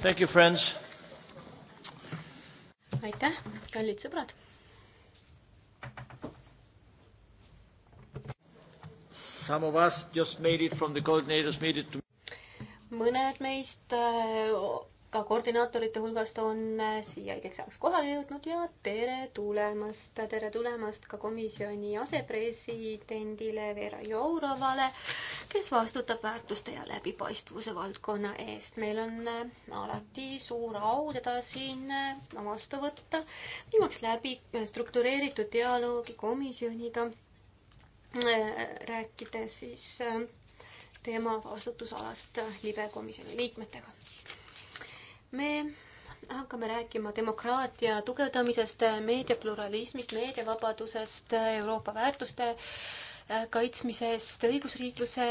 Thank you, friends! aitäh, kallid sõbrad! Some of us just made it from the coordinators meeting to mõned meist äh, ka koordinaatorite hulgast on äh, siia õigeks ajaks kohale jõudnud ja tere tulemast, tere tulemast ka komisjoni asepresidendile Vera Jourovale, kes vastutab väärtuste ja läbipaistvuse valdkonna eest. meil on äh, alati suur au teda siin äh, vastu võtta, viimaks läbi struktureeritud dialoogi komisjoniga, rääkides siis tema vastutusalast libekomisjoni liikmetega me hakkame rääkima demokraatia tugevdamisest, meediapluralismist, meediavabadusest, Euroopa väärtuste äh, kaitsmisest, õigusriikluse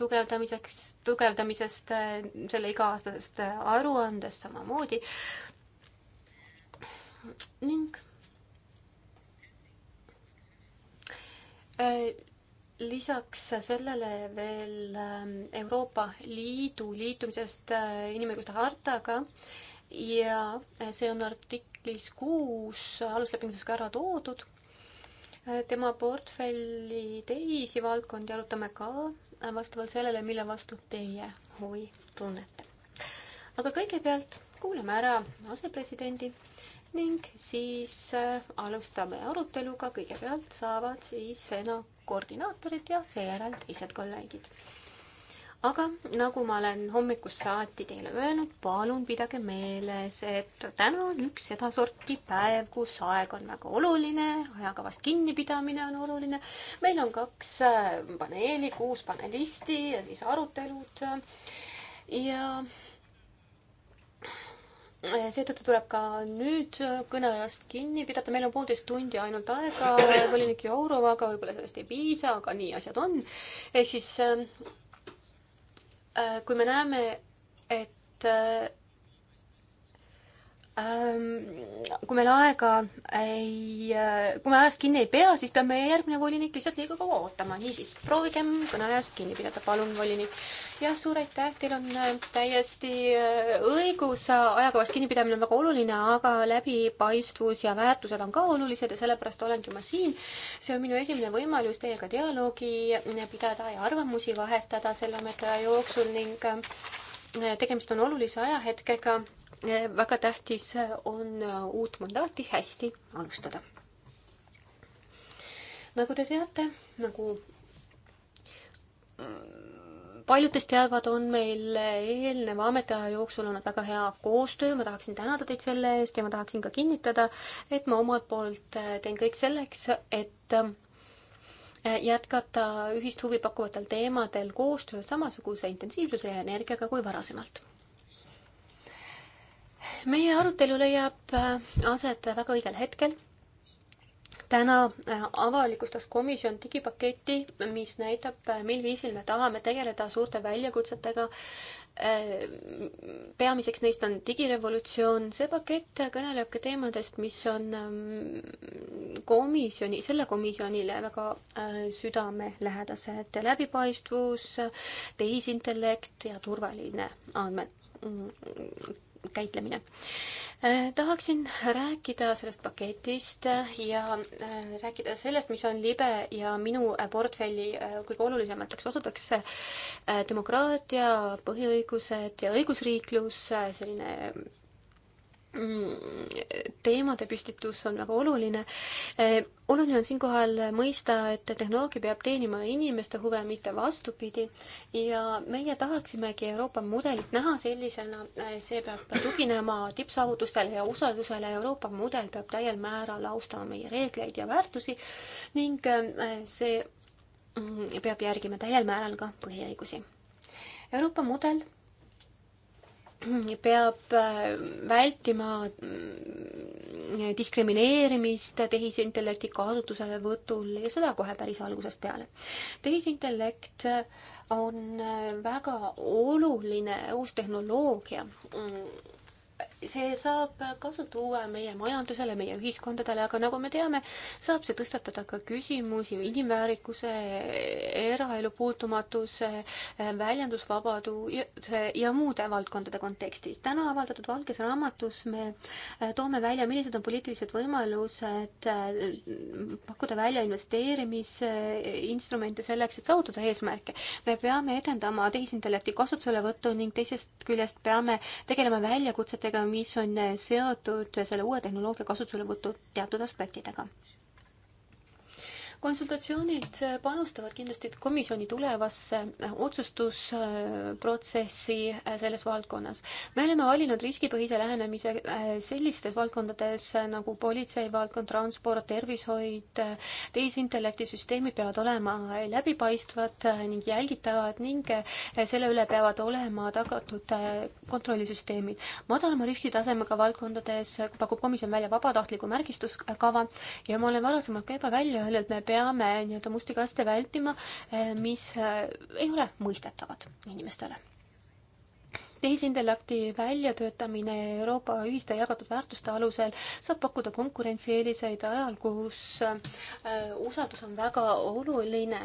tugevdamiseks, tugevdamisest, äh, selle iga-aastasest äh, aruandest samamoodi. ning lisaks sellele veel ähm, Euroopa Liidu liitumisest äh, inimõiguste hartaga ja äh, see on artiklis kuus aluslepingus ka ära toodud. Äh, tema portfelli teisi valdkondi arutame ka vastavalt sellele, mille vastu teie huvi tunnete. aga kõigepealt kuulame ära asepresidendi ning siis alustame aruteluga. kõigepealt saavad siis sõna koordinaatorid ja seejärel teised kolleegid. aga nagu ma olen hommikust saati teile öelnud, palun pidage meeles, et täna on üks sedasorti päev, kus aeg on väga oluline, ajakavast kinnipidamine on oluline. meil on kaks äh, paneeli, kuus panelisti ja siis arutelud ja seetõttu tuleb ka nüüd kõneajast kinni pidada, meil on poolteist tundi ainult aega volinik Jourovaga, võib-olla sellest ei piisa, aga nii asjad on. ehk siis äh, kui me näeme, et äh, kui meil aega ei, äh, kui me ajast kinni ei pea, siis peab meie järgmine volinik lihtsalt liiga kaua ootama. niisiis, proovigem kõneajast kinni pidada, palun, volinik jah, suur aitäh, teil on äh, täiesti äh, õigus, ajakavast kinnipidamine on väga oluline, aga läbipaistvus ja väärtused on ka olulised ja sellepärast olengi ma siin. see on minu esimene võimalus teiega dialoogi pidada ja arvamusi vahetada selle ametiaja jooksul ning äh, tegemist on olulise ajahetkega. väga tähtis on uut mandaati hästi alustada. nagu te teate, nagu mm, paljud teist teavad, on meil eelneva ametiaja jooksul olnud väga hea koostöö, ma tahaksin tänada teid selle eest ja ma tahaksin ka kinnitada, et ma omalt poolt teen kõik selleks, et jätkata ühist huvi pakkuvatel teemadel koostööd samasuguse intensiivsuse ja energiaga kui varasemalt. meie arutelu leiab aset väga õigel hetkel täna äh, avalikustas komisjon digipaketi, mis näitab, äh, mil viisil me tahame tegeleda suurte väljakutsetega. Äh, peamiseks neist on digirevolutsioon. see pakett kõneleb ka teemadest, mis on ähm, komisjoni, selle komisjonile väga südamelähedased. läbipaistvus, tehisintellekt ja turvaline andmed mm, käitlemine. Äh, tahaksin rääkida sellest paketist ja äh, rääkida sellest, mis on libe ja minu äh, portfelli kõige olulisemateks osuteks demokraatia, põhiõigused ja õigusriiklus, selline Mm, teemade püstitus on väga oluline. Eh, oluline on siinkohal mõista, et tehnoloogia peab teenima inimeste huve, mitte vastupidi. ja meie tahaksimegi Euroopa mudelit näha sellisena, eh, see peab tuginema tippsaavutustele ja usaldusele. Euroopa mudel peab täiel määral austama meie reegleid ja väärtusi ning eh, see mm, peab järgima täiel määral ka põhiõigusi. Euroopa mudel peab äh, vältima mm, diskrimineerimist tehisintellekti kasutuselevõtul ja seda kohe päris algusest peale. tehisintellekt on äh, väga oluline uus tehnoloogia mm, see saab kasu tuua meie majandusele, meie ühiskondadele, aga nagu me teame, saab see tõstatada ka küsimusi inimväärikuse, eraelu puutumatuse, väljendusvabaduse ja muude valdkondade kontekstis. täna avaldatud valges raamatus me äh, toome välja, millised on poliitilised võimalused äh, pakkuda välja investeerimisinstrumente selleks, et saavutada eesmärke. me peame edendama tehisintellekti kasutuselevõttu ning teisest küljest peame tegelema väljakutsetega, mis on seotud selle uue tehnoloogia kasutuselevõtu teatud aspektidega konsultatsioonid panustavad kindlasti komisjoni tulevasse otsustusprotsessi äh, selles valdkonnas. me oleme valinud riskipõhise lähenemise äh, sellistes valdkondades nagu politseivaldkond, transport, tervishoid, äh, tehisintellektisüsteemid peavad olema läbipaistvad ning jälgitavad ning selle üle peavad olema tagatud kontrollisüsteemid. madalama riskitasemega valdkondades pakub komisjon välja vabatahtliku märgistuskava ja ma olen varasemalt ka juba välja öelnud, me peame nii-öelda musti kaste vältima, eh, mis eh, ei ole mõistetavad inimestele tehisintellekti väljatöötamine Euroopa ühiste jagatud väärtuste alusel saab pakkuda konkurentsieeliseid ajal, kus eh, usaldus on väga oluline.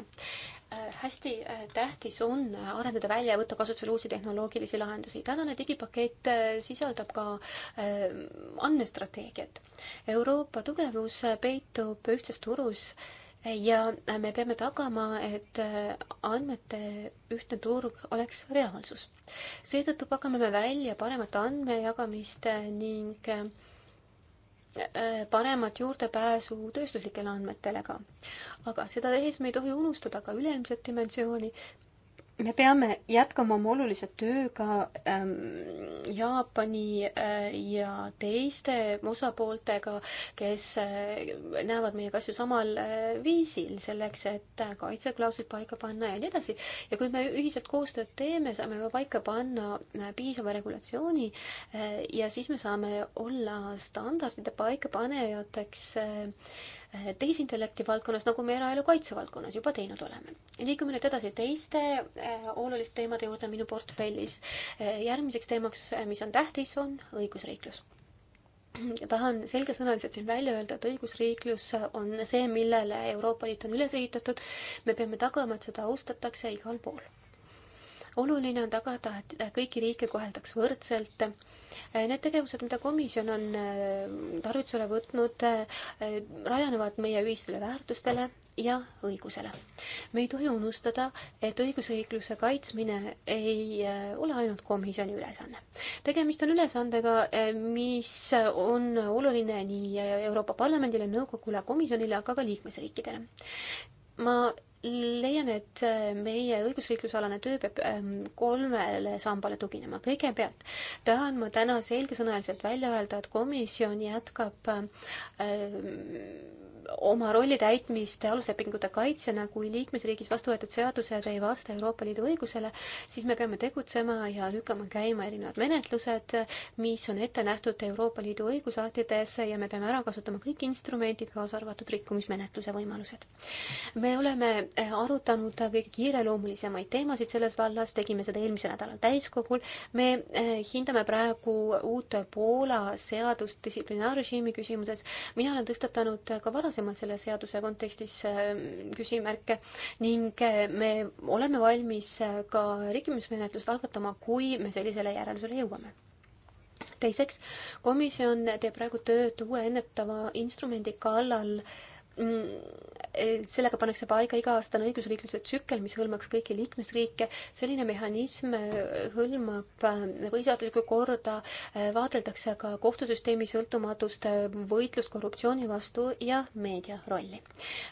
hästi tähtis on arendada välja ja võtta kasutusele uusi tehnoloogilisi lahendusi. tänane digipakett sisaldab ka andmestrateegiat. Euroopa tugevus peitub ühtses turus ja me peame tagama, et äh, andmete ühtne turg oleks reaalsus. seetõttu pakume me välja paremat andmejagamist äh, ning äh, paremat juurdepääsu tööstuslikele andmetele ka. aga seda tehes me ei tohi unustada ka üleilmset dimensiooni me peame jätkama oma olulise tööga ähm, Jaapani äh, ja teiste osapooltega, kes äh, näevad meiega asju samal äh, viisil, selleks et äh, kaitseklauslid paika panna ja nii edasi. ja kui me ühiselt koostööd teeme, saame juba paika panna äh, piisava regulatsiooni äh, ja siis me saame olla standardide paikapanejateks äh, tehisintellekti valdkonnas, nagu me eraelu kaitse valdkonnas juba teinud oleme. liigume nüüd edasi teiste äh, oluliste teemade juurde minu portfellis. Äh, järgmiseks teemaks, äh, mis on tähtis, on õigusriiklus ja tahan selgesõnaliselt siin välja öelda, et õigusriiklus on see, millele Euroopa Liit on üles ehitatud. me peame tagama, et seda austatakse igal pool oluline on tagada, et äh, kõiki riike koheldaks võrdselt. Äh, need tegevused, mida komisjon on äh, tarvitusele võtnud, rajanevad meie ühistele väärtustele ja õigusele. me ei tohi unustada, et õigusriikluse kaitsmine ei ole ainult komisjoni ülesanne. tegemist on ülesandega, mis on oluline nii Euroopa Parlamendile, nõukogule, komisjonile, aga ka liikmesriikidele. ma leian, et äh, meie õigusriiklusalane töö peab ähm, kolmele sambale tuginema. kõigepealt tahan ma täna selgesõnaliselt välja öelda, et komisjon jätkab äh, oma rolli täitmist aluslepingute kaitsjana, kui liikmesriigis vastu võetud seadused ei vasta Euroopa Liidu õigusele, siis me peame tegutsema ja lükkama käima erinevad menetlused, mis on ette nähtud Euroopa Liidu õigusaktides ja me peame ära kasutama kõik instrumendid, kaasa arvatud rikkumismenetluse võimalused. me oleme eh, arutanud kõige kiireloomulisemaid teemasid selles vallas, tegime seda eelmisel nädalal täiskogul, me eh, hindame praegu uut Poola seadust distsiplinaarrežiimi küsimuses, mina olen tõstatanud ka varasemaid varasemalt selle seaduse kontekstis äh, küsimärke ning äh, me oleme valmis äh, ka rikkumismenetlust algatama, kui me sellisele järeldusele jõuame teiseks, komisjon teeb praegu tööd uue ennetava instrumendi kallal ka Mm, eh, sellega pannakse paika iga-aastane õigusriikluse tsükkel, mis hõlmaks kõiki liikmesriike. selline mehhanism eh, hõlmab eh, põhiseaduslikku korda, vaadeldakse ka kohtusüsteemi sõltumatust, võitlust korruptsiooni vastu ja meedia rolli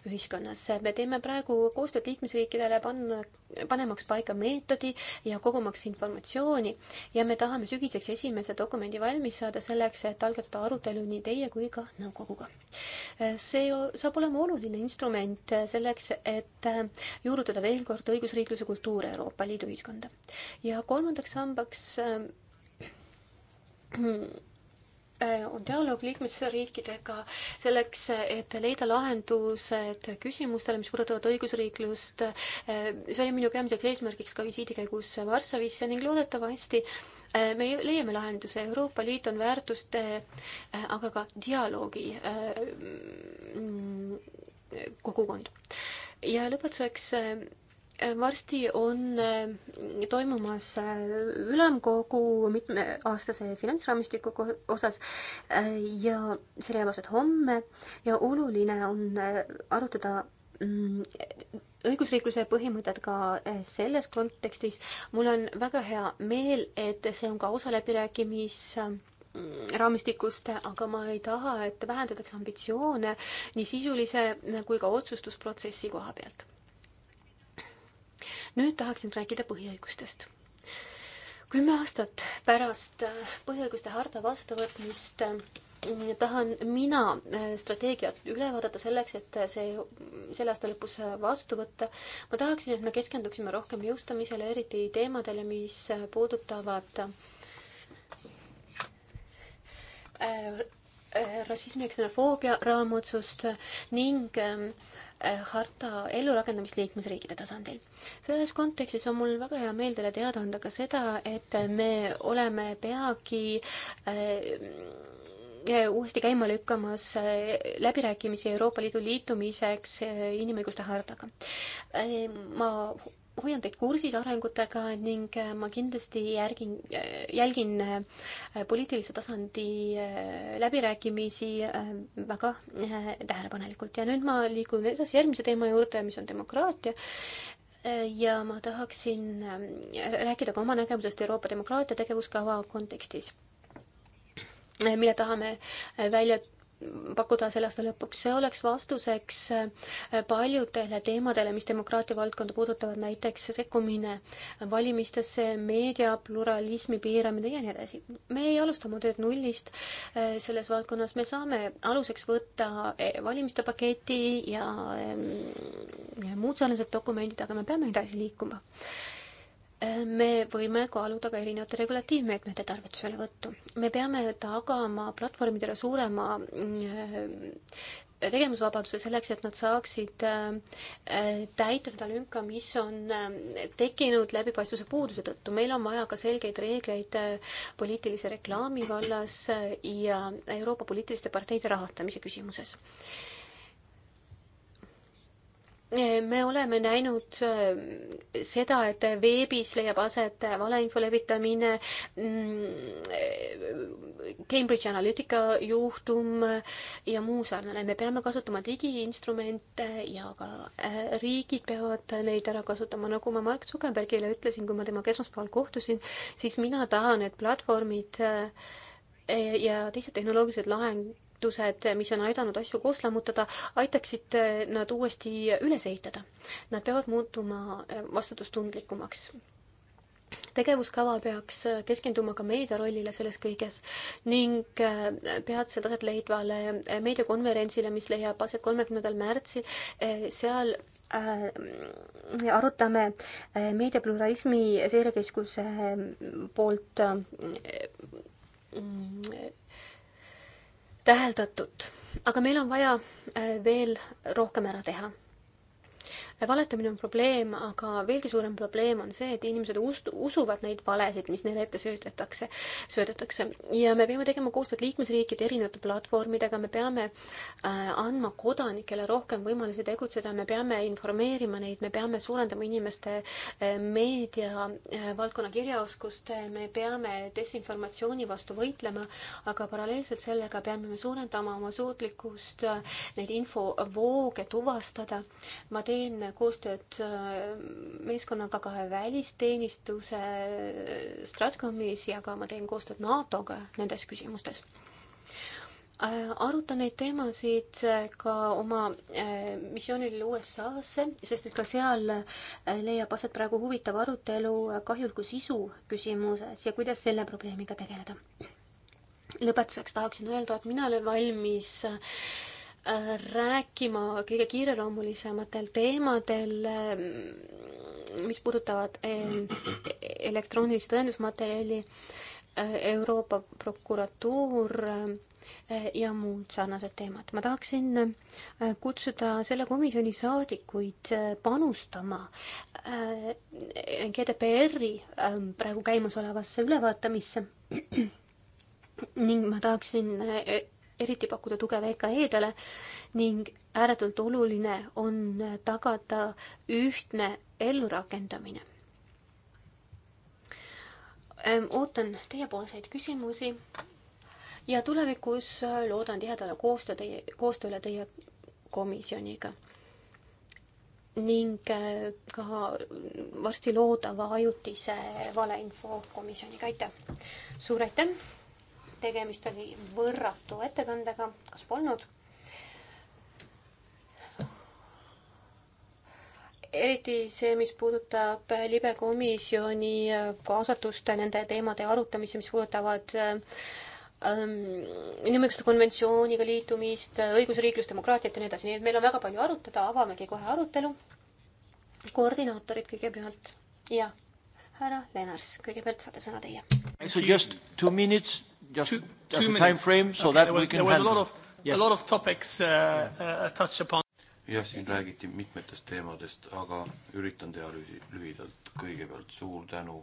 ühiskonnas. me teeme praegu koostööd liikmesriikidele, panna, panemaks paika meetodi ja kogumaks informatsiooni ja me tahame sügiseks esimese dokumendi valmis saada selleks, et algatada arutelu nii teie kui ka nõukoguga. see saab saab olema oluline instrument selleks, et äh, juurutada veel kord õigusriikluse kultuur Euroopa Liidu ühiskonda. ja kolmandaks sambaks äh, äh, on dialoog liikmesriikidega selleks, et leida lahendused küsimustele, mis puudutavad õigusriiklust. see oli minu peamiseks eesmärgiks ka visiidi käigus Varssavisse ning loodetavasti Äh, me leiame lahenduse, Euroopa Liit on väärtuste, äh, aga ka dialoogi äh, mm, kogukond. ja lõpetuseks varsti on toimumas ülemkogu mitmeaastase finantsraamistiku osas ja see leiab aset homme ja oluline on arutada Mm, õigusriikluse põhimõtet ka eh, selles kontekstis. mul on väga hea meel, et see on ka osa läbirääkimis raamistikust, aga ma ei taha, et vähendatakse ambitsioone nii sisulise eh, kui ka otsustusprotsessi koha pealt. nüüd tahaksin rääkida põhiõigustest. kümme aastat pärast eh, põhiõiguste harta vastuvõtmist tahan mina äh, strateegiat üle vaadata selleks, et äh, see selle aasta lõpus äh, vastu võtta. ma tahaksin, et me keskenduksime rohkem jõustamisele, eriti teemadele, mis puudutavad rassismi ja ksenofoobia raamotsust ning harta ellurakendamist liikmesriikide tasandil. selles kontekstis on mul väga hea meel teile teada anda ka seda, et me oleme peagi äh, uuesti käima lükkamas äh, läbirääkimisi Euroopa Liidu liitumiseks äh, inimõiguste hardaga. Äh, ma hoian teid kursis arengutega ning ma kindlasti järgin, jälgin poliitilise tasandi läbirääkimisi väga tähelepanelikult ja nüüd ma liigun edasi järgmise teema juurde, mis on demokraatia ja ma tahaksin rääkida ka oma nägemusest Euroopa demokraatia tegevuskava kontekstis mille tahame äh, välja pakkuda selle aasta lõpuks, see oleks vastuseks äh, paljudele teemadele, mis demokraatia valdkonda puudutavad, näiteks sekkumine valimistesse, meedia pluralismi piiramine ja nii edasi. me ei alusta oma tööd nullist äh, selles valdkonnas, me saame aluseks võtta valimiste paketi ja, ähm, ja muud sarnased dokumendid, aga me peame edasi liikuma me võime kaaluda ka erinevate regulatiivmeetmete tarvituselevõttu. me peame tagama platvormidele suurema äh, tegevusvabaduse selleks, et nad saaksid äh, täita seda lünka, mis on äh, tekkinud läbipaistvuse puuduse tõttu. meil on vaja ka selgeid reegleid poliitilise reklaami vallas ja Euroopa poliitiliste parteide rahastamise küsimuses me oleme näinud äh, seda, et veebis leiab aset valeinfo levitamine. Mm, Cambridge Analytica juhtum ja muu sarnane, me peame kasutama digiinstrumente ja ka äh, riigid peavad neid ära kasutama, nagu ma Mark Zuckerbergile ütlesin, kui ma temaga esmaspäeval kohtusin, siis mina tahan, et platvormid äh, ja teised tehnoloogilised lahend-, muutused, mis on aidanud asju koos lammutada, aitaksid nad uuesti üles ehitada. Nad peavad muutuma eh, vastutustundlikumaks tegevuskava peaks keskenduma ka meedia rollile selles kõiges ning eh, peatselt aset leidvale eh, meediakonverentsile, mis leiab aset kolmekümnendal märtsil, seal arutame meediapluralismi seirekeskuse poolt mm, täheldatud, aga meil on vaja äh, veel rohkem ära teha valetamine on probleem, aga veelgi suurem probleem on see, et inimesed ust-, usuvad neid valesid, mis neile ette söödetakse, söödetakse. ja me peame tegema koostööd liikmesriikide erinevate platvormidega, me peame äh, andma kodanikele rohkem võimalusi tegutseda, me peame informeerima neid, me peame suurendama inimeste äh, meediavaldkonna äh, kirjaoskust, me peame desinformatsiooni vastu võitlema, aga paralleelselt sellega peame me suurendama oma suutlikkust neid infovooge tuvastada. ma teen teeme koostööd äh, meeskonnaga ka välisteenistuse äh, Stratkomis ja ka ma teen koostööd NATO-ga nendes küsimustes. Äh, arutan neid teemasid ka oma missioonil USA-sse, sest et ka seal leiab aset praegu huvitav arutelu kahjuliku sisu küsimuses ja kuidas selle probleemiga tegeleda. lõpetuseks tahaksin öelda, et mina olen valmis äh, rääkima kõige kiireloomulisematel teemadel, mm, mis puudutavad elektroonilist tõendusmaterjali, eh, Euroopa prokuratuur eh, ja muud sarnased teemad. ma tahaksin eh, kutsuda selle komisjoni saadikuid panustama GDPR-i praegu käimasolevasse ülevaatamisse ning ma tahaksin eriti pakkuda tuge VKE-dele ning ääretult oluline on tagada ühtne ellurakendamine. Ehm, ootan teiepoolseid küsimusi ja tulevikus äh, loodan tihedale koostöö teie, koostööle teie komisjoniga ning äh, ka varsti loodava ajutise valeinfo komisjoniga, aitäh! suur aitäh! tegemist oli võrratu ettekandega, kas polnud? eriti see, mis puudutab libekomisjoni kaasatust nende teemade arutamisse, mis puudutavad ähm, inimõiguste konventsiooniga liitumist, õigusriiklust, demokraatiat ja nii edasi, nii et meil on väga palju arutada, avamegi kohe arutelu. koordinaatorid kõigepealt ja härra Lennars, kõigepealt saate sõna teie. So just two minutes just, two, just two a time frame so okay, that was, we can there was handle. a lot of yes. a lot of topics uh, yeah. uh, uh touched upon. jah, siin räägiti mitmetest teemadest, aga üritan teha lühidalt. kõigepealt suur tänu,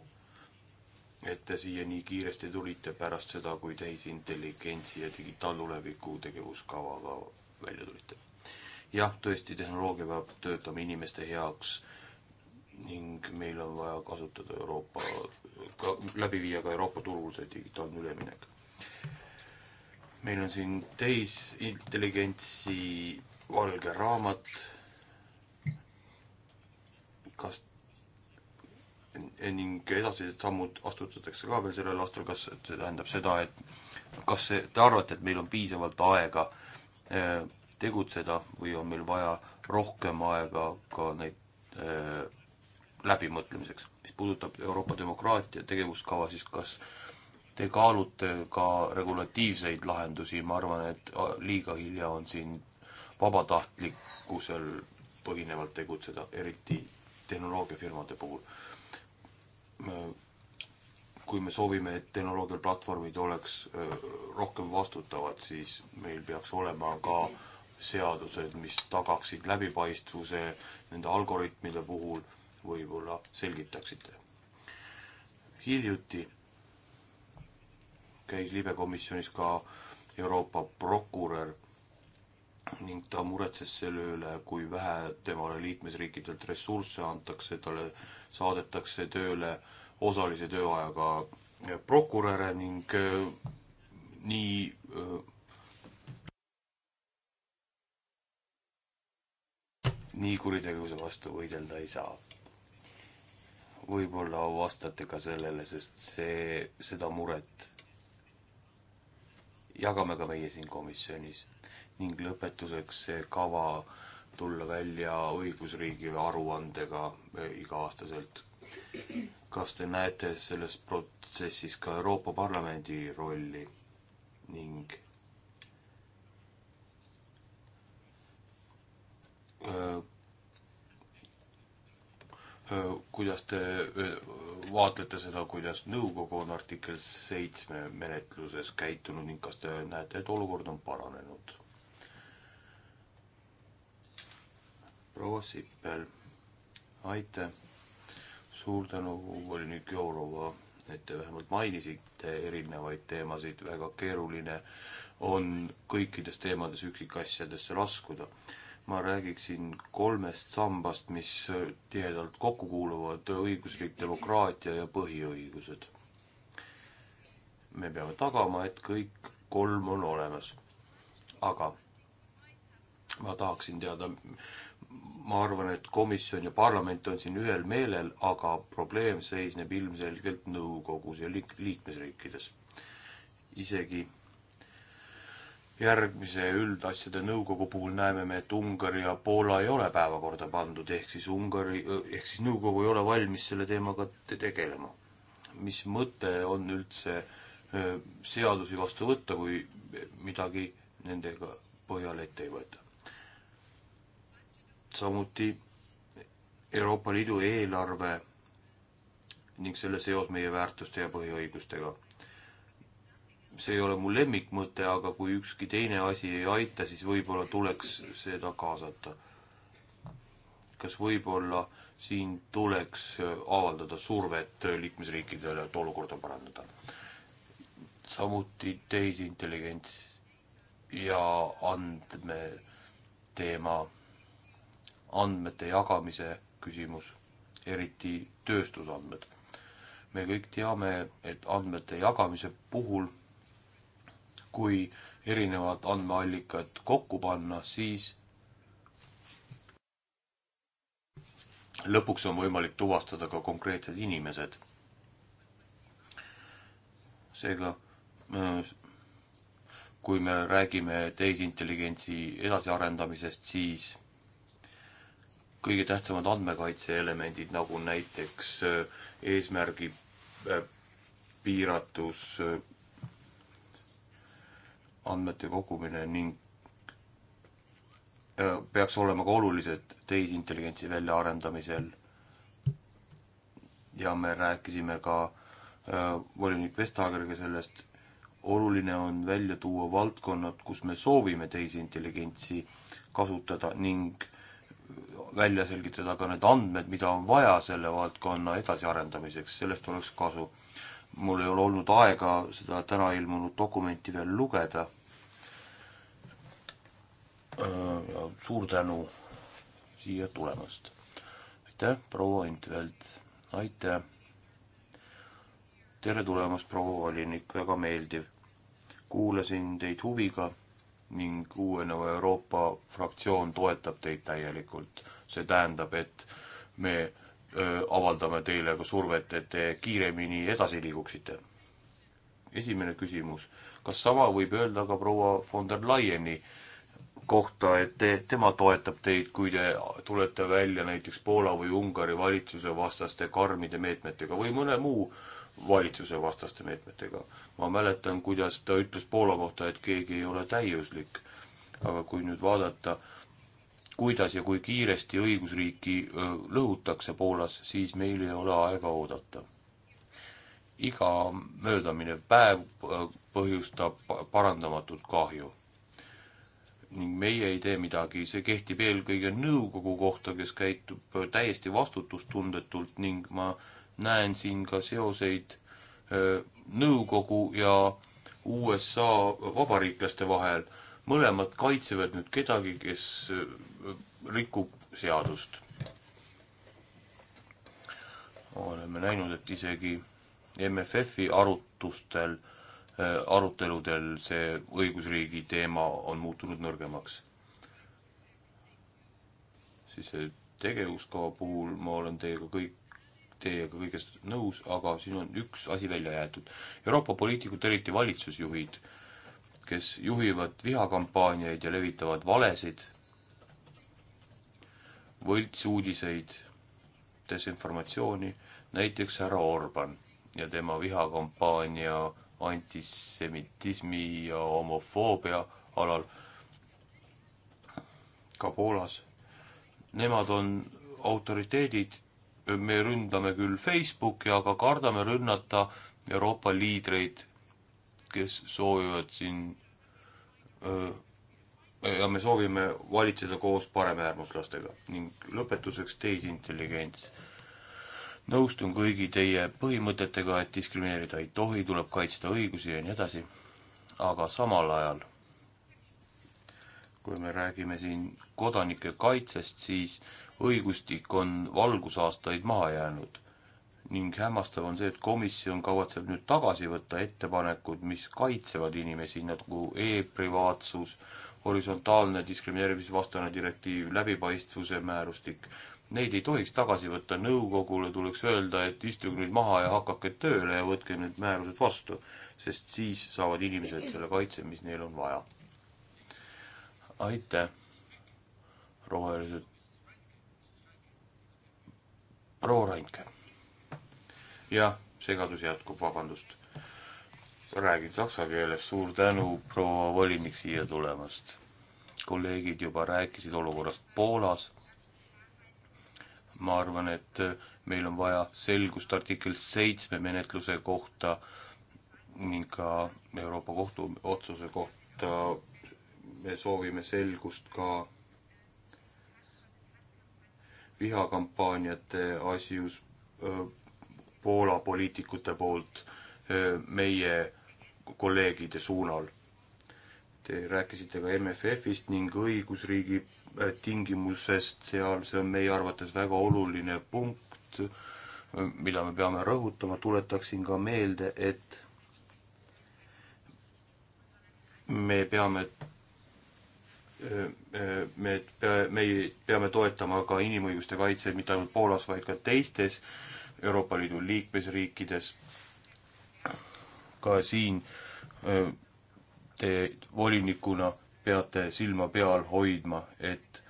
et te siia nii kiiresti tulite pärast seda, kui tehisintelligentsi ja digitaaluleviku tegevuskavaga välja tulite. jah, tõesti, tehnoloogia peab töötama inimeste heaks ning meil on vaja kasutada Euroopa, läbi viia ka Euroopa turul see digitaalne üleminek meil on siin tehisintelligentsi valge raamat. kas ning edasised sammud astutatakse ka veel sellel aastal, kas see tähendab seda, et kas see, te arvate, et meil on piisavalt aega äh, tegutseda või on meil vaja rohkem aega ka neid äh, läbimõtlemiseks? mis puudutab Euroopa demokraatia tegevuskava, siis kas äh, te kaalute ka regulatiivseid lahendusi, ma arvan, et liiga hilja on siin vabatahtlikkusel põhinevalt tegutseda, eriti tehnoloogiafirmade puhul. kui me soovime, et tehnoloogiaplatvormid oleks rohkem vastutavad, siis meil peaks olema ka seadused, mis tagaksid läbipaistvuse nende algoritmide puhul, võib-olla selgitaksite. hiljuti käis libekomisjonis ka Euroopa prokurör ning ta muretses selle üle, kui vähe temale liikmesriikidelt ressursse antakse, talle saadetakse tööle osalise tööajaga prokuröre ning äh, nii äh, nii kuritegevuse vastu võidelda ei saa. võib-olla vastate ka sellele, sest see, seda muret jagame ka meie siin komisjonis. ning lõpetuseks see kava tulla välja õigusriigi aruandega eh, iga-aastaselt. kas te näete selles protsessis ka Euroopa Parlamendi rolli ning öö, eh, kuidas te vaatlete seda, kuidas nõukogu on artikkel seitsme menetluses käitunud ning kas te näete, et olukord on paranenud? proua Sippel, aitäh! suur tänu, volinik Jourova, et te vähemalt mainisite erinevaid teemasid, väga keeruline on kõikides teemades üksikasjadesse laskuda ma räägiksin kolmest sambast, mis tihedalt kokku kuuluvad, õiguslik demokraatia ja põhiõigused. me peame tagama, et kõik kolm on olemas. aga ma tahaksin teada, ma arvan, et komisjon ja parlament on siin ühel meelel, aga probleem seisneb ilmselgelt nõukogus ja liik-, liikmesriikides. isegi järgmise üldasjade nõukogu puhul näeme me, et Ungari ja Poola ei ole päevakorda pandud, ehk siis Ungari, ehk siis nõukogu ei ole valmis selle teemaga te tegelema. mis mõte on üldse seadusi vastu võtta, kui midagi nendega põhjal ette ei võeta? samuti Euroopa Liidu eelarve ning selle seos meie väärtuste ja põhiõigustega see ei ole mu lemmikmõte, aga kui ükski teine asi ei aita, siis võib-olla tuleks seda kaasata. kas võib-olla siin tuleks äh, avaldada survet äh, liikmesriikidele, et olukorda parandada? samuti tehisintelligents ja andme teema, andmete jagamise küsimus, eriti tööstusandmed. me kõik teame, et andmete jagamise puhul kui erinevad andmeallikad kokku panna, siis lõpuks on võimalik tuvastada ka konkreetsed inimesed. seega äh, kui me räägime tehisintelligentsi edasiarendamisest, siis kõige tähtsamad andmekaitse elemendid, nagu näiteks äh, eesmärgi äh, piiratus, andmete kogumine ning peaks olema ka olulised tehisintelligentsi väljaarendamisel. ja me rääkisime ka volinik Vesthageriga sellest, oluline on välja tuua valdkonnad, kus me soovime tehisintelligentsi kasutada ning välja selgitada ka need andmed, mida on vaja selle valdkonna edasiarendamiseks, sellest oleks kasu mul ei ole olnud aega seda täna ilmunud dokumenti veel lugeda. ja äh, suur tänu siia tulemast. aitäh, proua Intvelt, aitäh. tere tulemast, proua volinik, väga meeldiv. kuulasin teid huviga ning Uueneva Euroopa fraktsioon toetab teid täielikult. see tähendab, et me avaldame teile ka survet, et te kiiremini edasi liiguksite. esimene küsimus, kas sama võib öelda ka proua von der Leyeni kohta, et te, tema toetab teid, kui te tulete välja näiteks Poola või Ungari valitsuse vastaste karmide meetmetega või mõne muu valitsuse vastaste meetmetega. ma mäletan, kuidas ta ütles Poola kohta, et keegi ei ole täiuslik. aga kui nüüd vaadata äh, kuidas ja kui kiiresti õigusriiki lõhutakse Poolas, siis meil ei ole aega oodata. iga möödaminev päev põhjustab parandamatut kahju. ning meie ei tee midagi, see kehtib eelkõige nõukogu kohta, kes käitub täiesti vastutustundetult ning ma näen siin ka seoseid nõukogu ja USA vabariiklaste vahel mõlemad kaitsevad nüüd kedagi, kes äh, rikub seadust. oleme näinud, et isegi MFF-i arutustel, äh, aruteludel see õigusriigi teema on muutunud nõrgemaks. siis tegevuskava puhul ma olen teiega kõik, teiega kõigest nõus, aga siin on üks asi välja jäetud. Euroopa poliitikud, eriti valitsusjuhid, kes juhivad vihakampaaniaid ja levitavad valesid, võltsuudiseid, desinformatsiooni, näiteks härra Orban ja tema vihakampaania antisemitismi ja homofoobia alal ka Poolas. Nemad on autoriteedid, me ründame küll Facebooki, aga kardame rünnata Euroopa liidreid kes soovivad siin öö, ja me soovime valitseda koos paremäärmuslastega ning lõpetuseks tehisintelligents. nõustun kõigi teie põhimõtetega, et diskrimineerida ei tohi, tuleb kaitsta õigusi ja nii edasi, aga samal ajal, kui me räägime siin kodanike kaitsest, siis õigustik on valgusaastaid maha jäänud ning hämmastav on see, et komisjon kavatseb nüüd tagasi võtta ettepanekud, mis kaitsevad inimesi, nagu e-privaatsus, horisontaalne diskrimineerimisvastane direktiiv, läbipaistvuse määrustik. Neid ei tohiks tagasi võtta, nõukogule tuleks öelda, et istuge nüüd maha ja hakake tööle ja võtke need määrused vastu, sest siis saavad inimesed selle kaitse, mis neil on vaja. aitäh, rohelised. proua Randke jah, segadus jätkub, vabandust. räägin saksa keeles, suur tänu, proua volinik, siia tulemast. kolleegid juba rääkisid olukorrast Poolas. ma arvan, et meil on vaja selgust artikkel seitsme menetluse kohta ning ka Euroopa Kohtu otsuse kohta. me soovime selgust ka vihakampaaniate asjus Poola poliitikute poolt meie kolleegide suunal. Te rääkisite ka MFF-ist ning õigusriigi äh, tingimusest seal, see on meie arvates väga oluline punkt, mida me peame rõhutama, tuletaksin ka meelde, et me peame me, me peame toetama ka inimõiguste kaitse mitte ainult Poolas, vaid ka teistes Euroopa Liidu liikmesriikides. ka siin te volinikuna peate silma peal hoidma, et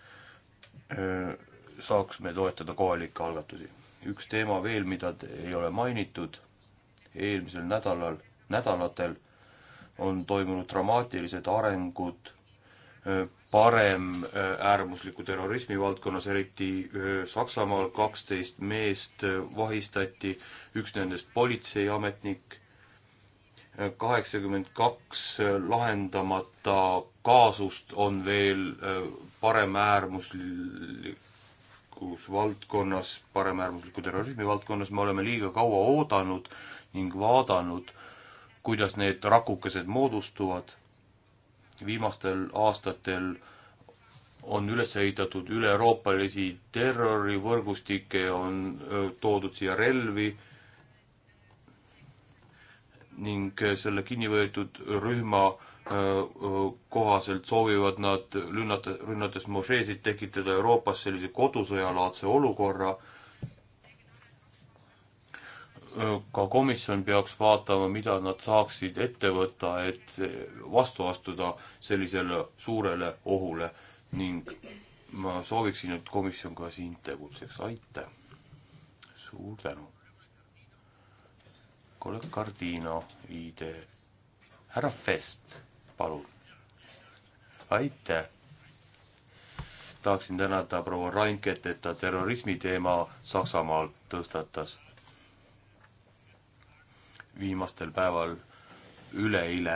saaksime toetada kohalikke algatusi. üks teema veel, mida te ei ole mainitud, eelmisel nädalal, nädalatel on toimunud dramaatilised arengud parem äh, äärmusliku terrorismi valdkonnas, eriti äh, Saksamaal kaksteist meest äh, vahistati, üks nendest politseiametnik, kaheksakümmend kaks lahendamata kaasust on veel paremäärmuslikus valdkonnas, paremäärmusliku terrorismi valdkonnas, me oleme liiga kaua oodanud ning vaadanud, kuidas need rakukesed moodustuvad viimastel aastatel on üles ehitatud üle-euroopalisi terrorivõrgustikke, on toodud siia relvi ning selle kinni võetud rühma kohaselt soovivad nad rünnata, rünnates mošeesid, tekitada Euroopas sellise kodusõjalaadse olukorra ka komisjon peaks vaatama, mida nad saaksid ette võtta, et vastu astuda sellisele suurele ohule ning ma sooviksin, et komisjon ka siin tegutseks, aitäh! suur tänu! kolleeg Cardino ID, härra Fest, palun! aitäh! tahaksin tänada proua Reinket, et ta terrorismi teema Saksamaal tõstatas viimastel päeval üleeile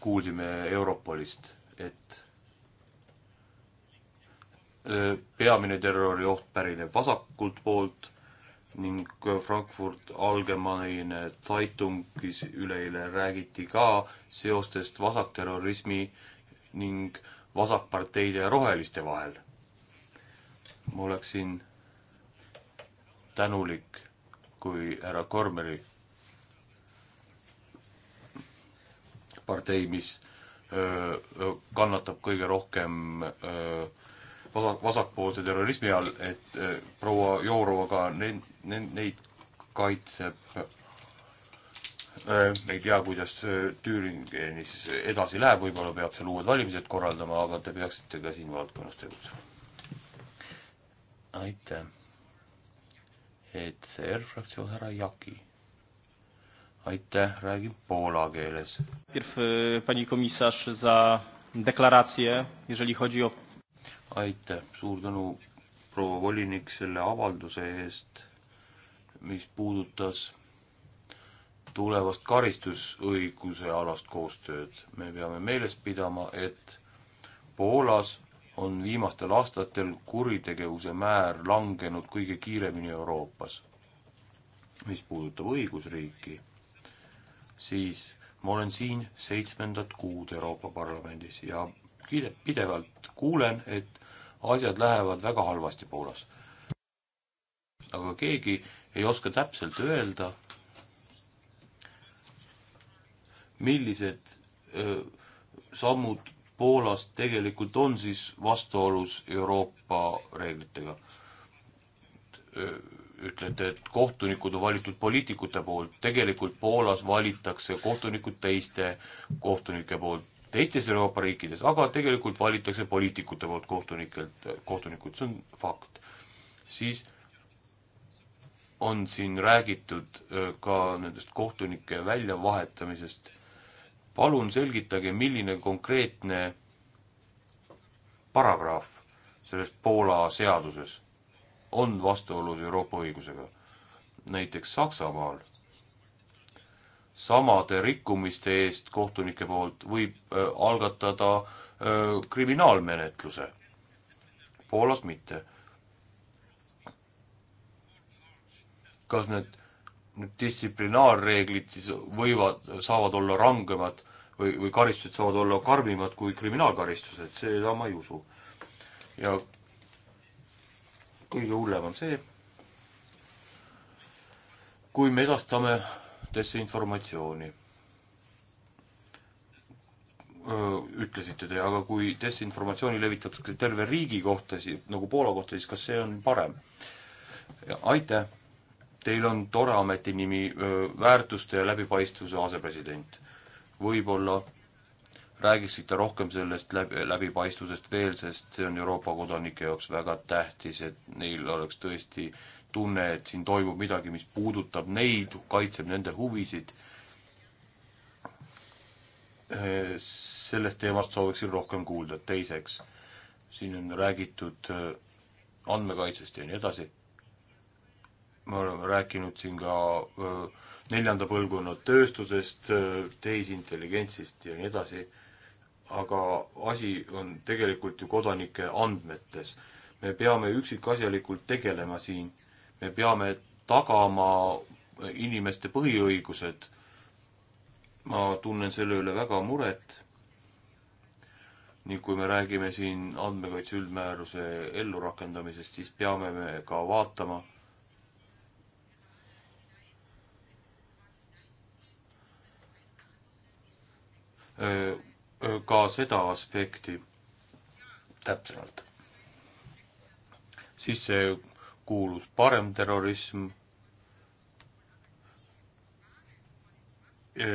kuulsime Europolist, et peamine terrorioht pärineb vasakult poolt ning Frankfurt Allgemeine Zeitungis üleeile räägiti ka seostest vasakterrorismi ning vasakparteide ja roheliste vahel. ma oleksin tänulik, kui härra Kormeri partei, mis öö, kannatab kõige rohkem öö, vasak, vasakpoolse terrorismi all, et öö, proua Jourovaga ne-, ne-, neid kaitseb me ei tea, kuidas Tüüringenis edasi läheb, võib-olla peab seal uued valimised korraldama, aga te peaksite ka siin valdkonnas tegutsema. aitäh! ECR fraktsioon, härra Jaki. aitäh, räägin poola keeles. E, aitäh, suur tänu, proua volinik, selle avalduse eest, mis puudutas tulevast karistusõiguse alast koostööd. me peame meeles pidama, et Poolas on viimastel aastatel kuritegevuse määr langenud kõige kiiremini Euroopas. mis puudutab õigusriiki, siis ma olen siin seitsmendat kuud Euroopa Parlamendis ja pidevalt kuulen, et asjad lähevad väga halvasti Poolas. aga keegi ei oska täpselt öelda, millised öö, sammud Poolas tegelikult on siis vastuolus Euroopa reeglitega. ütlete, et kohtunikud on valitud poliitikute poolt, tegelikult Poolas valitakse kohtunikud teiste kohtunike poolt, teistes Euroopa riikides, aga tegelikult valitakse poliitikute poolt kohtunikelt, kohtunikud, see on fakt. siis on siin räägitud äh, ka nendest kohtunike väljavahetamisest palun selgitage, milline konkreetne paragrahv selles Poola seaduses on vastuolus Euroopa õigusega. näiteks Saksamaal samade rikkumiste eest kohtunike poolt võib äh, algatada äh, kriminaalmenetluse. Poolas mitte. kas need need distsiplinaarreeglid siis võivad, saavad olla rangemad või, või karistused saavad olla karmimad kui kriminaalkaristused, seda ma ei usu. ja kõige hullem on see, kui me edastame desinformatsiooni. ütlesite te, aga kui desinformatsiooni levitatakse terve riigi kohta, nagu Poola kohta, siis kas see on parem? aitäh Teil on tore ametinimi väärtuste ja läbipaistvuse asepresident. võib-olla räägiksite rohkem sellest läbi, läbipaistvusest veel, sest see on Euroopa kodanike jaoks väga tähtis, et neil oleks tõesti tunne, et siin toimub midagi, mis puudutab neid, kaitseb nende huvisid. sellest teemast sooviksin rohkem kuulda, teiseks, siin on räägitud andmekaitsest ja nii edasi me oleme rääkinud siin ka neljanda põlvkonna tööstusest, tehisintelligentsist ja nii edasi, aga asi on tegelikult ju kodanike andmetes. me peame üksikasjalikult tegelema siin, me peame tagama inimeste põhiõigused. ma tunnen selle üle väga muret ning kui me räägime siin andmekaitse üldmääruse ellurakendamisest, siis peame me ka vaatama, ka seda aspekti täpsemalt. siis see kuulus paremterrorism,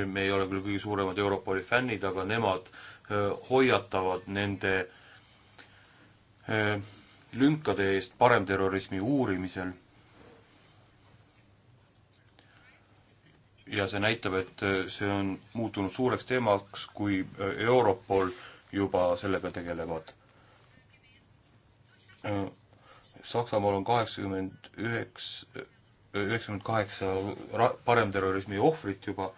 me ei ole küll kõige suuremad Europoli fännid, aga nemad hoiatavad nende lünkade eest paremterrorismi uurimisel ja see näitab, et äh, see on muutunud suureks teemaks, kui äh, Europol juba sellega tegelevad. Äh, Saksamaal on kaheksakümmend üheksa, üheksakümmend kaheksa paremterrorismi ohvrit juba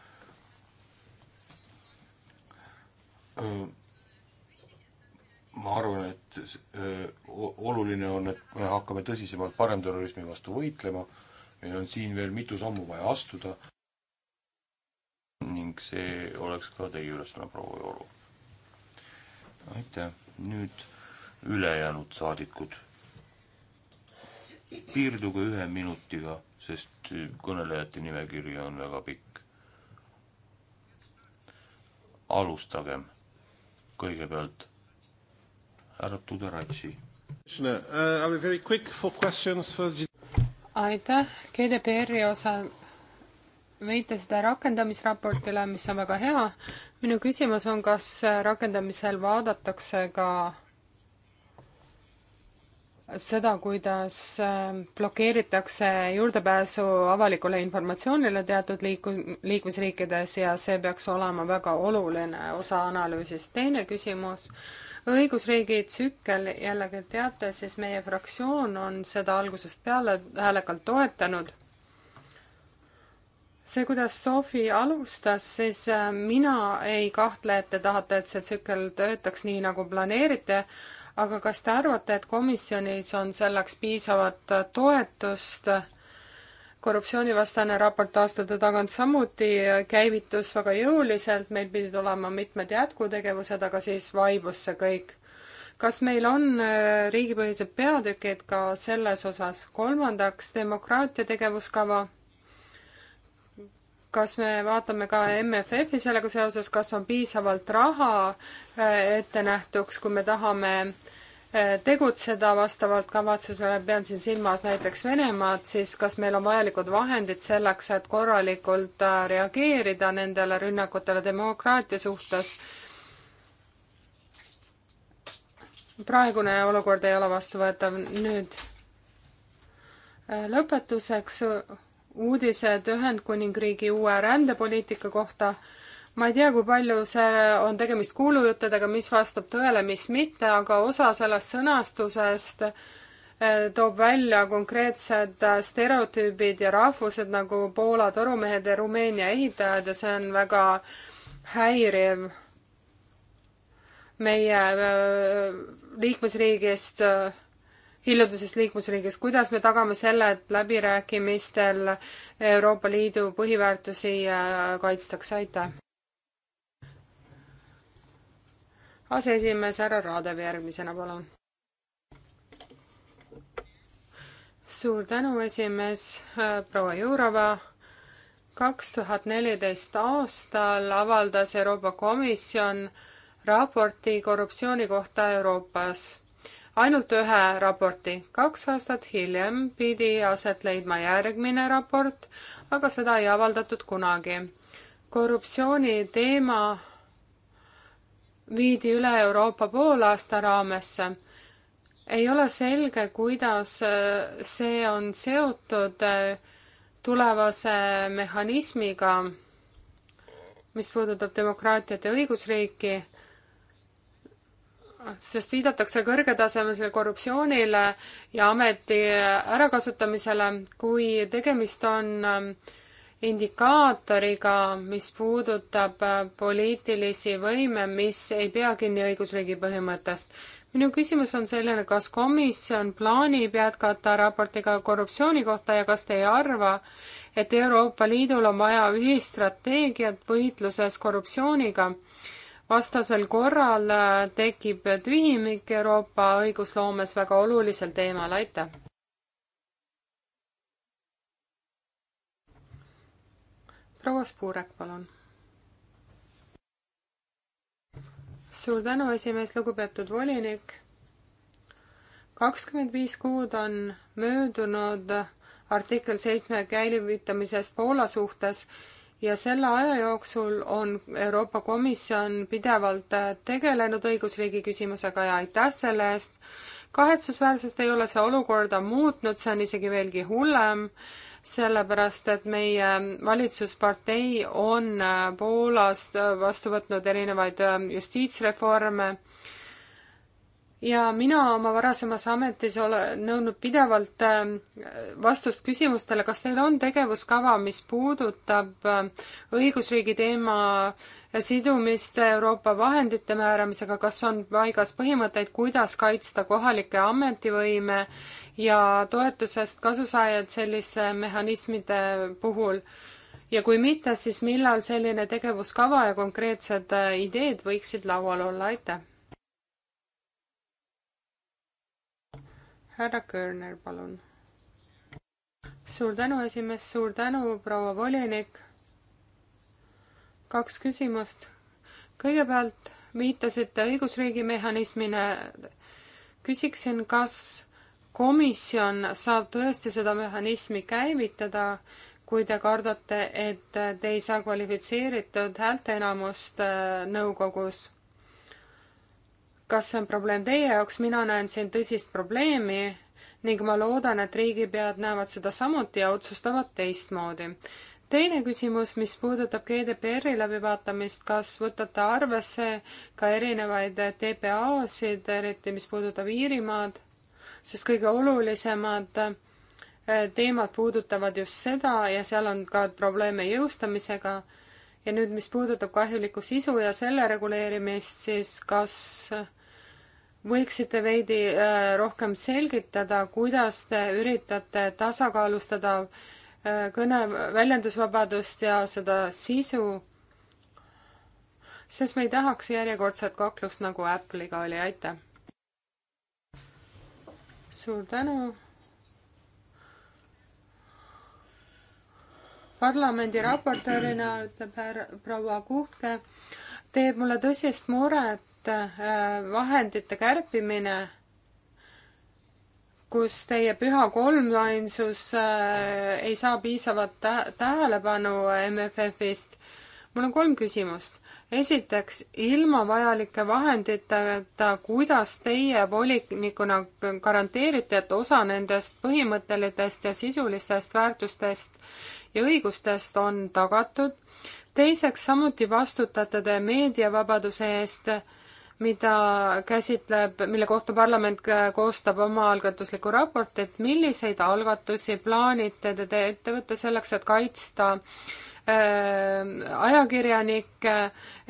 ma arvan, et oluline on, et me hakkame tõsisemalt paremterrorismi vastu võitlema, meil on siin veel mitu sammu vaja astuda ning see oleks ka teie ülesanne, proua Joru. aitäh, nüüd ülejäänud saadikud. piirduge ühe minutiga, sest kõnelejate nimekiri on väga pikk. alustagem kõigepealt härra Tudoratsi. aitäh, GDPR-i osa võite seda rakendamisraportile, mis on väga hea. minu küsimus on, kas rakendamisel vaadatakse ka seda, kuidas ähm, blokeeritakse juurdepääsu avalikule informatsioonile teatud liiku-, liikmesriikides ja see peaks olema väga oluline osa analüüsist. teine küsimus, õigusriigi tsükkel, jällegi teate, siis meie fraktsioon on seda algusest peale häälekalt toetanud see, kuidas Sofi alustas, siis äh, mina ei kahtle, et te tahate, et see tsükkel töötaks nii, nagu planeerite, aga kas te arvate, et komisjonis on selleks piisavat äh, toetust? korruptsioonivastane raport aastate tagant samuti äh, käivitus väga jõuliselt, meil pidid olema mitmed jätkutegevused, aga siis vaibus see kõik. kas meil on riigipõhised peatükid ka selles osas? kolmandaks, demokraatia tegevuskava kas me vaatame ka MFF-i sellega seoses, kas on piisavalt raha äh, ette nähtuks, kui me tahame äh, tegutseda vastavalt kavatsusele, pean siin silmas näiteks Venemaad, siis kas meil on vajalikud vahendid selleks, et korralikult äh, reageerida nendele rünnakutele demokraatia suhtes? praegune olukord ei ole vastuvõetav nüüd. lõpetuseks uudised Ühendkuningriigi uue rändepoliitika kohta. ma ei tea, kui palju see on tegemist kuulujuttedega, mis vastab tõele, mis mitte, aga osa sellest sõnastusest eh, toob välja konkreetsed eh, stereotüübid ja rahvused nagu Poola torumehed ja Rumeenia ehitajad ja see on väga häiriv meie eh, liikmesriigist äh, hiljutises liikmesriigis, kuidas me tagame selle, et läbirääkimistel Euroopa Liidu põhiväärtusi äh, kaitstakse, aitäh! aseesimees härra Raadev järgmisena, palun. suur tänu, esimees äh, proua Jurova. kaks tuhat neliteist aastal avaldas Euroopa Komisjon raporti korruptsiooni kohta Euroopas ainult ühe raporti. kaks aastat hiljem pidi aset leidma järgmine raport, aga seda ei avaldatud kunagi. korruptsiooni teema viidi üle Euroopa poolaasta raamesse. ei ole selge, kuidas äh, see on seotud äh, tulevase mehhanismiga, mis puudutab demokraatiat ja õigusriiki sest viidatakse kõrgetasemelisele korruptsioonile ja ameti ärakasutamisele, kui tegemist on ähm, indikaatoriga, mis puudutab äh, poliitilisi võime, mis ei pea kinni õigusriigi põhimõttest. minu küsimus on selline, kas komisjon plaanib jätkata raportiga korruptsiooni kohta ja kas te ei arva, et Euroopa Liidul on vaja ühistrateegiat võitluses korruptsiooniga vastasel korral äh, tekib tühimik Euroopa õigusloomes väga olulisel teemal, aitäh! proua Spurek, palun! suur tänu, esimees, lugupeetud volinik! kakskümmend viis kuud on möödunud artikkel seitsme käivitamisest Poola suhtes ja selle aja jooksul on Euroopa Komisjon pidevalt äh, tegelenud õigusriigi küsimusega ja aitäh selle eest. kahetsusväärsest ei ole see olukorda muutnud, see on isegi veelgi hullem, sellepärast et meie valitsuspartei on äh, Poolas äh, vastu võtnud erinevaid justiitsreforme ja mina oma varasemas ametis olen nõudnud pidevalt ähm, vastust küsimustele, kas teil on tegevuskava, mis puudutab ähm, õigusriigi teema sidumist Euroopa vahendite määramisega, kas on paigas põhimõtteid, kuidas kaitsta kohalikke ametivõime ja toetusest kasusaajad selliste mehhanismide puhul? ja kui mitte, siis millal selline tegevuskava ja konkreetsed äh, ideed võiksid laual olla, aitäh! härra Körner, palun. suur tänu, esimees, suur tänu, proua volinik. kaks küsimust. kõigepealt viitasite õigusriigi mehhanismile. küsiksin, kas komisjon saab tõesti seda mehhanismi käivitada, kui te kardate, et te ei saa kvalifitseeritud häälteenamust äh, nõukogus kas see on probleem teie jaoks, mina näen siin tõsist probleemi ning ma loodan, et riigipead näevad seda samuti ja otsustavad teistmoodi. teine küsimus, mis puudutab GDPR-i läbivaatamist, kas võtate arvesse ka erinevaid TPA-sid, eriti mis puudutab Iirimaad, sest kõige olulisemad äh, teemad puudutavad just seda ja seal on ka probleeme jõustamisega. ja nüüd, mis puudutab kahjuliku sisu ja selle reguleerimist, siis kas võiksite veidi äh, rohkem selgitada, kuidas te üritate tasakaalustada äh, kõne, väljendusvabadust ja seda sisu, sest me ei tahaks järjekordset kaklust, nagu Apple'iga oli, aitäh! suur tänu! parlamendi raportöörina ütleb härra proua Kuhke, teeb mulle tõsist muret, et äh, vahendite kärpimine, kus teie püha kolmlainsus äh, ei saa piisavat tähelepanu MFF-ist. mul on kolm küsimust esiteks, ilma vajalike vahenditeta, kuidas teie volinikuna garanteerite, et osa nendest põhimõttelistest ja sisulistest väärtustest ja õigustest on tagatud? teiseks, samuti vastutate te meediavabaduse eest mida käsitleb, mille kohta parlament koostab omaalgatuslikku raportit, milliseid algatusi plaanite te ette võtta selleks, et kaitsta äh, ajakirjanikke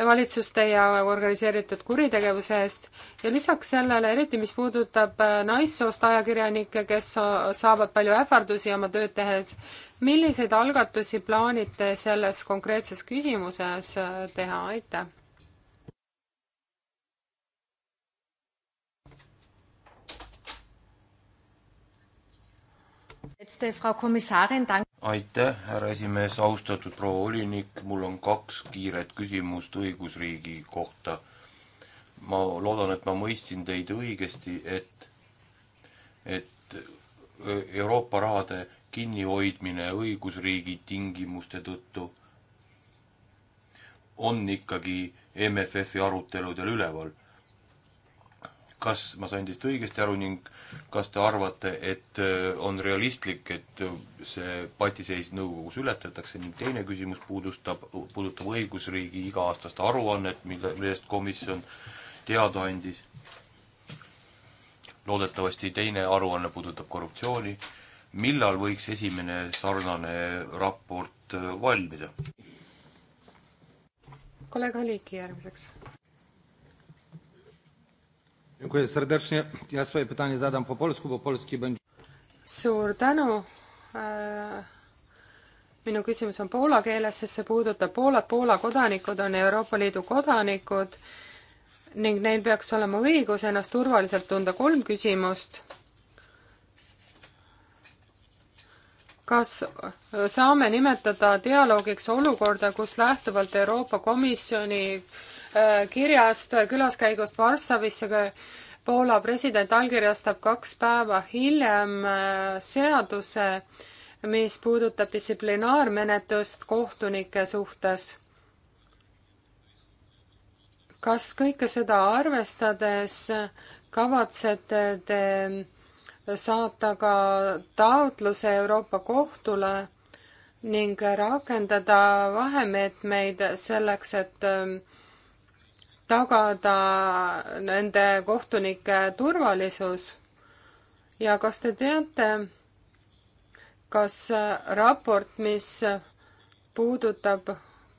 valitsuste ja organiseeritud kuritegevuse eest ja lisaks sellele, eriti mis puudutab äh, naissoost ajakirjanikke, kes saavad palju ähvardusi oma tööd tehes, milliseid algatusi plaanite selles konkreetses küsimuses äh, teha, aitäh? aitäh, härra esimees, austatud proua volinik, mul on kaks kiiret küsimust õigusriigi kohta. ma loodan, et ma mõistsin teid õigesti, et, et e, Euroopa rahade kinnihoidmine õigusriigi tingimuste tõttu on ikkagi MFF-i aruteludel üleval kas ma sain teist õigesti aru ning kas te arvate, et äh, on realistlik, et äh, see patiseis nõukogus ületatakse ning teine küsimus puudustab, puudutab õigusriigi iga-aastast aruannet, mille, millest komisjon teada andis. loodetavasti teine aruanne puudutab korruptsiooni. millal võiks esimene sarnane raport äh, valmida? kolleeg Aligi järgmiseks. Dziękuję serdecznie. Ja swoje pytanie zadam po polsku, bo polski będzie... Suur tänu. Äh, minu küsimus on poola keeles, sest see puudutab Poolat. Poola kodanikud on Euroopa Liidu kodanikud ning neil peaks olema õigus ennast turvaliselt tunda. Kolm küsimust. Kas saame nimetada dialoogiks olukorda, kus lähtuvalt Euroopa Komisjoni äh, Äh, kirjast äh, külaskäigust Varssavisse, Poola president allkirjastab kaks päeva hiljem äh, seaduse, mis puudutab distsiplinaarmenetlust kohtunike suhtes. kas kõike seda arvestades kavatsete te saata ka taotluse Euroopa Kohtule ning rakendada vahemeetmeid selleks, et tagada nende kohtunike turvalisus ja kas te teate, kas raport, mis puudutab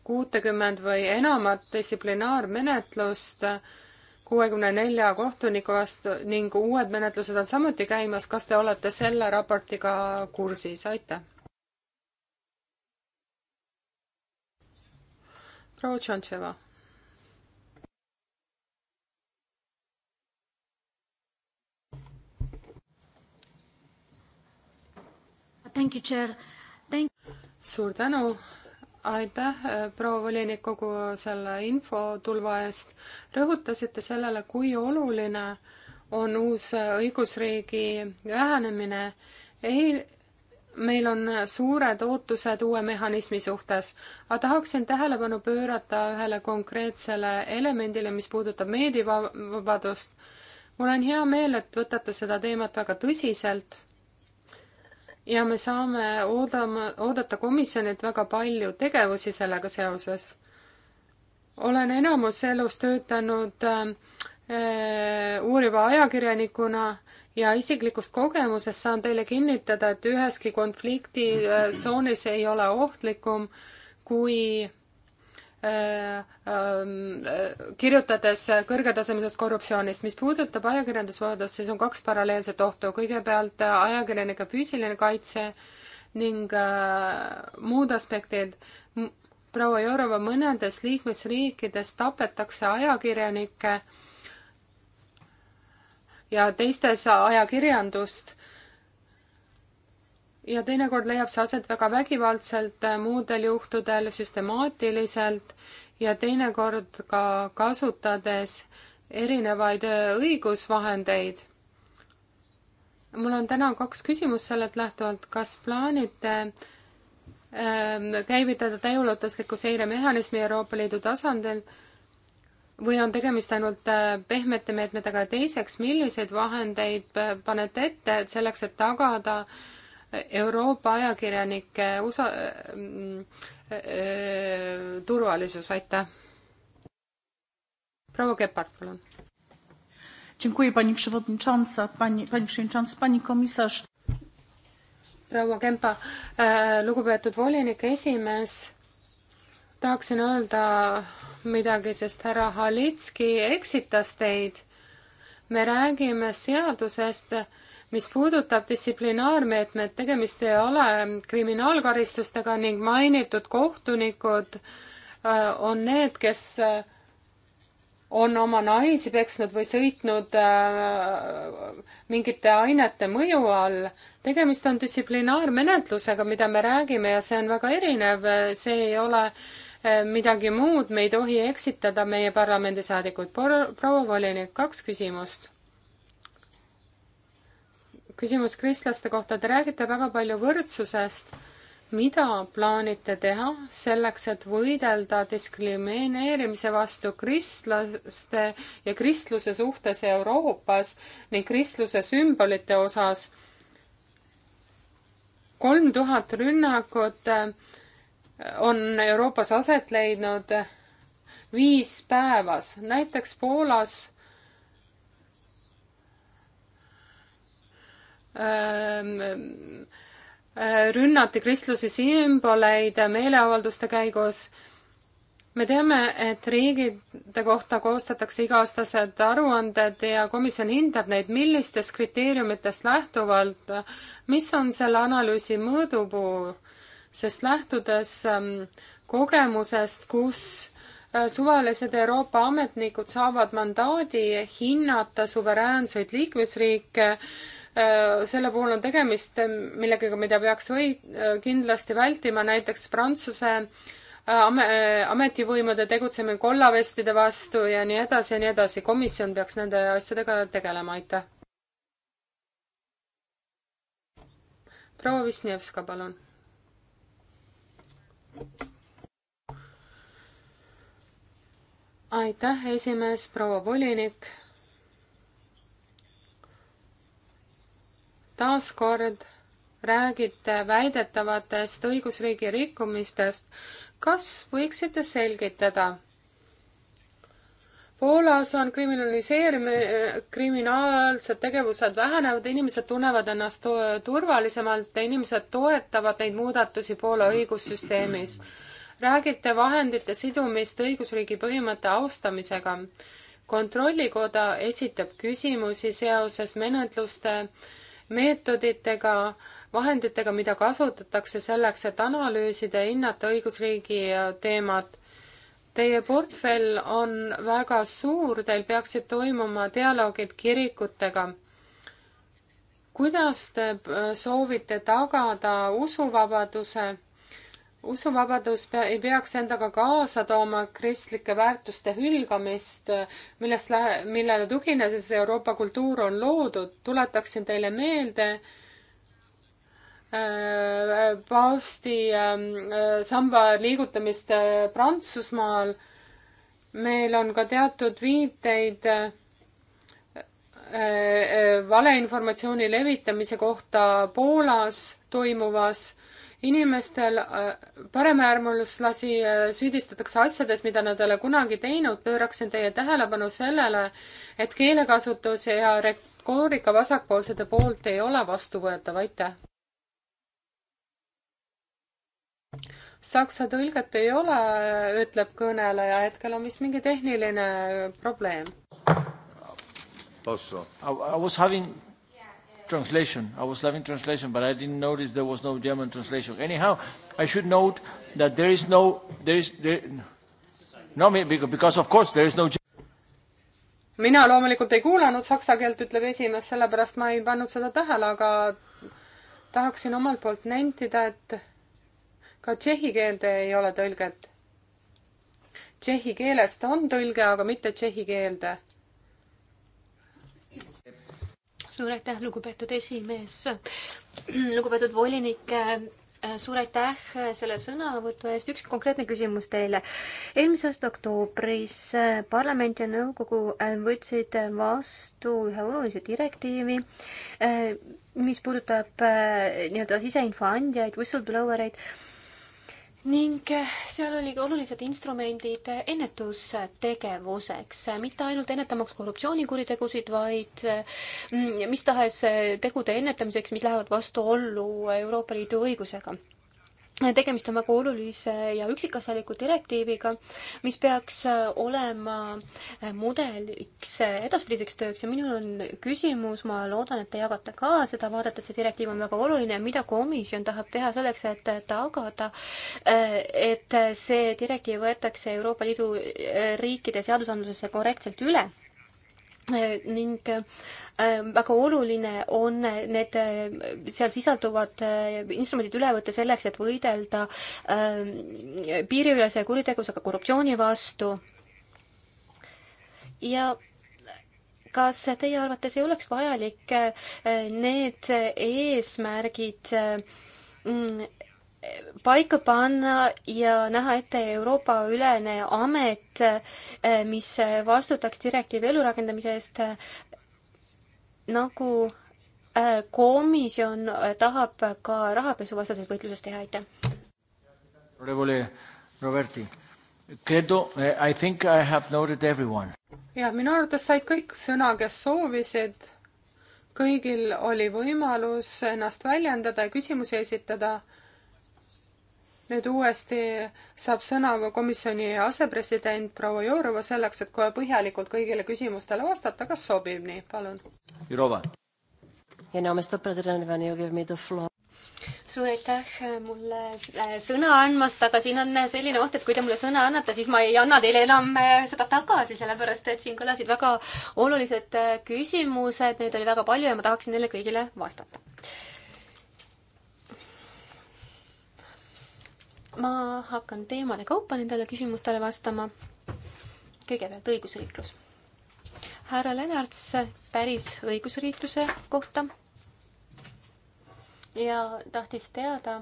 kuutekümmend või enamat distsiplinaarmenetlust kuuekümne nelja kohtuniku vastu ning uued menetlused on samuti käimas, kas te olete selle raportiga kursis, aitäh! proua Tšontševa Thank you, chair. Thank... suur tänu, aitäh, eh, proua volinik, kogu selle infotulva eest. rõhutasite sellele, kui oluline on uus eh, õigusriigi lähenemine. ei, meil on suured ootused uue mehhanismi suhtes, aga tahaksin tähelepanu pöörata ühele konkreetsele elemendile, mis puudutab meediavabadust. mul on hea meel, et võtate seda teemat väga tõsiselt ja me saame oodama, oodata komisjonilt väga palju tegevusi sellega seoses. olen enamus elus töötanud äh, uuriva ajakirjanikuna ja isiklikust kogemusest saan teile kinnitada, et üheski konfliktitsoonis äh, ei ole ohtlikum kui äh, kirjutades kõrgetasemelisest korruptsioonist. mis puudutab ajakirjandusvabadust, siis on kaks paralleelset ohtu. kõigepealt ajakirjanike füüsiline kaitse ning äh, muud aspektid. proua Jourova, mõnedes liikmesriikides tapetakse ajakirjanikke ja teistes ajakirjandust ja teinekord leiab see aset väga vägivaldselt, äh, muudel juhtudel süstemaatiliselt ja teinekord ka kasutades erinevaid äh, õigusvahendeid. mul on täna kaks küsimust sellelt lähtuvalt, kas plaanite ähm, käivitada täieulatusliku seiremehhanismi Euroopa Liidu tasandil või on tegemist ainult äh, pehmete meetmetega ja teiseks, milliseid vahendeid panete ette selleks, et tagada äh, Euroopa ajakirjanike USA äh, äh, turvalisus, aitäh. proua Kepart, palun. Dziękuję pani przewodnicząca, pani, pani przewodnicząca, pani komisarz. proua Kempa, äh, lugupeetud volinike esimees, tahaksin öelda midagi, sest härra Halitski eksitas teid. me räägime seadusest mis puudutab distsiplinaarmeetmed, tegemist ei ole kriminaalkaristustega ning mainitud kohtunikud äh, on need, kes äh, on oma naisi peksnud või sõitnud äh, mingite ainete mõju all. tegemist on distsiplinaarmenetlusega, mida me räägime ja see on väga erinev, see ei ole äh, midagi muud, me ei tohi eksitada meie parlamendisaadikuid. proua volinik, kaks küsimust küsimus kristlaste kohta, te räägite väga palju võrdsusest. mida plaanite teha selleks, et võidelda diskrimineerimise vastu kristlaste ja kristluse suhtes Euroopas ning kristluse sümbolite osas? kolm tuhat rünnakut äh, on Euroopas aset leidnud viis päevas, näiteks Poolas Ähm, äh, rünnati kristluse sümboleid meeleavalduste käigus. me teame, et riigide kohta koostatakse iga-aastased aruanded ja komisjon hindab neid, millistest kriteeriumitest lähtuvalt, mis on selle analüüsi mõõdupuu, sest lähtudes ähm, kogemusest, kus äh, suvalised Euroopa ametnikud saavad mandaadi hinnata suveräänseid liikmesriike, Äh, selle puhul on tegemist äh, millegagi, mida peaks või äh, kindlasti vältima, näiteks Prantsuse ametivõimude tegutsemine kollavestide vastu ja nii edasi ja nii edasi. komisjon peaks nende asjadega tegelema, aitäh. proua Visnjevska, palun. aitäh, esimees, proua volinik taaskord räägite väidetavatest õigusriigi rikkumistest. kas võiksite selgitada? Poolas on kriminaliseerimine, kriminaalsed tegevused vähenevad, inimesed tunnevad ennast turvalisemalt ja inimesed toetavad neid muudatusi Poola õigussüsteemis. räägite vahendite sidumist õigusriigi põhimõtte austamisega. kontrollikoda esitab küsimusi seoses menetluste äh, meetoditega, vahenditega, mida kasutatakse selleks, et analüüsida ja hinnata õigusriigi teemat. Teie portfell on väga suur, teil peaksid toimuma dialoogid kirikutega. kuidas te äh, soovite tagada usuvabaduse usuvabadus pea, ei peaks endaga kaasa tooma kristlike väärtuste hülgamist, millest lähe-, millele tuginedes Euroopa kultuur on loodud. tuletaksin teile meelde äh, paavsti ähm, äh, samba liigutamist äh, Prantsusmaal. meil on ka teatud viiteid äh, äh, äh, valeinformatsiooni levitamise kohta Poolas toimuvas inimestel, äh, paremäärmuslasi äh, süüdistatakse asjades, mida nad ei ole kunagi teinud, pööraksin teie tähelepanu sellele, et keelekasutus ja retoorika vasakpoolsete poolt ei ole vastuvõetav, aitäh. Saksa tõlget ei ole, ütleb kõneleja, hetkel on vist mingi tehniline probleem. I was having translation. I was having translation, but I didn't notice there was no German translation. Anyhow, I should note that there is no, there is, there, no, because of course there is no mina loomulikult ei kuulanud saksa keelt, ütleb esimees, sellepärast ma ei pannud seda tähele, aga tahaksin omalt poolt nentida, et ka tšehhi keelde ei ole tõlget. tšehhi keelest on tõlge, aga mitte tšehhi keelde suur aitäh, lugupeetud esimees, lugupeetud volinik äh, suur aitäh selle sõnavõtu eest. üks konkreetne küsimus teile. eelmise aasta oktoobris äh, parlament ja nõukogu äh, võtsid vastu ühe olulise direktiivi, mis puudutab nii-öelda siseinfoandjaid, whistleblower eid ning eh, seal olid olulised instrumendid eh, ennetustegevuseks, eh, mitte ainult ennetamaks korruptsioonikuritegusid, vaid mm, mis tahes tegude ennetamiseks, mis lähevad vastuollu Euroopa Liidu õigusega tegemist on väga olulise ja üksikasjaliku direktiiviga, mis peaks äh, olema äh, mudeliks äh, edaspidiseks tööks ja minul on küsimus, ma loodan, et te jagate ka seda vaadet, et see direktiiv on väga oluline, mida komisjon tahab teha selleks, et tagada, et see direktiiv võetakse Euroopa Liidu riikide seadusandlusesse korrektselt üle Äh, ning ähm, väga oluline on äh, need äh, seal sisalduvad instrumendid üle võtta selleks, et võidelda ähm, piiriülese kuritegevusega korruptsiooni vastu. ja kas teie arvates ei oleks vajalik need eesmärgid mm, paika panna ja näha ette Euroopa-ülene amet, eh, mis vastutaks direktiivi elurakendamise eest, eh, nagu eh, komisjon tahab ka rahapesuvastases võitluses teha, aitäh. ja minu arvates said kõik sõna, kes soovisid. kõigil oli võimalus ennast väljendada ja küsimusi esitada nüüd uuesti saab sõna komisjoni asepresident proua Jourova selleks, et kohe põhjalikult kõigile küsimustele vastata, kas sobib nii, palun? Jourova. suur aitäh äh, mulle äh, sõna andmast, aga siin on äh, selline oht, et kui te mulle sõna annate, siis ma ei anna teile enam seda tagasi, sellepärast et siin kõlasid väga olulised küsimused, neid oli väga palju ja ma tahaksin neile kõigile vastata ma hakkan teemade kaupa nendele küsimustele vastama. kõigepealt õigusriiklus. härra Lennarts päris õigusriikluse kohta ja tahtis teada,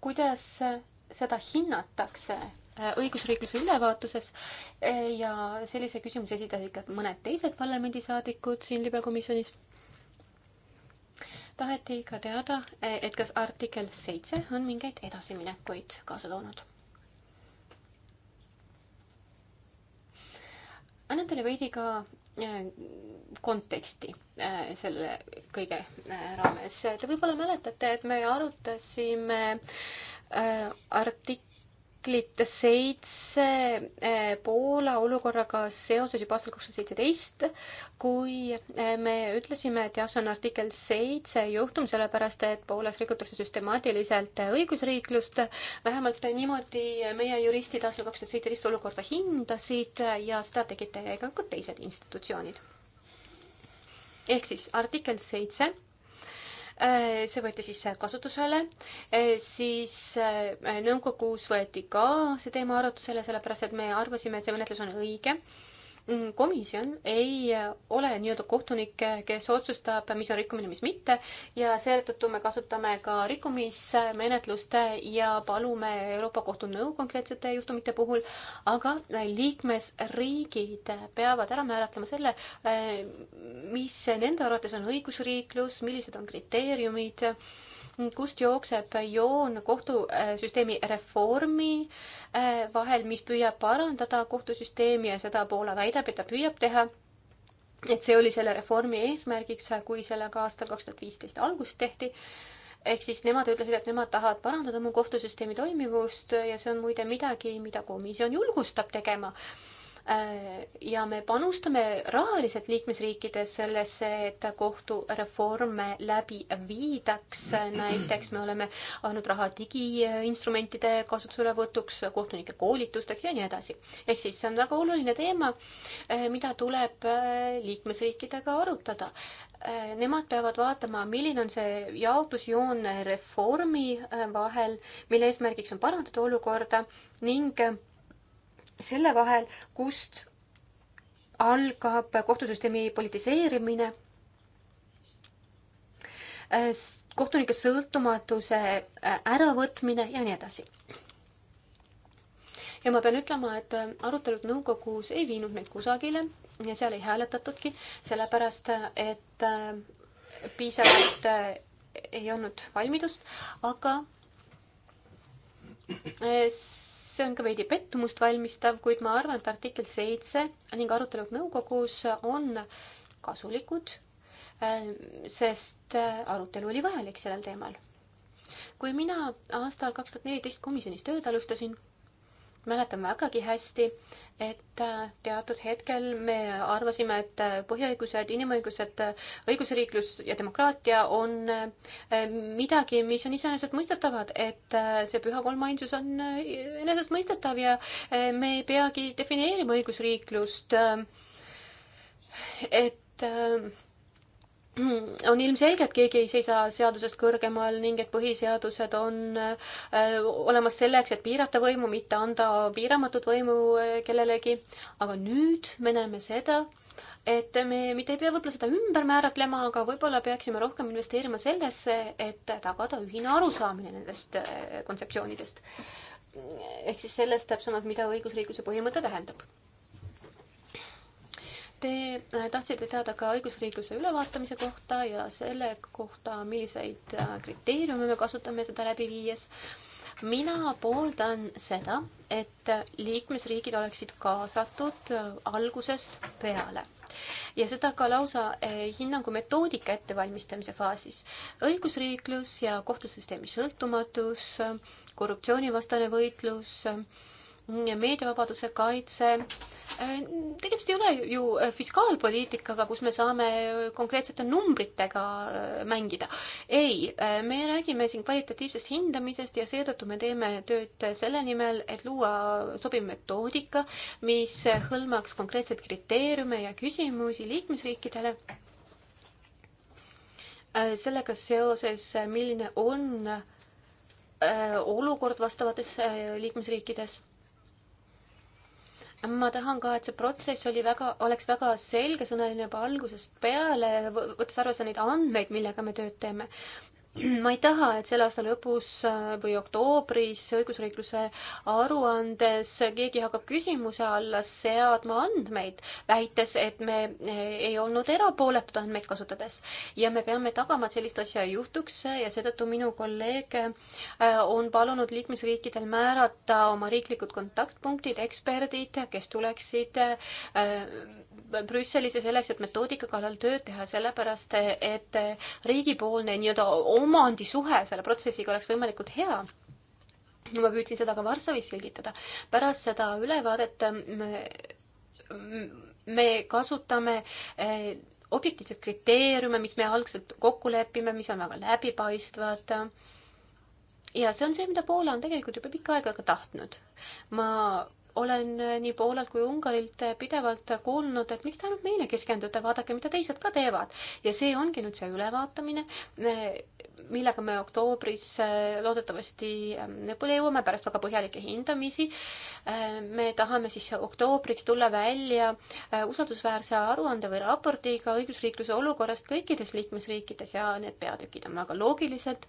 kuidas seda hinnatakse õigusriikluse ülevaatuses ja sellise küsimuse esitasid ka mõned teised parlamendisaadikud siin libekomisjonis taheti ka teada, et kas artikkel seitse on mingeid edasiminekuid kaasa toonud. annan teile veidi ka äh, konteksti äh, selle kõige äh, raames. Te võib-olla mäletate, et me arutasime artik-, artiklit seitse eh, Poola olukorraga seoses juba aastal kaks tuhat seitseteist, kui eh, me ütlesime, et jah, see on artikkel seitse juhtum, sellepärast et Poolas rikutakse süstemaatiliselt õigusriiklust. vähemalt niimoodi meie juristid aastal kaks tuhat seitseteist olukorda hindasid ja seda tegid tegelikult ka teised institutsioonid. ehk siis artikkel seitse Äh, see võeti siis kasutusele, äh, siis äh, nõukogus võeti ka see teema arutusele, sellepärast et me arvasime, et see menetlus on õige Mm, komisjon ei äh, ole nii-öelda kohtunik, äh, kes otsustab, mis on rikkumine, mis mitte ja seetõttu me kasutame ka rikkumismenetlust äh, ja palume Euroopa Kohtu nõu konkreetsete juhtumite puhul, aga liikmesriigid peavad ära määratlema selle, mis nende arvates on õigusriiklus, millised on kriteeriumid kust jookseb joon kohtusüsteemi reformi äh, vahel, mis püüab parandada kohtusüsteemi ja seda Poola väidab, et ta püüab teha. et see oli selle reformi eesmärgiks, kui sellega aastal kaks tuhat viisteist algust tehti ehk siis nemad ütlesid, et nemad tahavad parandada oma kohtusüsteemi toimivust ja see on muide midagi, mida komisjon julgustab tegema Äh, ja me panustame rahaliselt liikmesriikides sellesse, et kohtureforme läbi viidaks, näiteks me oleme andnud raha digiinstrumentide kasutuselevõtuks, kohtunike koolitusteks ja nii edasi. ehk siis see on väga oluline teema, äh, mida tuleb äh, liikmesriikidega arutada nemad peavad vaatama, milline on see jaotusjoon reformi vahel, mille eesmärgiks on parandada olukorda ning selle vahel, kust algab kohtusüsteemi politiseerimine, äh, kohtunike sõltumatuse äh, äravõtmine ja nii edasi. ja ma pean ütlema, et äh, arutelud nõukogus ei viinud meid kusagile ja seal ei hääletatudki, sellepärast et piisavalt ei olnud valmidust, aga see on ka veidi pettumust valmistav, kuid ma arvan, et artikkel seitse ning arutelud nõukogus on kasulikud, äh, sest äh, arutelu oli vajalik sellel teemal. kui mina aastal kaks tuhat neliteist komisjonis tööd alustasin mäletan vägagi hästi, et äh, teatud hetkel me arvasime, et äh, põhiõigused, inimõigused, äh, õigusriiklus ja demokraatia on midagi, mis on iseenesestmõistetavad, et see püha kolmainsus on enesestmõistetav ja me ei peagi defineerima õigusriiklust. et Mm, on ilmselge, et keegi ei seisa seadusest kõrgemal ning et põhiseadused on äh, olemas selleks, et piirata võimu, mitte anda piiramatut võimu äh, kellelegi. aga nüüd me näeme seda, et me mitte ei pea võib-olla seda ümber määratlema, aga võib-olla peaksime rohkem investeerima sellesse, et tagada ühine arusaamine nendest äh, kontseptsioonidest. ehk siis sellest täpsemalt, mida õigusriikluse põhimõte tähendab Te äh, tahtsite teada ka õigusriikluse ülevaatamise kohta ja selle kohta, milliseid äh, kriteeriume me kasutame seda läbi viies. mina pooldan seda, et liikmesriigid oleksid kaasatud äh, algusest peale ja seda ka lausa hinnangu metoodika ettevalmistamise faasis. õigusriiklus ja kohtusüsteemi sõltumatus, korruptsioonivastane võitlus meediavabaduse kaitse. Äh, tegemist ei ole ju äh, fiskaalpoliitikaga, kus me saame äh, konkreetsete numbritega mängida. ei, me räägime siin kvalitatiivsest hindamisest ja seetõttu me teeme tööd selle nimel, et luua sobiv metoodika, mis hõlmaks konkreetseid kriteeriume ja küsimusi liikmesriikidele sellega seoses, milline on olukord vastavates liikmesriikides ma tahan ka, et see protsess oli väga, oleks väga selgesõnaline juba algusest peale, võttes arvesse neid andmeid, millega me tööd teeme. ma ei taha, et selle aasta lõpus äh, või oktoobris õigusriikluse aruandes keegi hakkab küsimuse alla seadma andmeid, väites, et me äh, ei olnud erapooletud andmeid kasutades. ja me peame tagama, et sellist asja ei juhtuks ja seetõttu minu kolleeg äh, on palunud liikmesriikidel määrata oma riiklikud kontaktpunktid, eksperdid, kes tuleksid Brüsselisse selleks, et metoodika kallal tööd teha, sellepärast et riigipoolne nii-öelda omandisuhe selle protsessiga oleks võimalikult hea ma püüdsin seda ka Varssavis selgitada. pärast seda ülevaadet me, me kasutame eh, objektiivseid kriteeriume, mis me algselt kokku lepime, mis on väga läbipaistvad. ja see on see, mida Poola on tegelikult juba pikka aega ka tahtnud. ma olen äh, nii Poolalt kui Ungarilt äh, pidevalt äh, kuulnud, et miks te ainult meile keskendute, vaadake, mida teised ka teevad. ja see ongi nüüd see ülevaatamine, millega me oktoobris loodetavasti ähm, lõpule jõuame, pärast väga põhjalikke hindamisi. me tahame siis oktoobriks tulla välja usaldusväärse aruande või raportiga õigusriikluse olukorrast kõikides liikmesriikides ja need peatükid on väga loogilised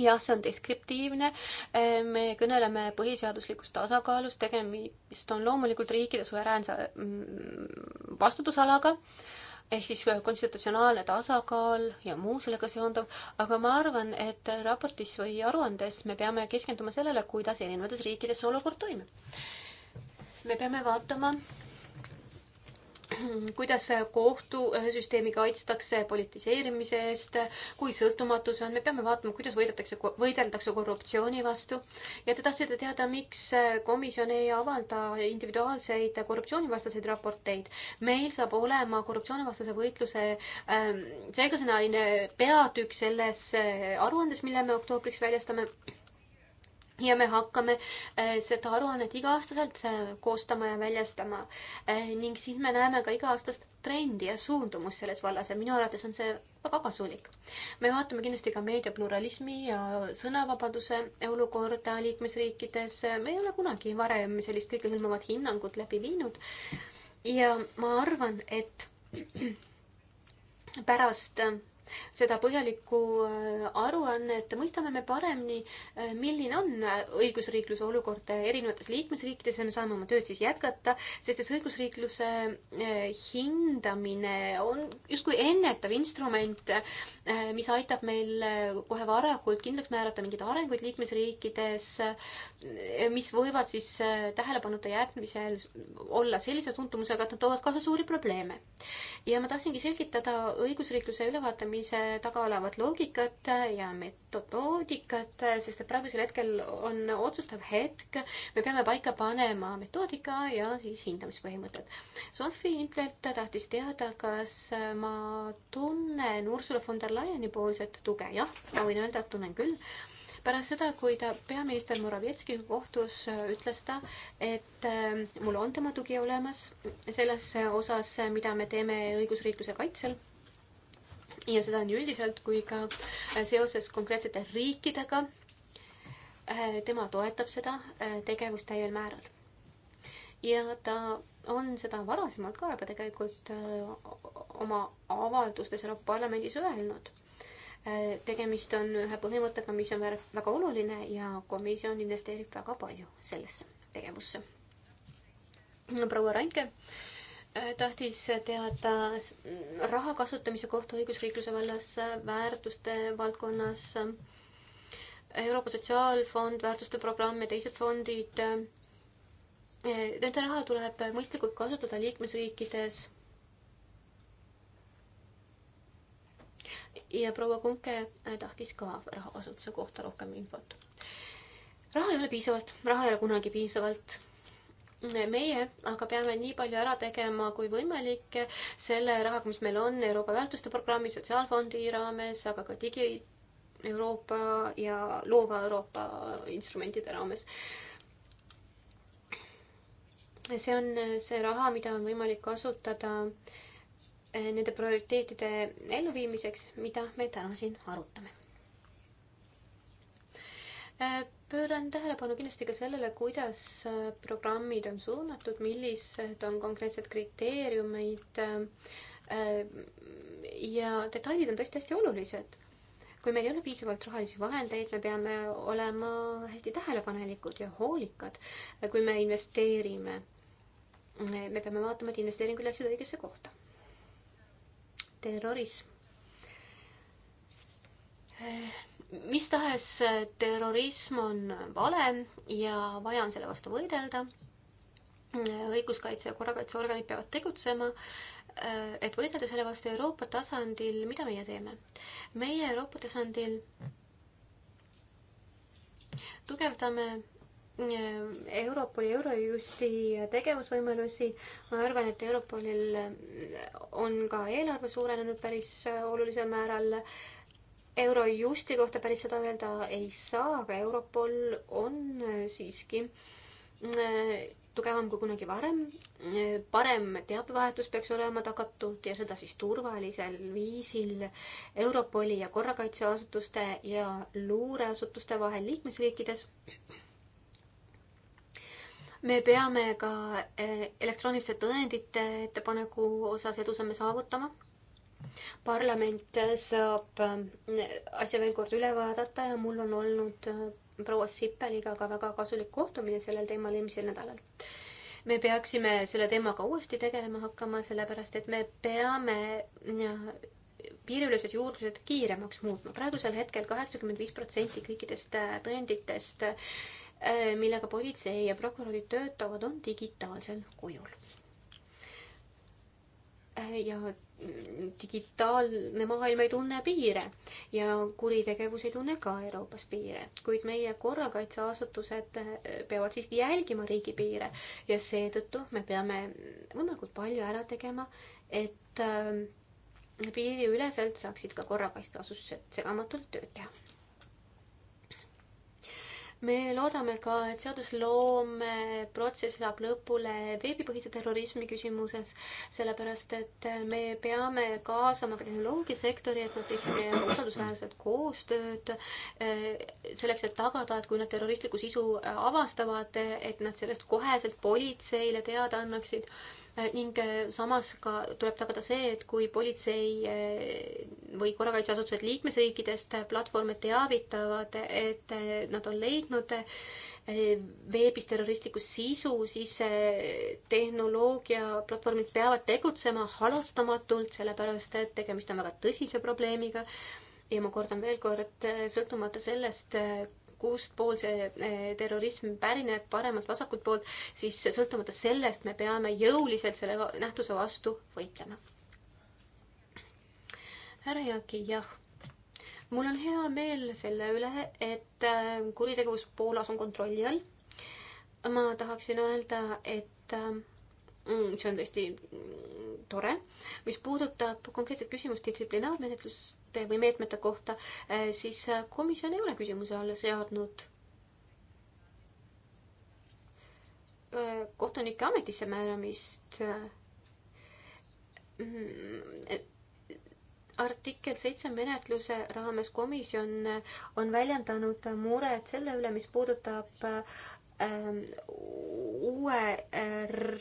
jah, see on deskriptiivne, ehm, me kõneleme põhiseaduslikust tasakaalust, tegemist on loomulikult riikide suveräänse mm, vastutusalaga, ehk siis äh, konstitutsionaalne tasakaal ja muu sellega seonduv, aga ma arvan, et raportis või aruandes me peame keskenduma sellele, kuidas erinevates riikides see olukord toimib. me peame vaatama, kuidas kohtusüsteemi äh, kaitstakse politiseerimise eest, kui sõltumatu see on, me peame vaatama, kuidas võidetakse, võideldakse korruptsiooni vastu. ja te tahtsite teada, miks äh, komisjon ei avalda individuaalseid korruptsioonivastaseid raporteid. meil saab olema korruptsioonivastase võitluse ähm, segasõnaline peatükk selles äh, aruandes, mille me oktoobriks väljastame ja me hakkame äh, seda aruannet iga-aastaselt äh, koostama ja väljastama äh, ning siis me näeme ka iga-aastast trendi ja suundumust selles vallas ja minu arvates on see väga kasulik. me vaatame kindlasti ka meediapluralismi ja sõnavabaduse olukorda liikmesriikides. me ei ole kunagi varem sellist kõikehõlmavat hinnangut läbi viinud. ja ma arvan, et pärast seda põhjalikku äh, aruannet, mõistame me paremini, äh, milline on äh, õigusriikluse olukord erinevates liikmesriikides ja me saame oma tööd siis jätkata, sest et see õigusriikluse hindamine on justkui ennetav instrument, mis aitab meil kohe varakult kindlaks määrata mingeid arenguid liikmesriikides, mis võivad siis tähelepanuta jätmisel olla sellise tuntumusega, et nad toovad kaasa suuri probleeme. ja ma tahtsingi selgitada õigusriikluse ülevaate rakendamise taga olevat loogikat ja metodoodikat, sest et praegusel hetkel on otsustav hetk, me peame paika panema metoodika ja siis hindamispõhimõtted. Sofi Intvelt tahtis teada, kas ma tunnen Ursula von der Leyeni poolset tuge, jah, ma võin öelda, et tunnen küll pärast seda, kui ta peaminister Moravetskiga kohtus, ütles ta, et äh, mul on tema tugi olemas selles osas, mida me teeme õigusriikluse kaitsel ja seda nii üldiselt kui ka äh, seoses konkreetsete riikidega. Äh, tema toetab seda äh, tegevust täiel määral. ja ta on seda varasemalt ka juba tegelikult oma avaldustes Euroopa Parlamendis öelnud. tegemist on ühe põhimõttega, mis on väga oluline ja komisjon investeerib väga palju sellesse tegevusse. proua Rainke äh, Äh, tahtis teada raha kasutamise kohta õigusriikluse vallas, äh, väärtuste valdkonnas, äh, Euroopa Sotsiaalfond, väärtuste programm ja teised fondid. Nende raha tuleb mõistlikult kasutada liikmesriikides. ja proua Kunke tahtis ka raha kasutuse kohta rohkem infot. raha ei ole piisavalt, raha ei ole kunagi piisavalt meie aga peame nii palju ära tegema kui võimalik selle rahaga, mis meil on Euroopa väärtuste programmi, sotsiaalfondi raames, aga ka digi Euroopa ja loova Euroopa instrumentide raames. see on see raha, mida on võimalik kasutada eh, nende prioriteetide elluviimiseks, mida me täna siin arutame eh, pööran tähelepanu kindlasti ka sellele, kuidas äh, programmid on suunatud, millised on konkreetsed kriteeriumid. Äh, ja detailid on tõesti hästi olulised. kui meil ei ole piisavalt rahalisi vahendeid, me peame olema hästi tähelepanelikud ja hoolikad, äh, kui me investeerime. me peame vaatama, et investeeringud läksid õigesse kohta. terrorism mis tahes äh, terrorism on vale ja vaja on selle vastu võidelda. õiguskaitse ja korrakaitseorganid peavad tegutsema, äh, et võidelda selle vastu Euroopa tasandil, mida meie teeme? meie Euroopa tasandil tugevdame äh, Europoli, Eurojusti tegevusvõimalusi, ma arvan, et Europolil on ka eelarve suurenenud päris olulisel määral Eurojusti kohta päris seda öelda ei saa, aga Europol on äh, siiski äh, tugevam kui kunagi varem. Äh, parem teabevahetus peaks olema tagatud ja seda siis turvalisel viisil Europoli ja korrakaitseasutuste ja luureasutuste vahel liikmesriikides me peame ka elektrooniliste tõendite ettepaneku osas edusamme saavutama parlament saab äh, asja veel kord üle vaadata ja mul on olnud äh, proua Sippeliga ka väga kasulik kohtumine sellel teemal eelmisel nädalal. me peaksime selle teemaga uuesti tegelema hakkama, sellepärast et me peame piiriülesed juurdlused kiiremaks muutma. praegusel hetkel kaheksakümmend viis protsenti kõikidest äh, tõenditest, millega politsei ja prokurörid töötavad, on digitaalsel kujul. ja digitaalne maailm ei tunne piire ja kuritegevus ei tunne ka Euroopas piire, kuid meie korrakaitseasutused eh, peavad siiski jälgima riigipiire ja seetõttu me peame võimalikult palju ära tegema, et eh, piiriüleselt saaksid ka korrakaitseasutused segamatult tööd teha me loodame ka, et seadusloome protsess saab lõpule veebipõhise terrorismi küsimuses, sellepärast et me peame kaasama ka tehnoloogiasektori, et nad teeksid usaldusväärset koostööd, eh, selleks, et tagada, et kui nad terroristlikku sisu avastavad, et nad sellest koheselt politseile teada annaksid Äh, ning äh, samas ka tuleb tagada see, et kui politsei äh, või korrakaitseasutused liikmesriikidest platvorme teavitavad, et nad on leidnud veebis terroristlikku sisu, siis tehnoloogiaplatvormid peavad tegutsema halastamatult, sellepärast et tegemist on väga tõsise probleemiga ja ma kordan veel kord, sõltumata sellest, kust pool see eh, terrorism pärineb, paremalt vasakult poolt, siis sõltumata sellest me peame jõuliselt selle nähtuse vastu võitlema. härra Jaaki, jah. mul on hea meel selle üle, et äh, kuritegevus Poolas on kontrolli all. ma tahaksin öelda, et äh, mm, see on tõesti mm, tore. mis puudutab konkreetset küsimust distsiplinaarmenetlust, või meetmete kohta, eh, siis eh, komisjon ei ole küsimuse alla seadnud eh, kohtunike ametisse määramist. Mm, artikkel seitse menetluse raames komisjon on väljendanud muret selle üle, mis puudutab uue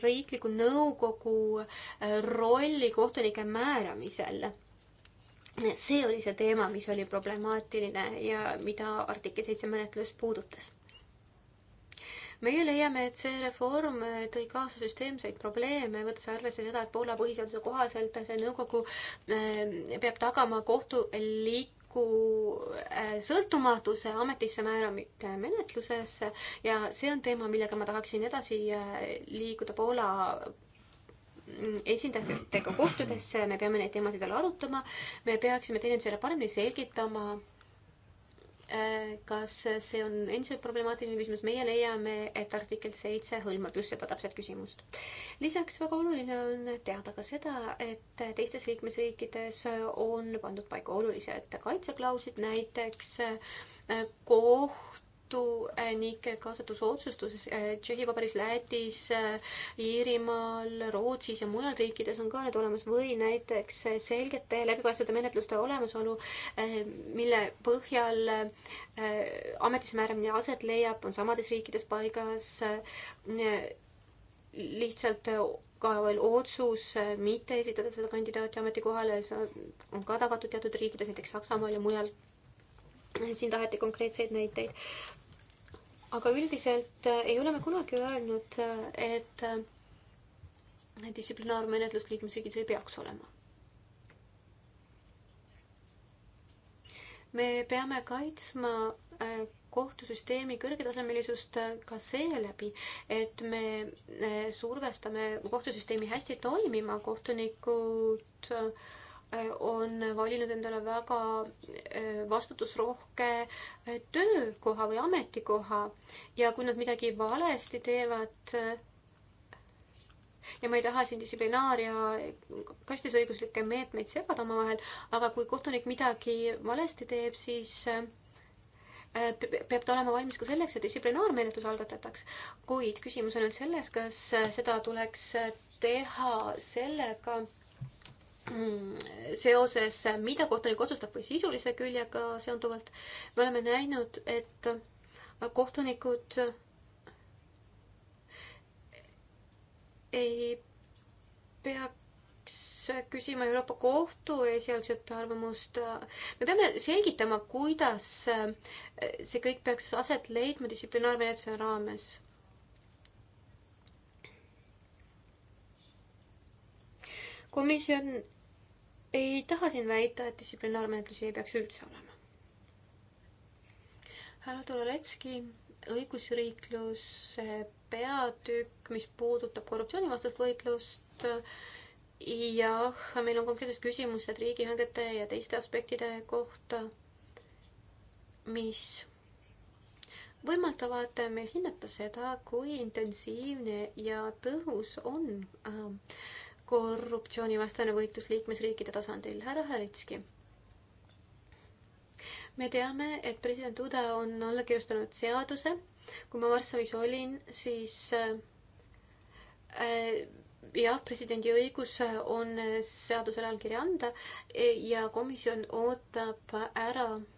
riikliku nõukogu rolli kohtunike määramisel see oli see teema, mis oli problemaatiline ja mida artikkel seitse menetlus puudutas. meie leiame, et see reform tõi kaasa süsteemseid probleeme, võttes arvesse seda, et Poola põhiseaduse kohaselt see nõukogu eh, peab tagama kohtu liik-, isiku eh, sõltumatuse ametisse määramite menetluses ja see on teema, millega ma tahaksin edasi eh, liikuda Poola esindajatega kohtudes me peame neid teemasid veel arutama, me peaksime teineteisele paremini selgitama, äh, kas see on endiselt problemaatiline küsimus, meie leiame, et artikkel seitse hõlmab just seda täpset küsimust. lisaks väga oluline on teada ka seda, et teistes liikmesriikides on pandud paika olulised kaitseklauslid, näiteks äh, koh-, kohtunike eh, kaasatus otsustus eh, Tšehhi Vabariigis, Lätis, eh, Iirimaal, Rootsis ja mujal riikides on ka need olemas või näiteks selgete läbipaistvate menetluste olemasolu, mille põhjal ametisse määramine aset leiab, on samades riikides paigas. lihtsalt ka veel otsus mitte esitada seda kandidaati ametikohale, see on ka tagatud teatud riikides, näiteks Saksamaal ja mujal. siin taheti konkreetseid näiteid aga üldiselt äh, ei ole me kunagi öelnud, äh, äh, et distsiplinaarmenetlus liikmesriigis ei peaks olema. me peame kaitsma kohtusüsteemi kõrgetasemelisust ka seeläbi, et me survestame kohtusüsteemi hästi toimima, kohtunikud äh, on valinud endale väga äh, vastutusrohke äh, töökoha või ametikoha ja kui nad midagi valesti teevad, äh, ja ma ei taha siin distsiplinaaria kastisõiguslikke meetmeid segada omavahel, aga kui kohtunik midagi valesti teeb, siis peab ta olema valmis ka selleks, et distsiplinaarmenetlus algatataks. kuid küsimus on nüüd selles, kas seda tuleks teha sellega, Mm, seoses, mida kohtunik otsustab või sisulise küljega seonduvalt, me oleme näinud, et kohtunikud ei peaks küsima Euroopa Kohtu esialgset arvamust. me peame selgitama, kuidas see kõik peaks aset leidma distsiplinaarmenetluse raames komisjon ei taha siin väita, et distsiplinaarmenetlusi ei peaks üldse olema. härra Tuloletski, õigusriikluse peatükk, mis puudutab korruptsioonivastast võitlust, jah, meil on konkreetsed küsimused riigihangete ja teiste aspektide kohta, mis võimaldavad meil hinnata seda, kui intensiivne ja tõhus on äh, korruptsioonivastane võitlus liikmesriikide tasandil. härra Haritski. me teame, et president Uda on alla kirjutanud seaduse. kui ma Varssavis olin, siis äh, jah, presidendi õigus on seadusele allkirja anda ja komisjon ootab ära äh,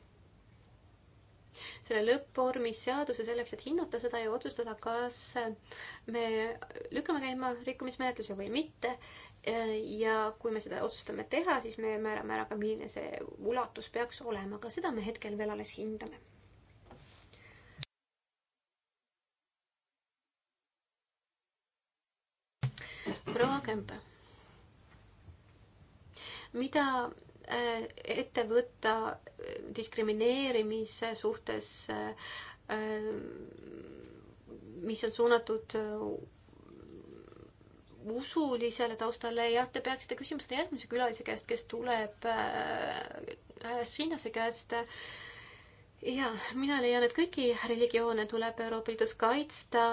selle lõppvormis seaduse selleks, et hinnata seda ja otsustada, kas me lükkame käima rikkumismenetluse või mitte. ja kui me seda otsustame teha, siis me määrame ära ka, milline see ulatus peaks olema, aga seda me hetkel veel alles hindame proua Kämpe. mida Äh, ette võtta äh, diskrimineerimise suhtes, äh, mis on suunatud usulisele taustale, jah, te peaksite küsima seda järgmise külalise käest, kes tuleb härra äh, Sinase käest äh,, ja mina leian, et kõiki religioone tuleb Euroopa Liidus kaitsta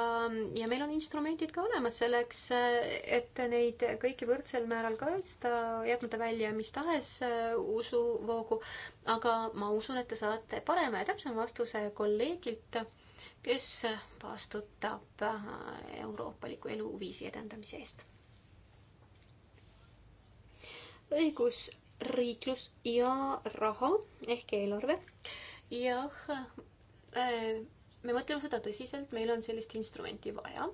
ja meil on instrumendid ka olemas selleks, et neid kõiki võrdsel määral kaitsta, jätmata välja mis tahes äh, usuvoogu. aga ma usun, et te saate parema ja täpsema vastuse kolleegilt, kes vastutab äh, euroopaliku eluviisi edendamise eest. õigus riiklus ja raha ehk eelarve jah, äh, me mõtleme seda tõsiselt, meil on sellist instrumenti vaja.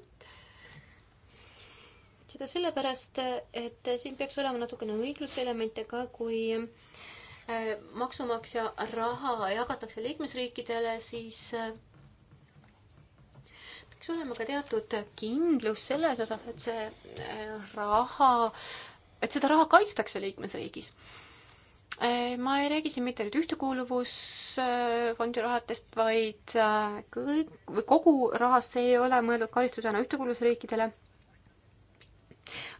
seda sellepärast, et siin peaks olema natukene õigluselemente ka, kui äh, maksumaksja raha jagatakse liikmesriikidele, siis äh, peaks olema ka teatud kindlus selles osas, et see raha, et seda raha kaitstakse liikmesriigis Äh, ma ei räägi siin mitte nüüd ühtekuuluvusfondi rahadest, vaid äh, kõik või kogu rahast, see ei ole mõeldud karistusena ühtekuuluvusriikidele.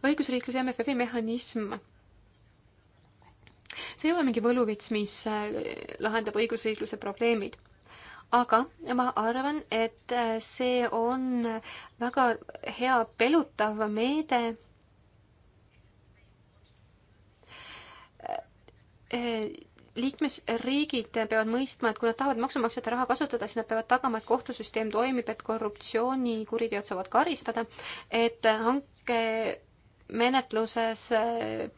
õigusriikluse MFF-i mehhanism. see ei ole mingi võluvits, mis äh, lahendab õigusriikluse probleemid. aga ma arvan, et see on väga hea pelutav meede Eh, liikmesriigid peavad mõistma, et kui nad tahavad maksumaksjate raha kasutada, siis nad peavad tagama, et kohtusüsteem toimib, et korruptsioonikuriteod saavad karistada, et hankemenetluses eh,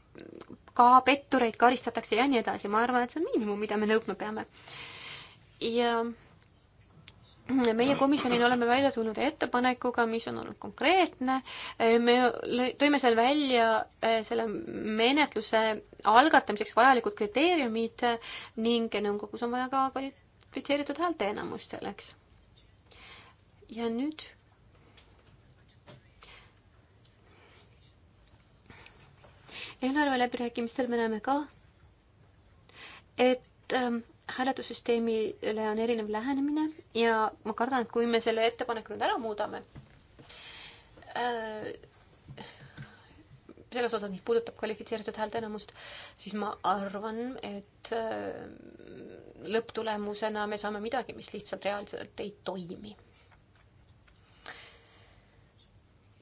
ka pettureid karistatakse ja nii edasi. ma arvan, et see on miinimum, mida me nõudma peame. ja meie komisjonina oleme välja tulnud ettepanekuga, mis on olnud konkreetne, me tõime seal välja äh, selle menetluse algatamiseks vajalikud kriteeriumid ning nõukogus on vaja ka kvalifitseeritud häälteenamust selleks. ja nüüd? eelarve läbirääkimistel me näeme ka, et ähm, hääletussüsteemile on erinev lähenemine ja ma kardan, et kui me selle ettepaneku nüüd ära muudame, äh, selles osas, mis puudutab kvalifitseeritud häälteenamust, siis ma arvan, et äh, lõpptulemusena me saame midagi, mis lihtsalt reaalselt ei toimi.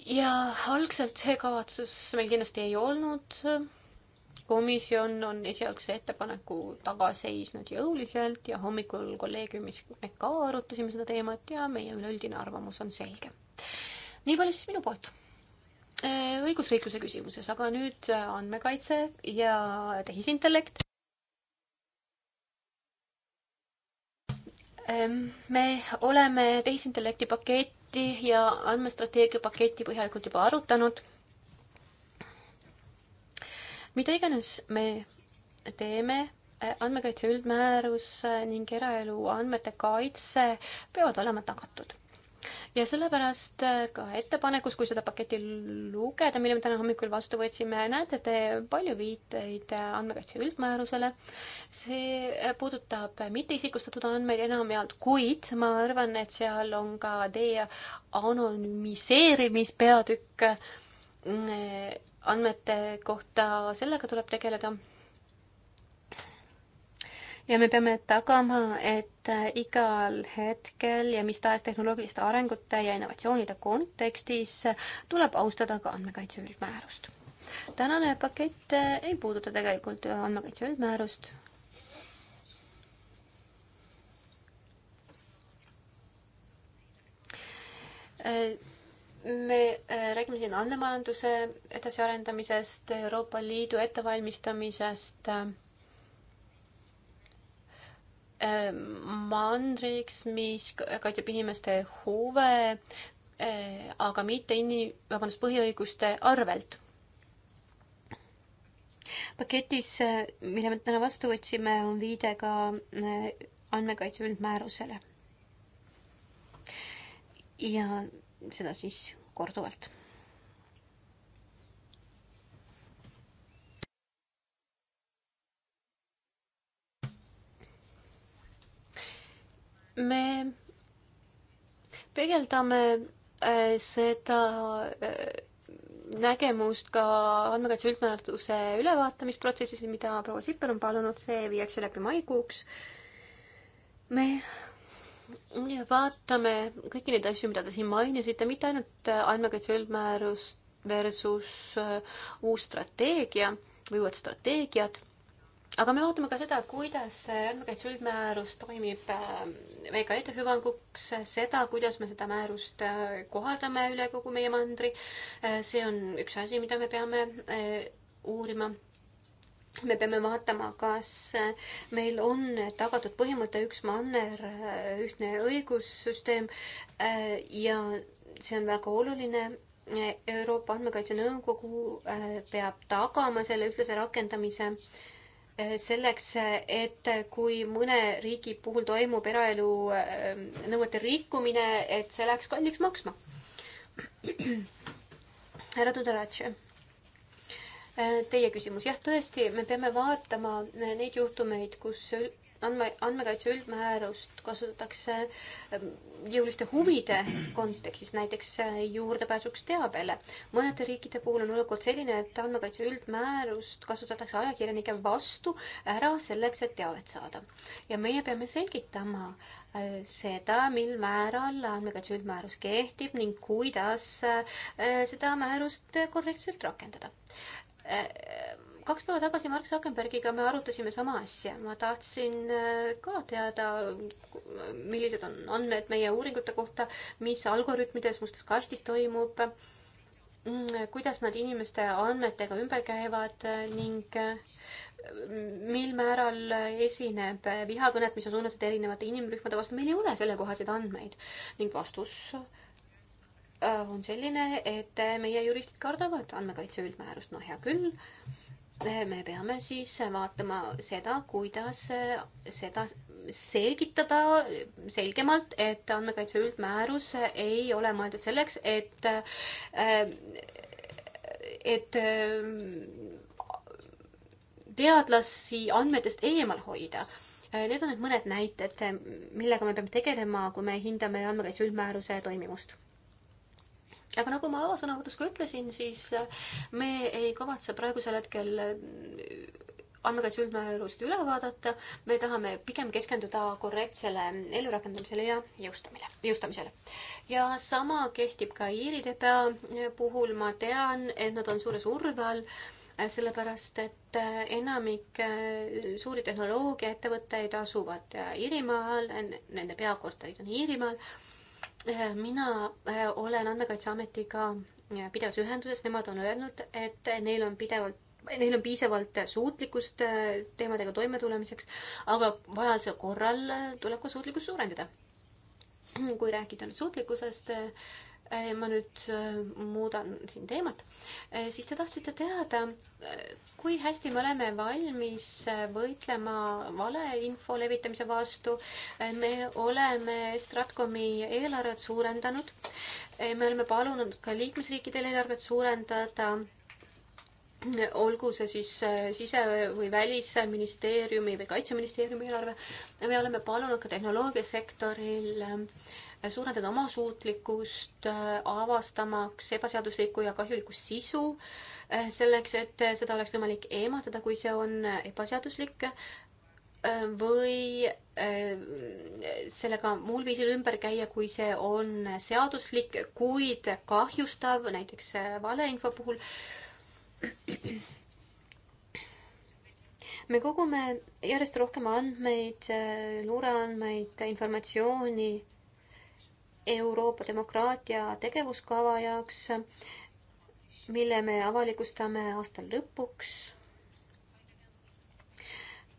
ja algselt see kavatsus meil kindlasti ei olnud komisjon on esialgse ettepaneku taga seisnud jõuliselt ja hommikul kolleegiumis me ka arutasime seda teemat ja meie üleüldine arvamus on selge. nii palju siis minu poolt äh, õigusriikluse küsimuses, aga nüüd äh, andmekaitse ja tehisintellekt. Äh, me oleme tehisintellekti paketti ja andmestrateegia paketti põhjalikult juba arutanud mida iganes me teeme, äh, andmekaitse üldmäärus äh, ning eraelu andmete kaitse peavad olema tagatud. ja sellepärast äh, ka ettepanekus, kui seda paketti lugeda, mille me täna hommikul vastu võtsime, näete te palju viiteid andmekaitse üldmäärusele. see puudutab mitteisikustatud andmeid enamjaolt, kuid ma arvan, et seal on ka teie anonüümiseerimispeatükk andmete kohta, sellega tuleb tegeleda. ja me peame tagama, et igal hetkel ja mis tahes tehnoloogiliste arengute ja innovatsioonide kontekstis tuleb austada ka andmekaitse üldmäärust. tänane pakett ei puuduta tegelikult andmekaitse üldmäärust, me äh, räägime siin andmemajanduse edasiarendamisest, Euroopa Liidu ettevalmistamisest äh, mandriks, mis kaitseb inimeste huve, äh, aga mitte inni-, vabandust, põhiõiguste arvelt. paketis, mille me täna vastu võtsime, on viide ka andmekaitse üldmäärusele. ja seda siis korduvalt. me peegeldame äh, seda äh, nägemust ka andmekaitse üldmääruse ülevaatamisprotsessis, mida proua Sipper on palunud, see viiakse läbi maikuuks. me vaatame kõiki neid asju, mida te siin mainisite, mitte ainult äh, andmekaitse üldmäärust versus äh, uus strateegia või uued strateegiad, aga me vaatame ka seda, kuidas andmekaitse üldmäärus toimib VKE-de äh, hüvanguks, seda, kuidas me seda määrust kohaldame üle kogu meie mandri. see on üks asi, mida me peame uurima me peame vaatama, kas meil on tagatud põhimõte üks manner, ühtne õigussüsteem äh, ja see on väga oluline. Euroopa Andmekaitse Nõukogu äh, peab tagama selle ühtlase rakendamise äh, selleks, et kui mõne riigi puhul toimub eraelu nõuete rikkumine, et see läheks kalliks maksma. härra Tudoratšev Äh, teie küsimus, jah, tõesti, me peame vaatama äh, neid juhtumeid, kus andme, andmekaitse üldmäärust kasutatakse ähm, jõuliste huvide kontekstis, näiteks äh, juurdepääsuks teabele. mõnede riikide puhul on olukord selline, et andmekaitse üldmäärust kasutatakse ajakirjanike vastu ära selleks, et teavet saada. ja meie peame selgitama seda, mil määral andmekaitse üldmäärus kehtib ning kuidas seda määrust korrektselt rakendada kaks päeva tagasi Mark Zuckerbergiga me arutasime sama asja. ma tahtsin äh, ka teada, millised on andmed meie uuringute kohta, mis algoritmides mustas kastis toimub, mm, kuidas nad inimeste andmetega ümber käivad äh, ning äh, mil määral esineb vihakõnet, mis on suunatud erinevate inimrühmade vastu. meil ei ole sellekohaseid andmeid ning vastus Äh, on selline, et äh, meie juristid kardavad andmekaitse üldmäärust, no hea küll, äh, me peame siis vaatama seda, kuidas seda selgitada selgemalt, et andmekaitse üldmäärus ei ole mõeldud selleks, et, et teadlasi andmetest eemal hoida Need on nüüd mõned näited, millega me peame tegelema, kui me hindame andmekaitse üldmääruse toimivust aga nagu ma avasõnavõtus ka ütlesin, siis äh, me ei kavatse praegusel hetkel äh, andmekaitse üldmäärust üle vaadata, me tahame pigem keskenduda korrektsele ellurakendamisele ja jõustamile, jõustamisele. ja sama kehtib ka Iiri TPA äh, puhul, ma tean, et nad on suure surve all, sellepärast et enamik suuri tehnoloogiaettevõtteid asuvad Iirimaal, nende peakorterid on Iirimaal Äh, mina äh, olen Andmekaitseametiga äh, pidevas ühenduses, nemad on öelnud, et neil on pidevalt neil on piisavalt suutlikkust teemadega toimetulemiseks, aga vajaduse korral tuleb ka suutlikkust suurendada. kui rääkida nüüd suutlikkusest, Äh, ma nüüd äh, muudan siin teemat, äh, siis te tahtsite teada, kui hästi me oleme valmis võitlema valeinfo levitamise vastu. me oleme Stratkomi eelarvet suurendanud. me oleme palunud ka liikmesriikidel eelarvet suurendada olgu see siis sise- või välisministeeriumi või kaitseministeeriumi eelarve, me oleme palunud ka tehnoloogiasektoril äh, suurendada oma suutlikkust äh, avastamaks ebaseaduslikku ja kahjulikku sisu, äh, selleks et äh, seda oleks võimalik eemaldada, kui see on ebaseaduslik või sellega muul viisil ümber käia, kui see on seaduslik, kuid kahjustav, näiteks valeinfo puhul. me kogume järjest rohkem andmeid, luureandmeid, informatsiooni Euroopa demokraatia tegevuskava jaoks, mille me avalikustame aasta lõpuks.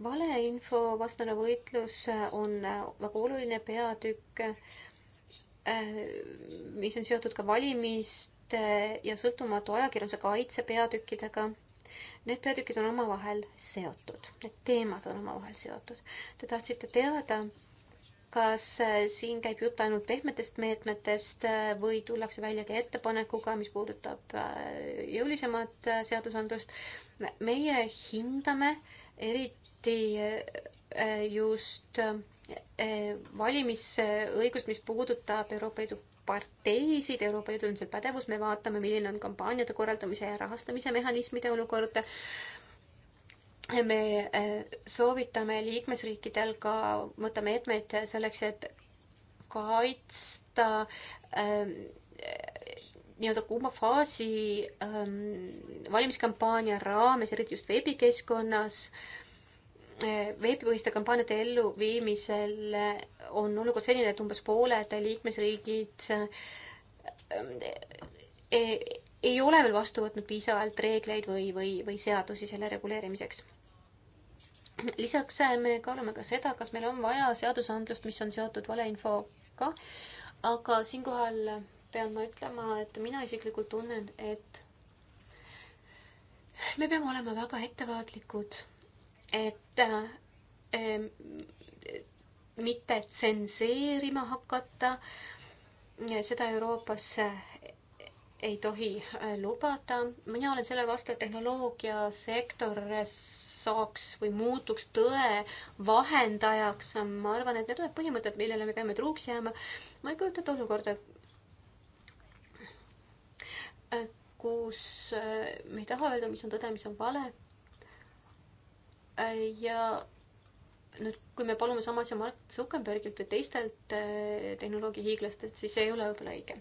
valeinfo vastane võitlus on väga oluline peatükk, mis on seotud ka valimiste ja sõltumatu ajakirjanduse kaitse peatükkidega Need peatükid on omavahel seotud, need teemad on omavahel seotud. Te tahtsite teada, kas äh, siin käib jutt ainult pehmetest meetmetest äh, või tullakse välja ka ettepanekuga, mis puudutab äh, jõulisemat seadusandlust? meie hindame eriti just valimisõigust, mis puudutab Euroopa Liidu parteisid, Euroopa Liidul on seal pädevus, me vaatame, milline on kampaaniate korraldamise ja rahastamise mehhanismide olukord me äh, soovitame liikmesriikidel ka võtta meetmeid selleks, et kaitsta ähm, nii-öelda kuuma faasi ähm, valimiskampaania raames, eriti just veebikeskkonnas äh,, veebipõhiste kampaaniate elluviimisel on olukord selline, et umbes pooled liikmesriigid äh, ei, äh, ei ole veel vastu võtnud piisavalt reegleid või, või, või seadusi selle reguleerimiseks lisaks äh, me kaalume ka seda, kas meil on vaja seadusandlust, mis on seotud valeinfoga, aga siinkohal pean ma ütlema, et mina isiklikult tunnen, et me peame olema väga ettevaatlikud, et ähm, mitte tsenseerima hakata seda Euroopas äh, ei tohi äh, lubada. mina olen selle vastu, et tehnoloogiasektor saaks või muutuks tõe vahendajaks. ma arvan, et need on põhimõtted, millele me peame truuks jääma. ma ei kujuta ette olukorda, äh, kus äh, me ei taha öelda, mis on tõde, mis on vale. ja nüüd, kui me palume sama asja Mark Zuckerbergilt või teistelt tehnoloogiahiiglastelt, siis see ei ole võib-olla õige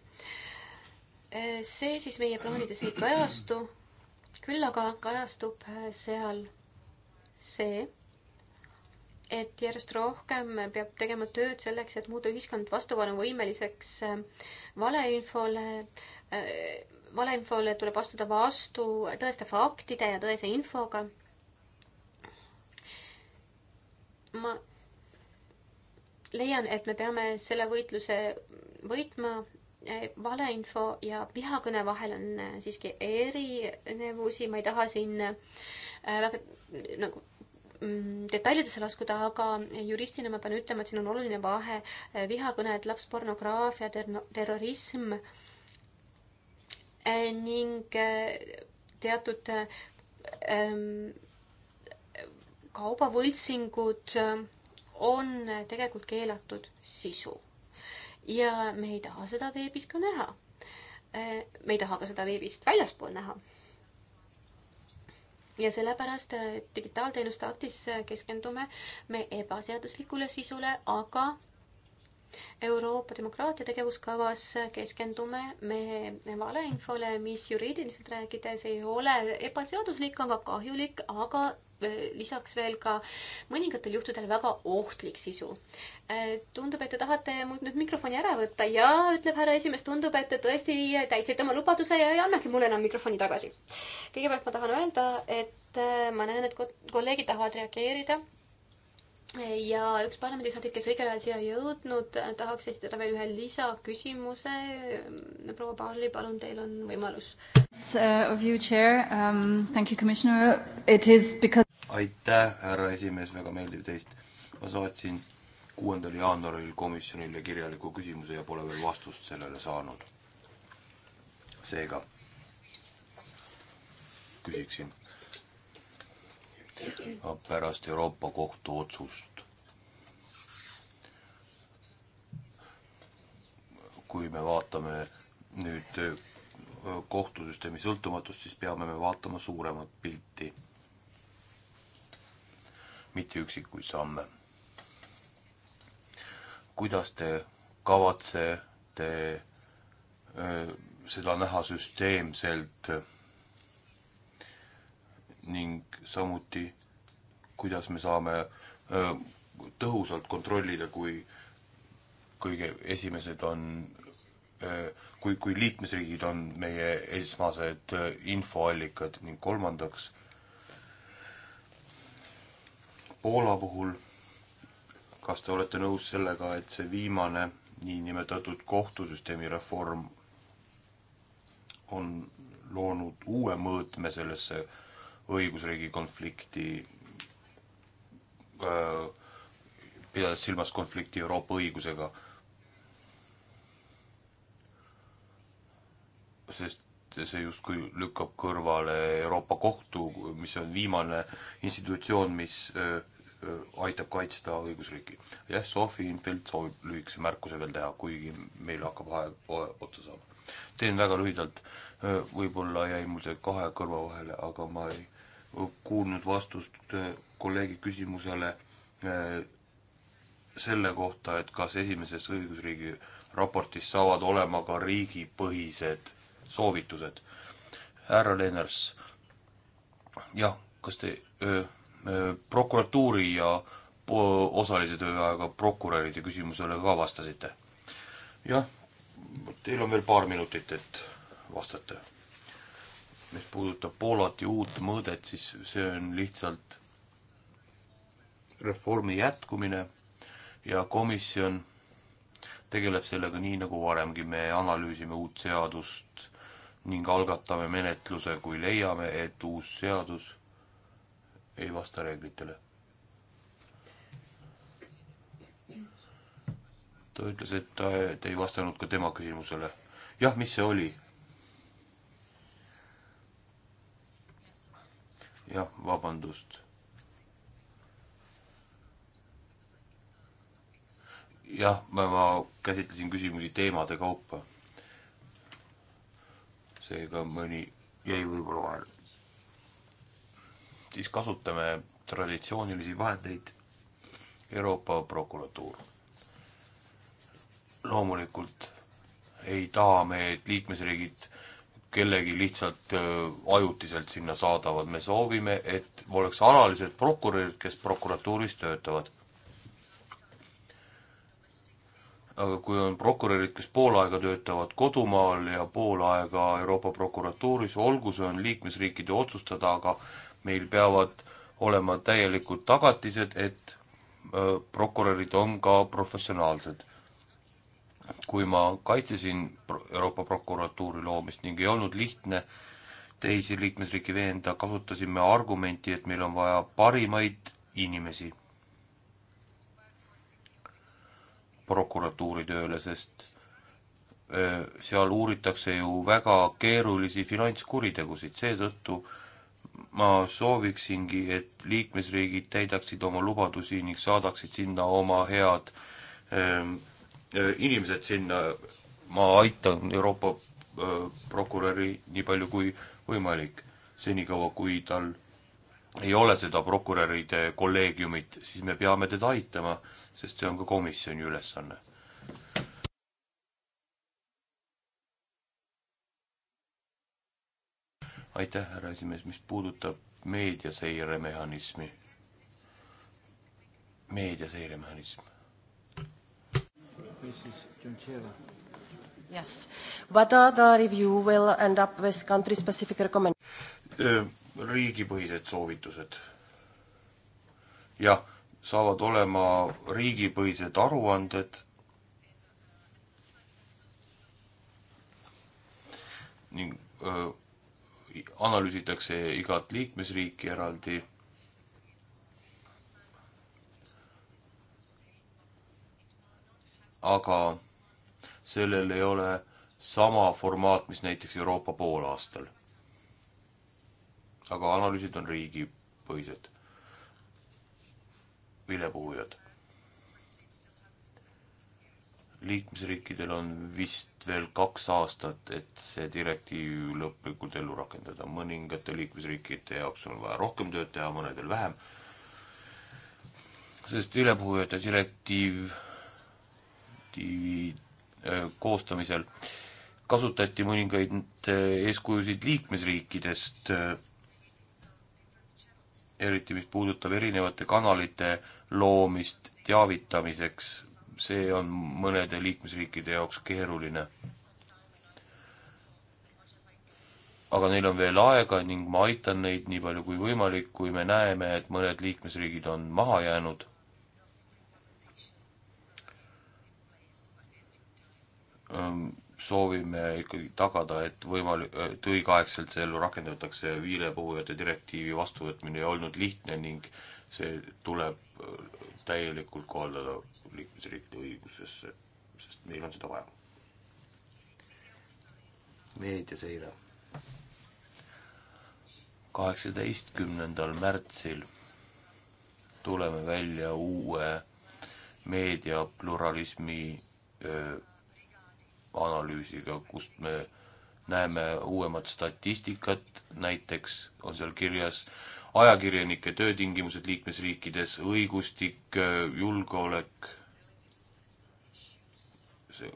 Äh, see siis meie plaanides ei kajastu, küll aga kajastub äh, seal see, et järjest rohkem peab tegema tööd selleks, et muuta ühiskond vastupanuvõimeliseks äh, valeinfole. valeinfole tuleb astuda vastu tõeste faktide ja tõese infoga. ma leian, et me peame selle võitluse võitma Eh, valeinfo ja vihakõne vahel on eh, siiski erinevusi, ma ei taha siin eh, väga nagu mm, detailidesse laskuda, aga juristina ma pean ütlema, et siin on oluline vahe vihakõned, lapspornograafia ter, terrorism ning teatud ähm, kaubavõltsingud on tegelikult keelatud sisu ja me ei taha seda veebis ka näha. Äh, me ei taha ka seda veebist väljaspool näha. ja sellepärast äh, digitaalteenuste aktis äh, keskendume me ebaseaduslikule sisule, aga Euroopa demokraatia tegevuskavas keskendume me valeinfole, mis juriidiliselt rääkides ei ole ebaseaduslik, aga kahjulik, aga eh, lisaks veel ka mõningatel juhtudel väga ohtlik sisu. Eh, tundub, et te tahate mult nüüd mikrofoni ära võtta ja ütleb härra esimees, tundub, et te tõesti täitsite oma lubaduse ja ei annagi mulle enam mikrofoni tagasi. kõigepealt ma tahan öelda, et eh, ma näen, et kolleegid tahavad reageerida ja üks parlamendisaadik, kes õigel ajal siia jõudnud, tahaks esitada veel ühe lisaküsimuse. proua Paali, palun, teil on võimalus. Uh, um, aitäh, härra esimees, väga meeldiv teist. ma saatsin kuuendal jaanuaril komisjonile kirjaliku küsimuse ja pole veel vastust sellele saanud. seega küsiksin pärast Euroopa Kohtu otsust. kui me vaatame nüüd äh, kohtusüsteemi sõltumatust, siis peame me vaatama suuremat pilti, mitte üksikuid samme. kuidas te kavatsete äh, seda näha süsteemselt ning samuti, kuidas me saame tõhusalt kontrollida, kui kõige esimesed on, kui, kui liikmesriigid on meie esmased infoallikad ning kolmandaks, Poola puhul, kas te olete nõus sellega, et see viimane niinimetatud kohtusüsteemi reform on loonud uue mõõtme sellesse äh, õigusriigi konflikti, äh, pidades silmas konflikti Euroopa õigusega. sest see justkui lükkab kõrvale Euroopa Kohtu, mis on viimane institutsioon, mis äh, äh, aitab kaitsta õigusriiki. jah, Sofi Infeld soovib lühikese märkuse veel teha, kuigi meil hakkab aeg otsa saama. teen väga lühidalt, võib-olla jäi mul see kahe kõrva vahele, aga ma ei kuulnud vastust äh, kolleegi küsimusele äh, selle kohta, et kas esimeses õigusriigi raportis saavad olema ka riigipõhised soovitused. härra Lenners, jah, kas te öö, öö, prokuratuuri ja osalise tööajaga prokuröride küsimusele ka vastasite? jah, teil on veel paar minutit, et vastata mis puudutab Poolati uut mõõdet, siis see on lihtsalt reformi jätkumine ja komisjon tegeleb sellega nii nagu varemgi, me analüüsime uut seadust ning algatame menetluse, kui leiame, et uus seadus ei vasta reeglitele. ta ütles, et ta, te ei vastanud ka tema küsimusele. jah, mis see oli? jah, vabandust. jah, ma, ma käsitlesin küsimusi teemade kaupa. seega mõni jäi võib-olla vahele. siis kasutame traditsioonilisi vahendeid Euroopa prokuratuur. loomulikult ei taha me, et liikmesriigid kellegi lihtsalt äh, ajutiselt sinna saadavad, me soovime, et oleks alalised prokurörid, kes prokuratuuris töötavad. aga kui on prokurörid, kes pool aega töötavad kodumaal ja pool aega Euroopa prokuratuuris, olgu see on liikmesriikide otsustada, aga meil peavad olema täielikud tagatised, et äh, prokurörid on ka professionaalsed kui ma kaitsesin Euroopa prokuratuuri loomist ning ei olnud lihtne teisi liikmesriike veenda, kasutasime argumenti, et meil on vaja parimaid inimesi prokuratuuri tööle, sest seal uuritakse ju väga keerulisi finantskuritegusid, seetõttu ma sooviksingi, et liikmesriigid täidaksid oma lubadusi ning saadaksid sinna oma head öö, Äh, inimesed sinna, ma aitan Euroopa äh, prokuröri nii palju kui võimalik, senikaua kui tal ei ole seda prokuröride kolleegiumit, siis me peame teda aitama, sest see on ka komisjoni ülesanne. aitäh, härra esimees, mis puudutab meediaseiremehhanismi, meediaseiremehhanism Yes, but uh, the review will end up with country specific recommendations. riigipõhised soovitused. jah, saavad olema riigipõhised aruanded ning öö, analüüsitakse igat liikmesriiki eraldi aga sellel ei ole sama formaat, mis näiteks Euroopa poolaastal. aga analüüsid on riigipõhised. vilepuhujad. liikmesriikidel on vist veel kaks aastat, et see direktiiv lõplikult ellu rakendada, mõningate liikmesriikide jaoks on vaja rohkem tööd teha, mõnedel vähem, sest vilepuhujate direktiiv direktiivi äh, koostamisel kasutati mõningaid äh, eeskujusid liikmesriikidest, äh, eriti mis puudutab erinevate kanalite loomist teavitamiseks, see on mõnede liikmesriikide jaoks keeruline. aga neil on veel aega ning ma aitan neid nii palju kui võimalik, kui me näeme, et mõned liikmesriigid on maha jäänud soovime ikkagi tagada, et võimal-, et õigeaegselt see ellu rakendatakse, viilepuhujate direktiivi vastuvõtmine ei olnud lihtne ning see tuleb täielikult kohaldada liikmesriikide õigusesse, sest meil on seda vaja. meediaseire. kaheksateistkümnendal märtsil tuleme välja uue meediapluralismi öö, analüüsiga, kust me näeme uuemat statistikat, näiteks on seal kirjas ajakirjanike töötingimused liikmesriikides, õigustik, julgeolek, see,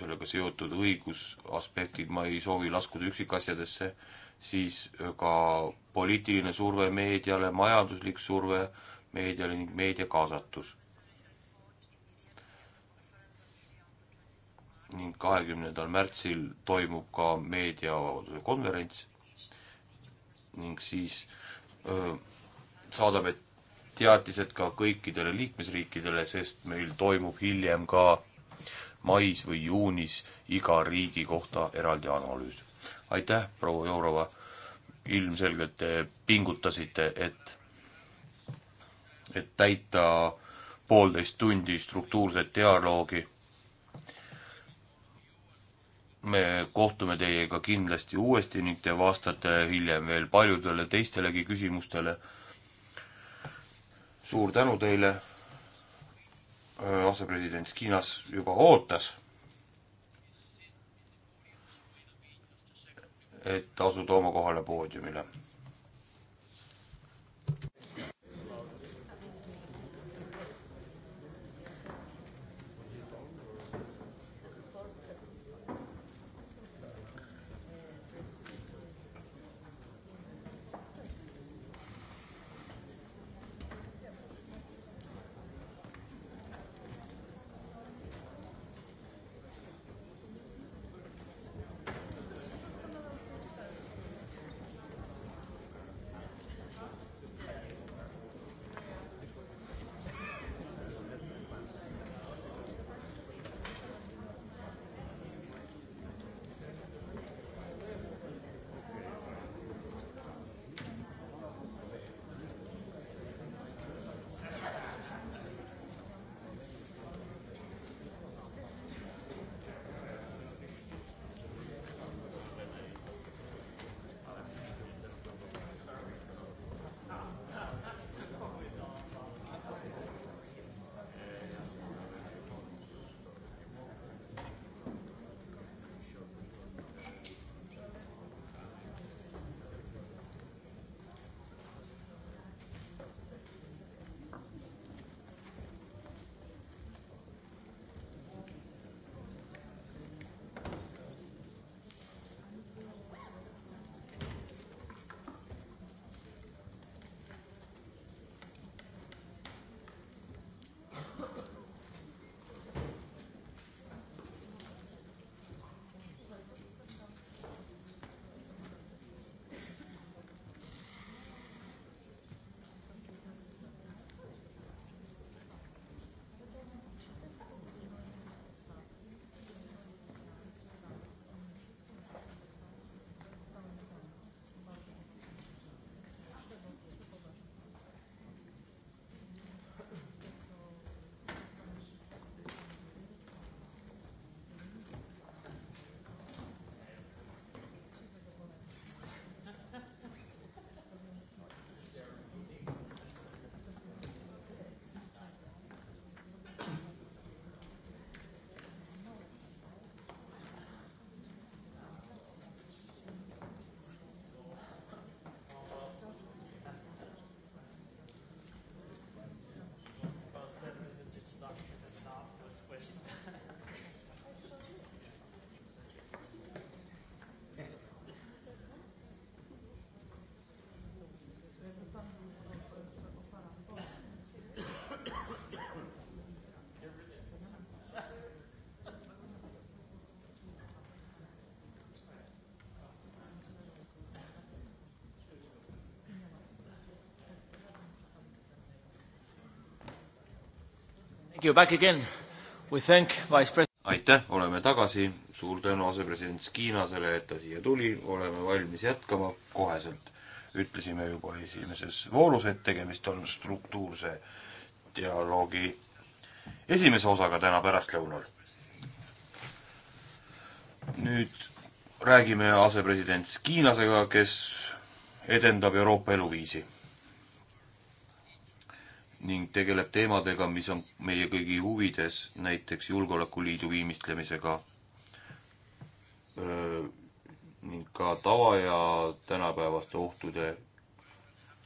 sellega seotud õigusaspektid, ma ei soovi laskuda üksikasjadesse, siis ka poliitiline surve meediale, majanduslik surve meediale ning meedia kaasatus ning kahekümnendal märtsil toimub ka meediavabaduse konverents ning siis öö, saadame teatised ka kõikidele liikmesriikidele, sest meil toimub hiljem ka mais või juunis iga riigi kohta eraldi analüüs. aitäh, proua Jourova, ilmselgelt te pingutasite, et et täita poolteist tundi struktuurset dialoogi me kohtume teiega kindlasti uuesti ning te vastate hiljem veel paljudele teistelegi küsimustele. suur tänu teile. Äh, asepresident Hiinas juba ootas, et asuda oma kohale poodiumile aitäh, oleme tagasi, suur tänu asepresident Skiinasele, et ta siia tuli, oleme valmis jätkama koheselt. ütlesime juba esimeses voorus, et tegemist on struktuurse dialoogi esimese osaga täna pärastlõunal. nüüd räägime asepresident Skiinasega, kes edendab Euroopa eluviisi ning tegeleb teemadega, mis on meie kõigi huvides, näiteks julgeolekuliidu viimistlemisega öö, ning ka tava- ja tänapäevaste ohtude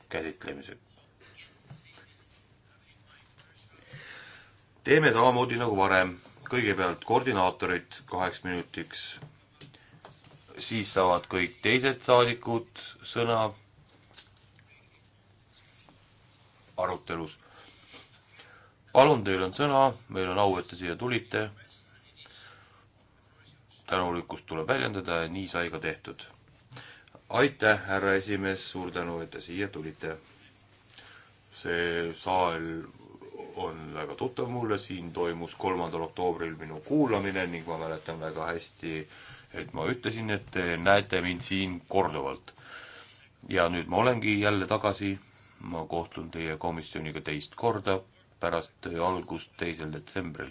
käsitlemisega. teeme samamoodi nagu varem, kõigepealt koordinaatorid kaheks minutiks, siis saavad kõik teised saadikud sõna arutelus palun, teil on sõna, meil on au, et te siia tulite. tänulikkust tuleb väljendada ja nii sai ka tehtud. aitäh, härra esimees, suur tänu, et te siia tulite. see saal on väga tuttav mulle, siin toimus kolmandal oktoobril minu kuulamine ning ma mäletan väga hästi, et ma ütlesin, et te näete mind siin korduvalt. ja nüüd ma olengi jälle tagasi, ma kohtun teie komisjoniga teist korda pärast töö algust teisel detsembril.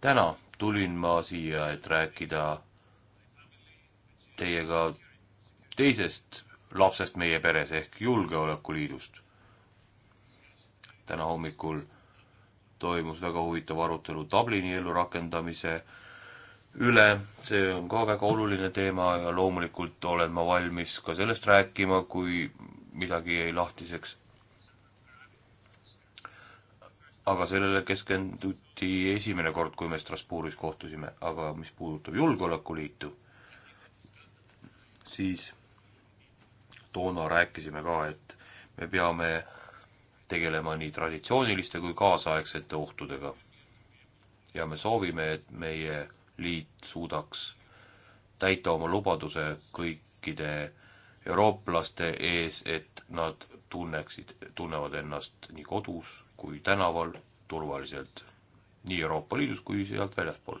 täna tulin ma siia, et rääkida teiega teisest lapsest meie peres ehk Julgeolekuliidust. täna hommikul toimus väga huvitav arutelu Dublini ellurakendamise üle, see on ka väga oluline teema ja loomulikult olen ma valmis ka sellest rääkima, kui midagi jäi lahtiseks. aga sellele keskenduti esimene kord, kui me Strasbourgis kohtusime, aga mis puudutab Julgeolekuliitu, siis toona rääkisime ka, et me peame tegelema nii traditsiooniliste kui kaasaegsete ohtudega. ja me soovime, et meie liit suudaks täita oma lubaduse kõikide eurooplaste ees, et nad tunneksid, tunnevad ennast nii kodus kui tänaval turvaliselt. nii Euroopa Liidus kui sealt väljaspool.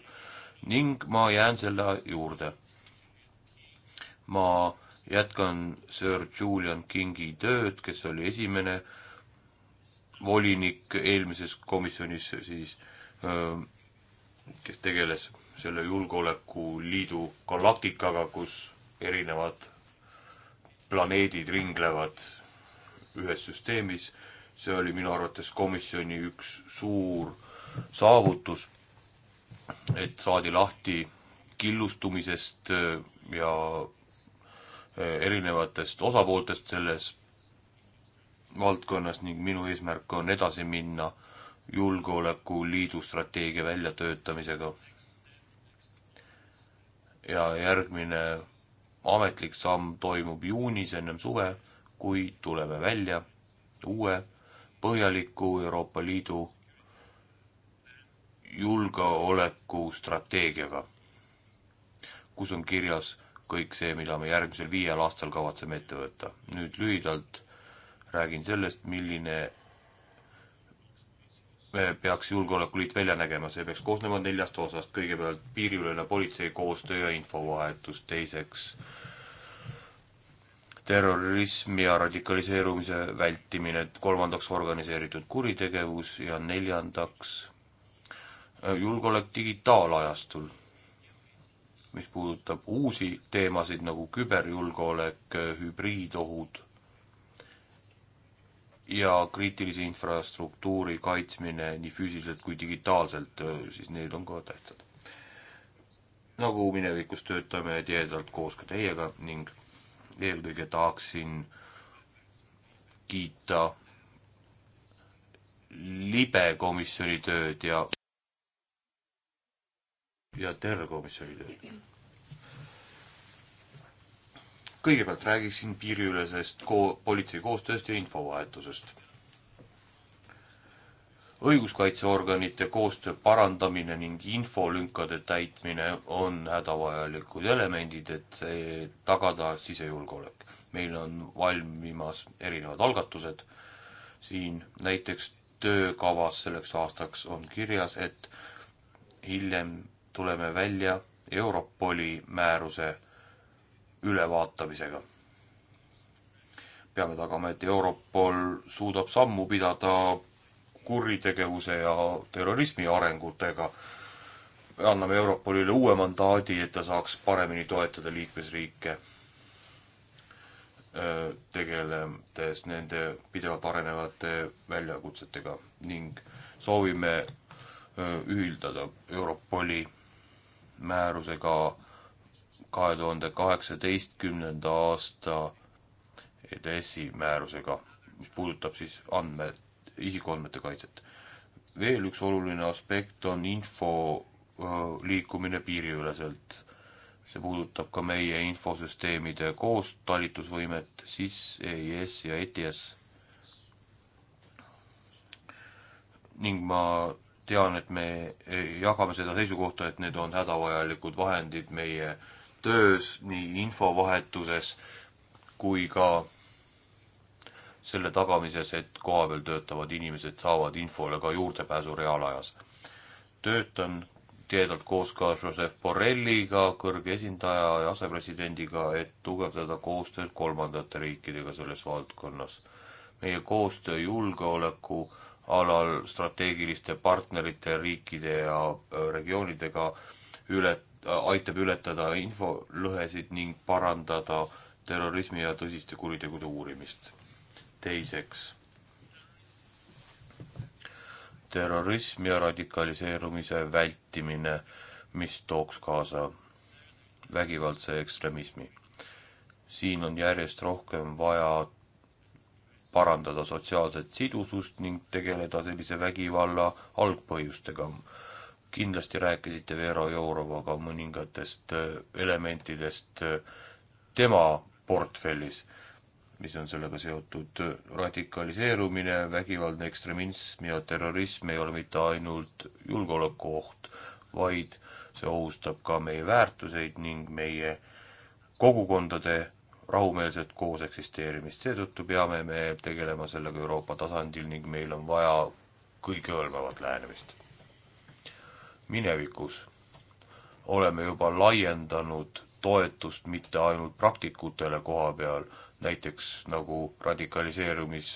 ning ma jään selle juurde. ma jätkan Sir Julian Kingi tööd, kes oli esimene volinik eelmises komisjonis siis, kes tegeles selle julgeolekuliidu galaktikaga, kus erinevad planeedid ringlevad ühes süsteemis, see oli minu arvates komisjoni üks suur saavutus, et saadi lahti killustumisest äh, ja äh, erinevatest osapooltest selles valdkonnas ning minu eesmärk on edasi minna julgeolekuliidu strateegia väljatöötamisega. ja järgmine ametlik samm toimub juunis ennem suve, kui tuleme välja uue põhjaliku Euroopa Liidu julgeolekustrateegiaga, kus on kirjas kõik see, mida me järgmisel viiel aastal kavatseme ette võtta. nüüd lühidalt räägin sellest, milline peaks Julgeolekuliit välja nägema, see peaks koosnema neljast osast, kõigepealt piiriülene politsei koostöö ja infovahetus, teiseks terrorismi ja radikaliseerumise vältimine, kolmandaks organiseeritud kuritegevus ja neljandaks äh, julgeolek digitaalajastul, mis puudutab uusi teemasid nagu küberjulgeolek, äh, hübriidohud ja kriitilise infrastruktuuri kaitsmine nii füüsiliselt kui digitaalselt, siis need on ka tähtsad. nagu minevikus töötame tihedalt koos ka teiega ning eelkõige tahaksin kiita libe komisjoni tööd ja ja terve komisjoni tööd kõigepealt räägiksin piiriülesest ko-, politsei koostööst ja infovahetusest. õiguskaitseorganite koostöö parandamine ning infolünkade täitmine on hädavajalikud elemendid, et see tagada sisejulgeolek. meil on valmimas erinevad algatused, siin näiteks töökavas selleks aastaks on kirjas, et hiljem tuleme välja Europoli määruse ülevaatamisega. peame tagama, et Europol suudab sammu pidada kuritegevuse ja terrorismi arengutega. anname Europolile uue mandaadi, et ta saaks paremini toetada liikmesriike, tegeledes nende pidevalt arenevate väljakutsetega ning soovime ühildada Europoli määrusega kahe tuhande kaheksateistkümnenda aasta EDS-i määrusega, mis puudutab siis andme, isikuandmete kaitset. veel üks oluline aspekt on info liikumine piiriüleselt. see puudutab ka meie infosüsteemide koostalitusvõimet, SIS, EIS ja ETIAS. ning ma tean, et me eh, jagame seda seisukohta, et need on hädavajalikud vahendid meie äh, töös, nii infovahetuses kui ka selle tagamises, et kohapeal töötavad inimesed saavad infole ka juurdepääsu reaalajas. töötan tihedalt koos ka Joseph Borrelliga, kõrge esindaja ja asepresidendiga, et tugevdada koostööd kolmandate riikidega selles valdkonnas. meie koostöö julgeoleku alal strateegiliste partnerite, riikide ja äh, regioonidega ület-, Äh, aitab ületada infolõhesid ning parandada terrorismi ja tõsiste kuritegude uurimist. teiseks, terrorism ja radikaliseerumise vältimine, mis tooks kaasa vägivaldse ekstremismi. siin on järjest rohkem vaja parandada sotsiaalset sidusust ning tegeleda sellise vägivalla algpõhjustega kindlasti rääkisite Vero Jourovaga mõningatest äh, elementidest äh, tema portfellis, mis on sellega seotud. Äh, radikaliseerumine, vägivaldne ekstremism ja terrorism ei ole mitte ainult julgeolekuoht, vaid see ohustab ka meie väärtuseid ning meie kogukondade rahumeelset koos eksisteerimist, seetõttu peame me tegelema sellega Euroopa tasandil ning meil on vaja kõikehõlmavat lähenemist minevikus oleme juba laiendanud toetust mitte ainult praktikutele koha peal, näiteks nagu radikaliseerumis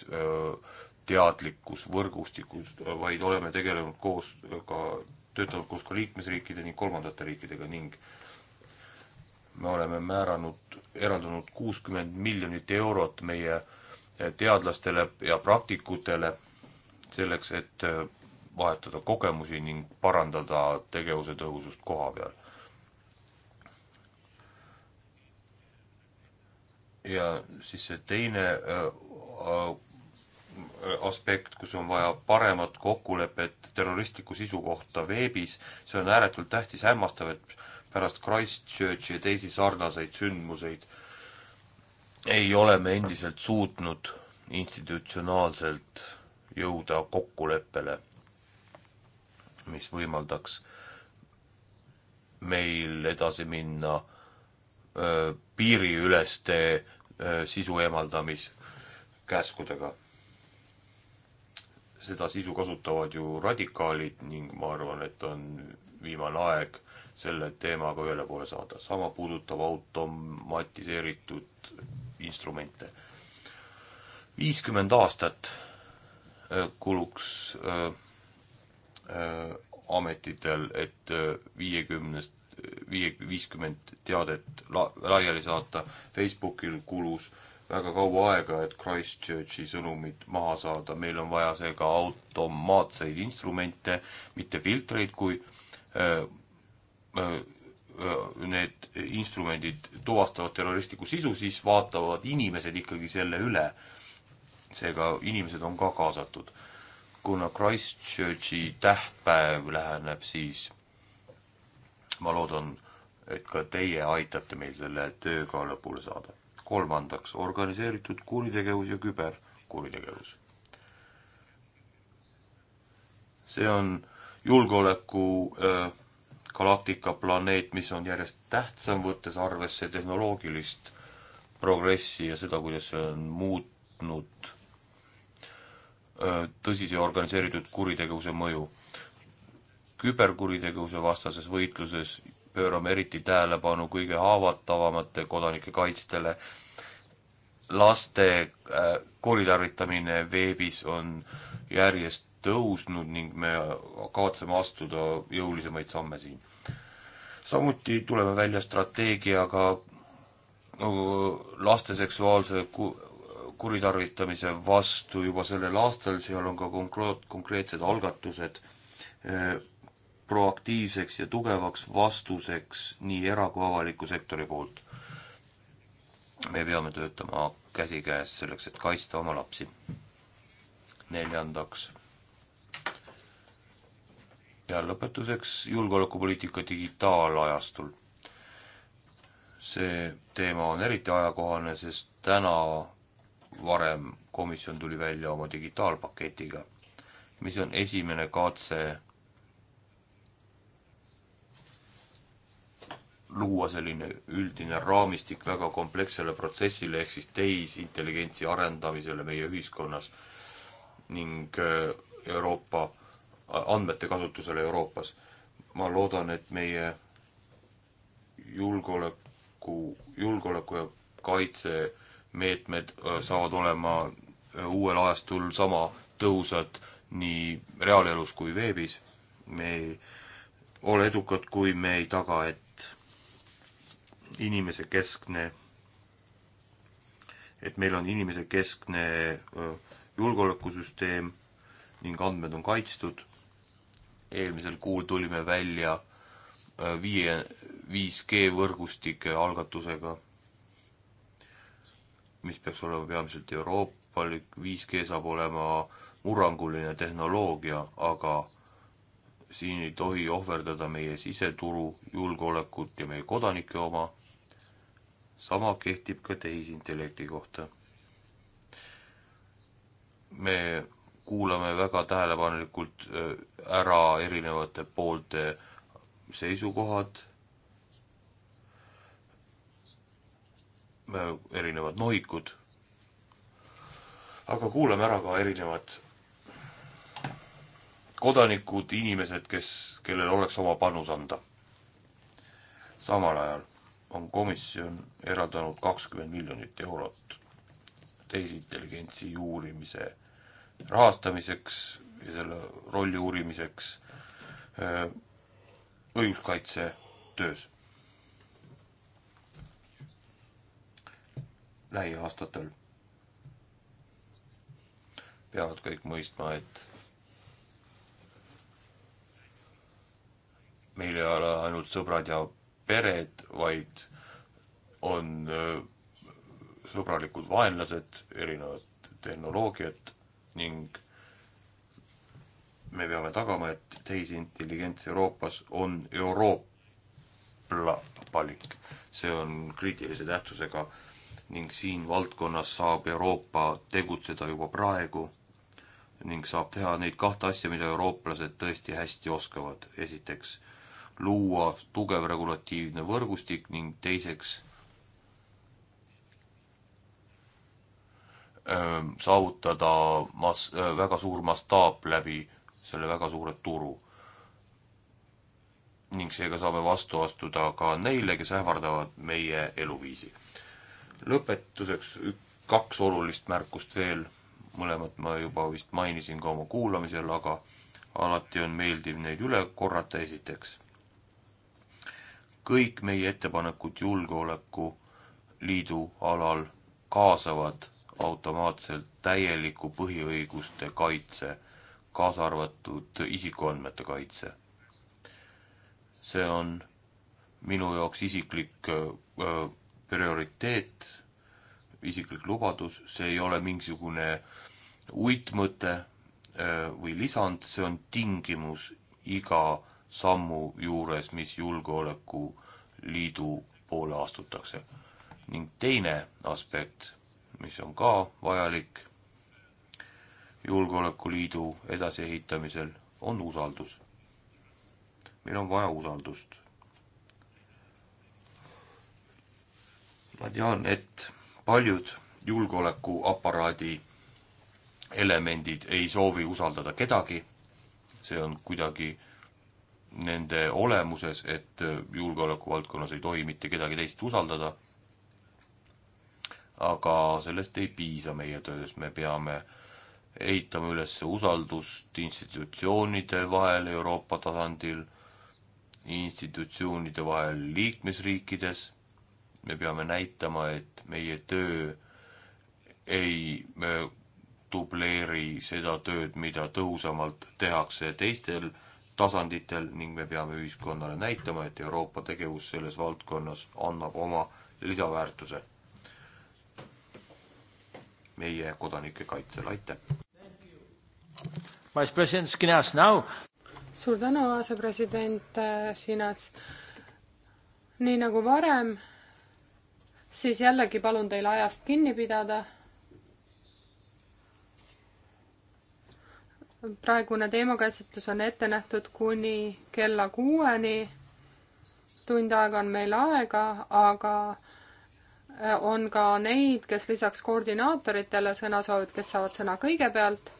teadlikkus võrgustikus, vaid oleme tegelenud koos ka, töötanud koos ka liikmesriikide ning kolmandate riikidega ning me oleme määranud, eraldanud kuuskümmend miljonit eurot meie teadlastele ja praktikutele selleks, et vahetada kogemusi ning parandada tegevuse tõhusust koha peal. ja siis see teine äh, äh, aspekt, kus on vaja paremat kokkulepet terroristliku sisu kohta veebis, see on ääretult tähtis, hämmastav, et pärast Christchurchi ja teisi sarnaseid sündmuseid ei ole me endiselt suutnud institutsionaalselt jõuda kokkuleppele mis võimaldaks meil edasi minna öö, piiriüleste öö, sisu eemaldamiskäskudega. seda sisu kasutavad ju radikaalid ning ma arvan, et on viimane aeg selle teemaga ühele poole saada. sama puudutab automatiseeritud instrumente. viiskümmend aastat kuluks öö, Äh, ametitel, et äh, viiekümnest, äh, viie, viiskümmend teadet la-, laiali saata. Facebookil kulus väga kaua aega, et Christchurchi sõnumid maha saada, meil on vaja seega automaatseid instrumente, mitte filtreid, kui öö, öö, need instrumendid tuvastavad terroristlikku sisu, siis vaatavad inimesed ikkagi selle üle. seega inimesed on ka kaasatud kuna Christchurchi tähtpäev läheneb, siis ma loodan, et ka teie aitate meil selle tööga lõpule saada. kolmandaks, organiseeritud kuritegevus ja küberkuritegevus. see on julgeoleku äh, galaktika planeet, mis on järjest tähtsam, võttes arvesse tehnoloogilist progressi ja seda, kuidas see on muutnud tõsise organiseeritud kuritegevuse mõju. küberkuritegevuse vastases võitluses pöörame eriti tähelepanu kõige haavatavamate kodanike kaitstele, laste äh, kuritarvitamine veebis on järjest tõusnud ning me kavatseme astuda jõulisemaid samme siin. samuti tuleme välja strateegiaga laste seksuaalse kuritarvitamise vastu juba sellel aastal, seal on ka konkreetsed algatused eh, proaktiivseks ja tugevaks vastuseks nii era- kui avaliku sektori poolt. me peame töötama käsikäes selleks, et kaitsta oma lapsi. neljandaks. ja lõpetuseks julgeolekupoliitika digitaalajastul. see teema on eriti ajakohane, sest täna varem komisjon tuli välja oma digitaalpaketiga, mis on esimene katse luua selline üldine raamistik väga komplekssele protsessile ehk siis tehisintelligentsi arendamisele meie ühiskonnas ning äh, Euroopa äh, andmete kasutusele Euroopas. ma loodan, et meie julgeoleku, julgeoleku ja kaitse meetmed äh, saavad olema äh, uuel ajastul sama tõhusad nii reaalelus kui veebis. me ei ole edukad, kui me ei taga, et inimesekeskne, et meil on inimesekeskne äh, julgeolekusüsteem ning andmed on kaitstud. eelmisel kuul tulime välja viie, 5G võrgustike algatusega mis peaks olema peamiselt euroopalik, 5G saab olema murranguline tehnoloogia, aga siin ei tohi ohverdada meie siseturu julgeolekut ja meie kodanike oma. sama kehtib ka tehisintellekti kohta. me kuulame väga tähelepanelikult äh, ära erinevate poolte seisukohad Äh, erinevad nohikud. aga kuulame ära ka erinevad kodanikud, inimesed, kes, kellel oleks oma panus anda. samal ajal on komisjon eraldanud kakskümmend miljonit eurot tehisintelligentsi uurimise rahastamiseks ja selle rolli uurimiseks äh, õiguskaitsetöös. lähiaastatel. peavad kõik mõistma, et meil ei ole ainult sõbrad ja pered, vaid on äh, sõbralikud vaenlased, erinevad tehnoloogiad ning me peame tagama, et tehisintelligents Euroopas on euroopalik. see on kriitilise tähtsusega ning siin valdkonnas saab Euroopa tegutseda juba praegu ning saab teha neid kahte asja, mida eurooplased tõesti hästi oskavad. esiteks, luua tugev regulatiivne võrgustik ning teiseks, ähm, saavutada mas-, äh, väga suur mastaap läbi selle väga suure turu. ning seega saame vastu astuda ka neile, kes ähvardavad meie eluviisi lõpetuseks kaks olulist märkust veel, mõlemat ma juba vist mainisin ka oma kuulamisel, aga alati on meeldiv neid üle korrata, esiteks. kõik meie ettepanekud Julgeolekuliidu alal kaasavad automaatselt täieliku põhiõiguste kaitse, kaasa arvatud isikuandmete kaitse. see on minu jaoks isiklik öö, prioriteet, isiklik lubadus, see ei ole mingisugune uitmõte äh, või lisand, see on tingimus iga sammu juures, mis Julgeolekuliidu poole astutakse. ning teine aspekt, mis on ka vajalik Julgeolekuliidu edasiehitamisel, on usaldus. meil on vaja usaldust ma tean, et paljud julgeolekuaparaadi elemendid ei soovi usaldada kedagi, see on kuidagi nende olemuses, et julgeoleku valdkonnas ei tohi mitte kedagi teist usaldada, aga sellest ei piisa meie töös, me peame ehitama üles usaldust institutsioonide vahel Euroopa tasandil, institutsioonide vahel liikmesriikides me peame näitama, et meie töö ei dubleeri seda tööd, mida tõhusamalt tehakse teistel tasanditel ning me peame ühiskonnale näitama, et Euroopa tegevus selles valdkonnas annab oma lisaväärtuse meie kodanike kaitsele, aitäh! Vice President Skinas now. suur tänu, asepresident Hiinas. Äh, nii nagu varem siis jällegi palun teil ajast kinni pidada. praegune teemakäsitlus on ette nähtud kuni kella kuueni. tund aega on meil aega, aga äh, on ka neid, kes lisaks koordinaatoritele sõna soovivad, kes saavad sõna kõigepealt.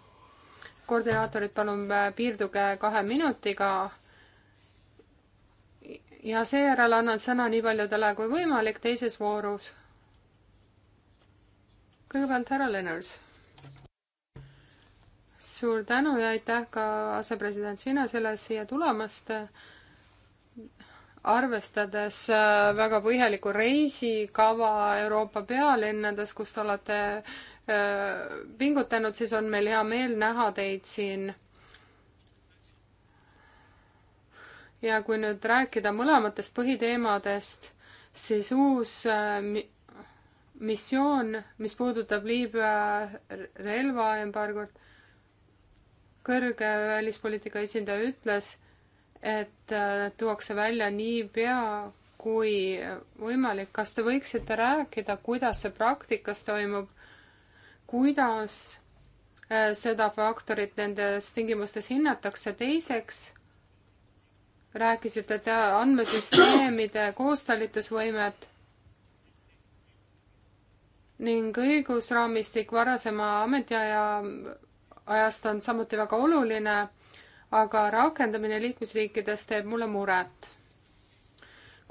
koordinaatorid, palun äh, piirduge kahe minutiga ja seejärel annan sõna nii paljudele kui võimalik teises voorus. kõigepealt härra Lenners. suur tänu ja aitäh ka asepresident Sinasele siia tulemast. arvestades äh, väga põhjaliku reisikava Euroopa pealinnades, kus te olete äh, pingutanud, siis on meil hea meel näha teid siin ja kui nüüd rääkida mõlematest põhiteemadest, siis uus äh, missioon, mis puudutab Liibüa relvaembargot, kõrge välispoliitika esindaja ütles, et äh, tuuakse välja niipea kui võimalik. kas te võiksite rääkida, kuidas see praktikas toimub, kuidas äh, seda faktorit nendes tingimustes hinnatakse, teiseks rääkisite te andmesüsteemide koostalitusvõimet ning õigusraamistik varasema ametiaja ajast on samuti väga oluline, aga rakendamine liikmesriikides teeb mulle muret.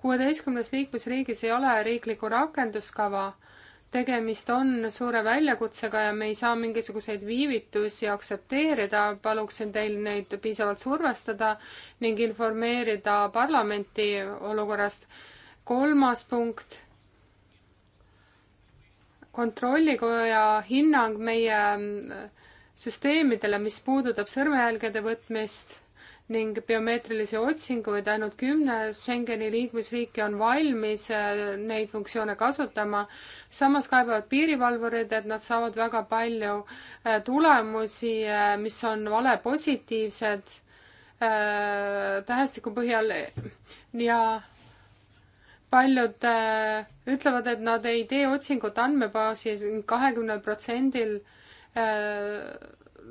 kuueteistkümnes liikmesriigis ei ole riiklikku rakenduskava tegemist on suure väljakutsega ja me ei saa mingisuguseid viivitusi aktsepteerida, paluksin teil neid piisavalt survestada ning informeerida parlamenti olukorrast. kolmas punkt, kontrollikoja hinnang meie süsteemidele, mis puudutab sõrmejälgede võtmist ning biomeetrilisi otsinguid ainult kümne Schengeni liikmesriiki on valmis äh, neid funktsioone kasutama. samas kaebavad piirivalvurid, et nad saavad väga palju äh, tulemusi, äh, mis on valepositiivsed tähestiku põhjal ja paljud ütlevad, et nad ei tee otsingut andmebaasi kahekümnel protsendil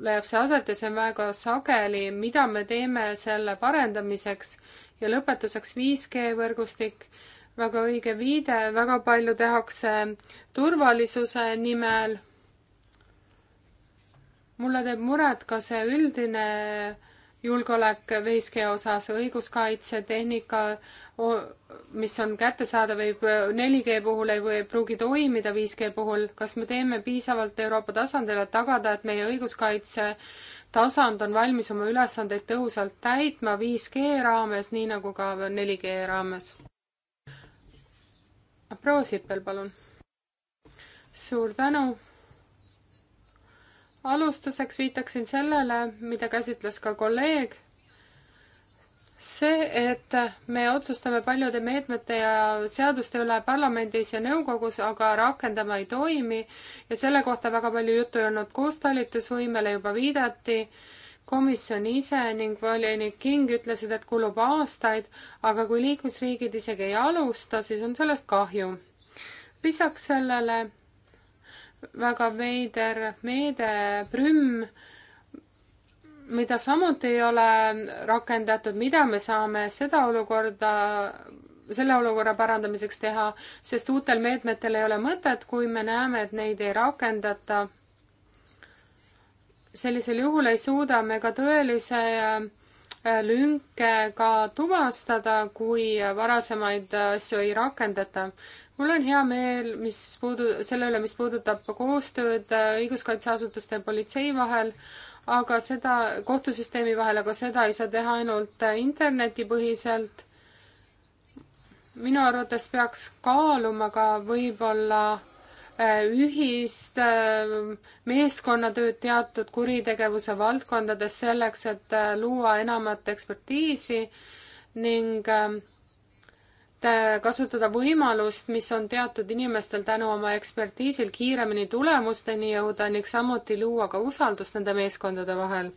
leiab see aset ja see on väga sageli, mida me teeme selle parendamiseks ja lõpetuseks 5G võrgustik, väga õige viide, väga palju tehakse turvalisuse nimel. mulle teeb muret ka see üldine julgeolek 5G osas, õiguskaitse, tehnika, mis on kättesaadav, ei, 4G puhul ei või, pruugi toimida 5G puhul, kas me teeme piisavalt Euroopa tasandil, et tagada, et meie õiguskaitse tasand on valmis oma ülesandeid tõhusalt täitma 5G raames, nii nagu ka 4G raames? proua Sippel, palun. suur tänu alustuseks viitaksin sellele, mida käsitles ka kolleeg see, et me otsustame paljude meetmete ja seaduste üle parlamendis ja nõukogus, aga rakendama ei toimi ja selle kohta väga palju juttu ei olnud, koostalitusvõimele juba viidati, komisjon ise ning volinik King ütlesid, et kulub aastaid, aga kui liikmesriigid isegi ei alusta, siis on sellest kahju. lisaks sellele väga veider meede Prüm mida samuti ei ole rakendatud, mida me saame seda olukorda, selle olukorra parandamiseks teha, sest uutel meetmetel ei ole mõtet, kui me näeme, et neid ei rakendata. sellisel juhul ei suuda me ka tõelise äh, lünke ka tuvastada, kui varasemaid asju ei rakendata mul on hea meel, mis puudu-, selle üle, mis puudutab koostööd äh, õiguskaitseasutuste ja politsei vahel, aga seda, kohtusüsteemi vahel, aga seda ei saa teha ainult internetipõhiselt. minu arvates peaks kaaluma ka võib-olla äh, ühist äh, meeskonnatööd teatud kuritegevuse valdkondades selleks, et äh, luua enamat ekspertiisi ning ähm, Äh, kasutada võimalust, mis on teatud inimestel tänu oma ekspertiisil kiiremini tulemusteni jõuda ning samuti luua ka usaldust nende meeskondade vahel.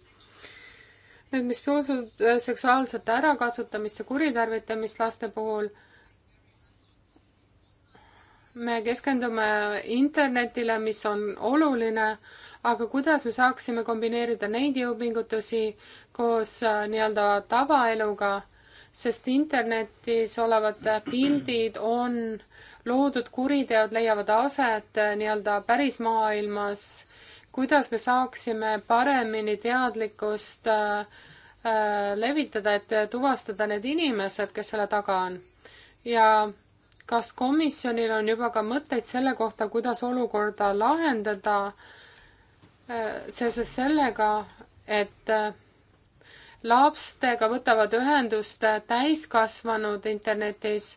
nüüd, mis puudutab äh, seksuaalset ärakasutamist ja kuritarvitamist laste puhul, me keskendume internetile, mis on oluline, aga kuidas me saaksime kombineerida neid jõupingutusi koos äh, nii-öelda tavaeluga sest internetis olevad pildid on loodud kuriteod leiavad aset eh, nii-öelda pärismaailmas, kuidas me saaksime paremini teadlikkust äh, levitada, et tuvastada need inimesed, kes selle taga on. ja kas komisjonil on juba ka mõtteid selle kohta, kuidas olukorda lahendada äh, seoses sellega, et äh, lapstega võtavad ühendust täiskasvanud internetis,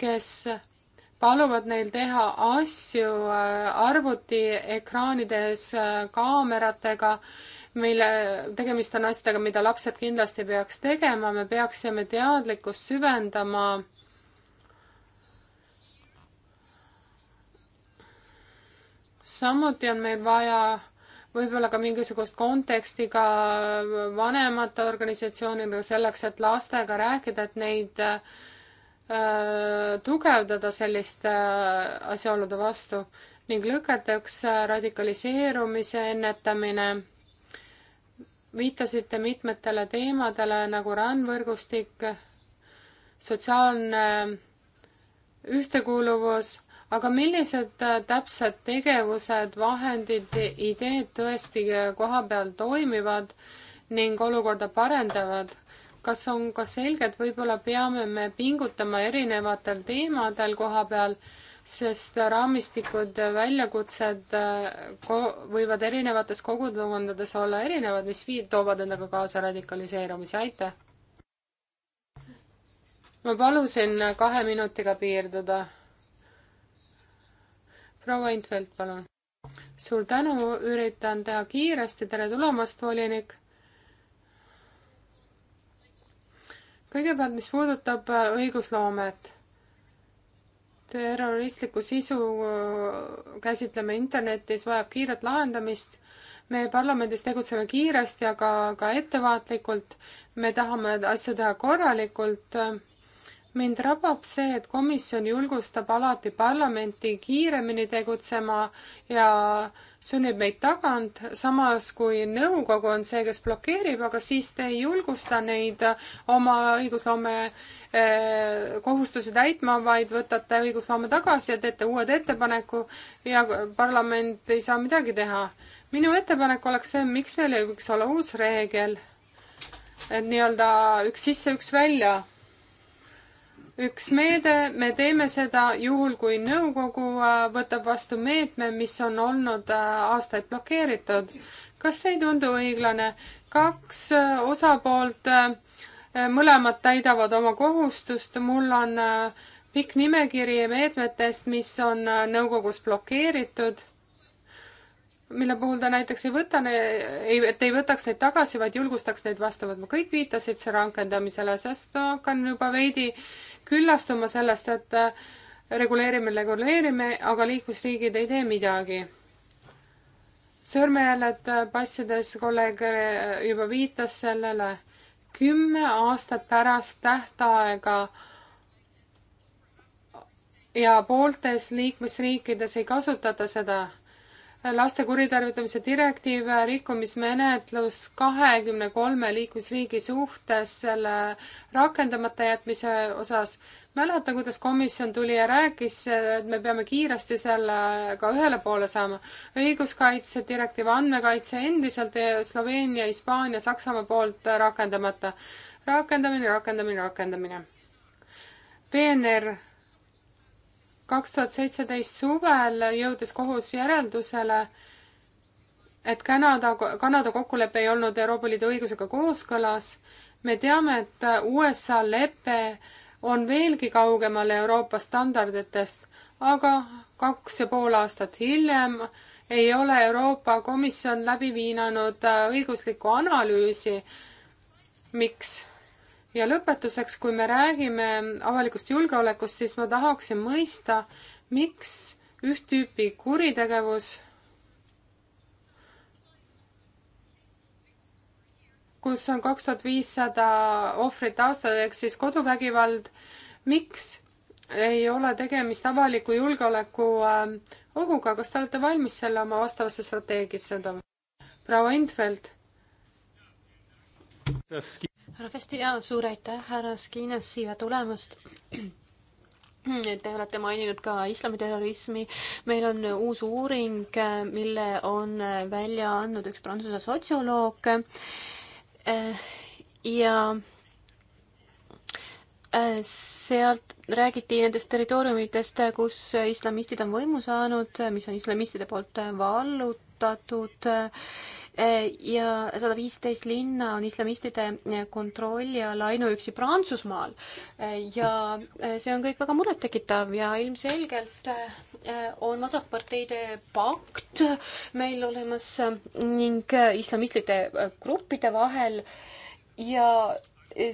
kes paluvad neil teha asju äh, arvutiekraanides äh, kaameratega, mille, tegemist on asjadega, mida lapsed kindlasti peaks tegema, me peaksime teadlikkust süvendama samuti on meil vaja võib-olla ka mingisugust konteksti ka vanemate organisatsioonidega selleks, et lastega rääkida, et neid äh, tugevdada selliste äh, asjaolude vastu ning lõpetaks äh, radikaliseerumise ennetamine. viitasite mitmetele teemadele nagu rändvõrgustik, sotsiaalne äh, ühtekuuluvus aga millised äh, täpsed tegevused, vahendid, ideed tõesti äh, koha peal toimivad ning olukorda parendavad? kas on ka selge, et võib-olla peame me pingutama erinevatel teemadel koha peal, sest raamistikud, äh, väljakutsed võivad erinevates kogukondades olla erinevad, mis viid-, toovad endaga kaasa radikaliseerumise, aitäh! ma palusin kahe minutiga piirduda proua Intvelt, palun. suur tänu, üritan teha kiiresti, tere tulemast, volinik. kõigepealt, mis puudutab äh, õigusloomet. terroristliku sisu äh, käsitleme internetis, vajab kiiret lahendamist. me parlamendis tegutseme kiiresti, aga ka ettevaatlikult. me tahame asju teha korralikult mind rabab see, et komisjon julgustab alati parlamenti kiiremini tegutsema ja sunnib meid tagant, samas kui nõukogu on see, kes blokeerib, aga siis te ei julgusta neid oma õigusloome eh, kohustusi täitma, vaid võtate õigusloome tagasi ja teete uued ettepaneku ja parlament ei saa midagi teha. minu ettepanek oleks see, miks meil ei võiks olla uus reegel, et nii-öelda üks sisse, üks välja üks meede, me teeme seda juhul, kui nõukogu äh, võtab vastu meetme, mis on olnud äh, aastaid blokeeritud. kas see ei tundu õiglane? kaks äh, osapoolt, mõlemad täidavad oma kohustust, mul on pikk nimekiri meetmetest, mis on nõukogus blokeeritud, mille puhul ta näiteks ei võta, ei, et ei võtaks neid tagasi, vaid julgustaks neid vastu võtma. kõik viitasid see rakendamisele, sest ma hakkan juba veidi äh, küllastuma sellest, et äh, reguleerime, reguleerime, aga liikmesriigid ei tee midagi. sõrmejäljed äh, passides, kolleeg äh, juba viitas sellele, kümme aastat pärast tähtaega ja pooltes liikmesriikides ei kasutata seda laste kuritarvitamise direktiiv, rikkumismenetlus kahekümne kolme liikmesriigi suhtes selle rakendamata jätmise osas. mäletan, kuidas komisjon tuli ja rääkis, et me peame kiiresti sellega ühele poole saama. õiguskaitse direktiiv, andmekaitse endiselt Sloveenia, Hispaania, Saksamaa poolt rakendamata. rakendamine, rakendamine, rakendamine. PNR kaks tuhat seitseteist suvel jõudis kohus järeldusele, et Kanada, Kanada kokkulepe ei olnud Euroopa Liidu õigusega kooskõlas. me teame, et USA lepe on veelgi kaugemal Euroopa standarditest, aga kaks ja pool aastat hiljem ei ole Euroopa Komisjon läbi viinanud õiguslikku analüüsi, miks ja lõpetuseks, kui me räägime avalikust julgeolekust, siis ma tahaksin mõista, miks üht tüüpi kuritegevus, kus on kaks tuhat viissada ohvrit aastas, ehk siis koduvägivald, miks ei ole tegemist avaliku julgeoleku äh, ohuga, kas te olete valmis selle oma vastavasse strateegiasse tooma? proua Infeld härra Festi ja suur aitäh, härra Skinas, siia tulemast Te olete maininud ka islamiterrorismi. meil on uus uuring, mille on välja andnud üks Prantsuse sotsioloog. ja äh, sealt räägiti nendest territooriumitest, kus islamistid on võimu saanud, mis on islamistide poolt vallutatud ja sada viisteist linna on islamistide eh, kontrolli all ainuüksi Prantsusmaal. Eh, ja eh, see on kõik väga murettekitav ja ilmselgelt on vasakparteide pakt meil olemas ning islamistlike gruppide vahel ja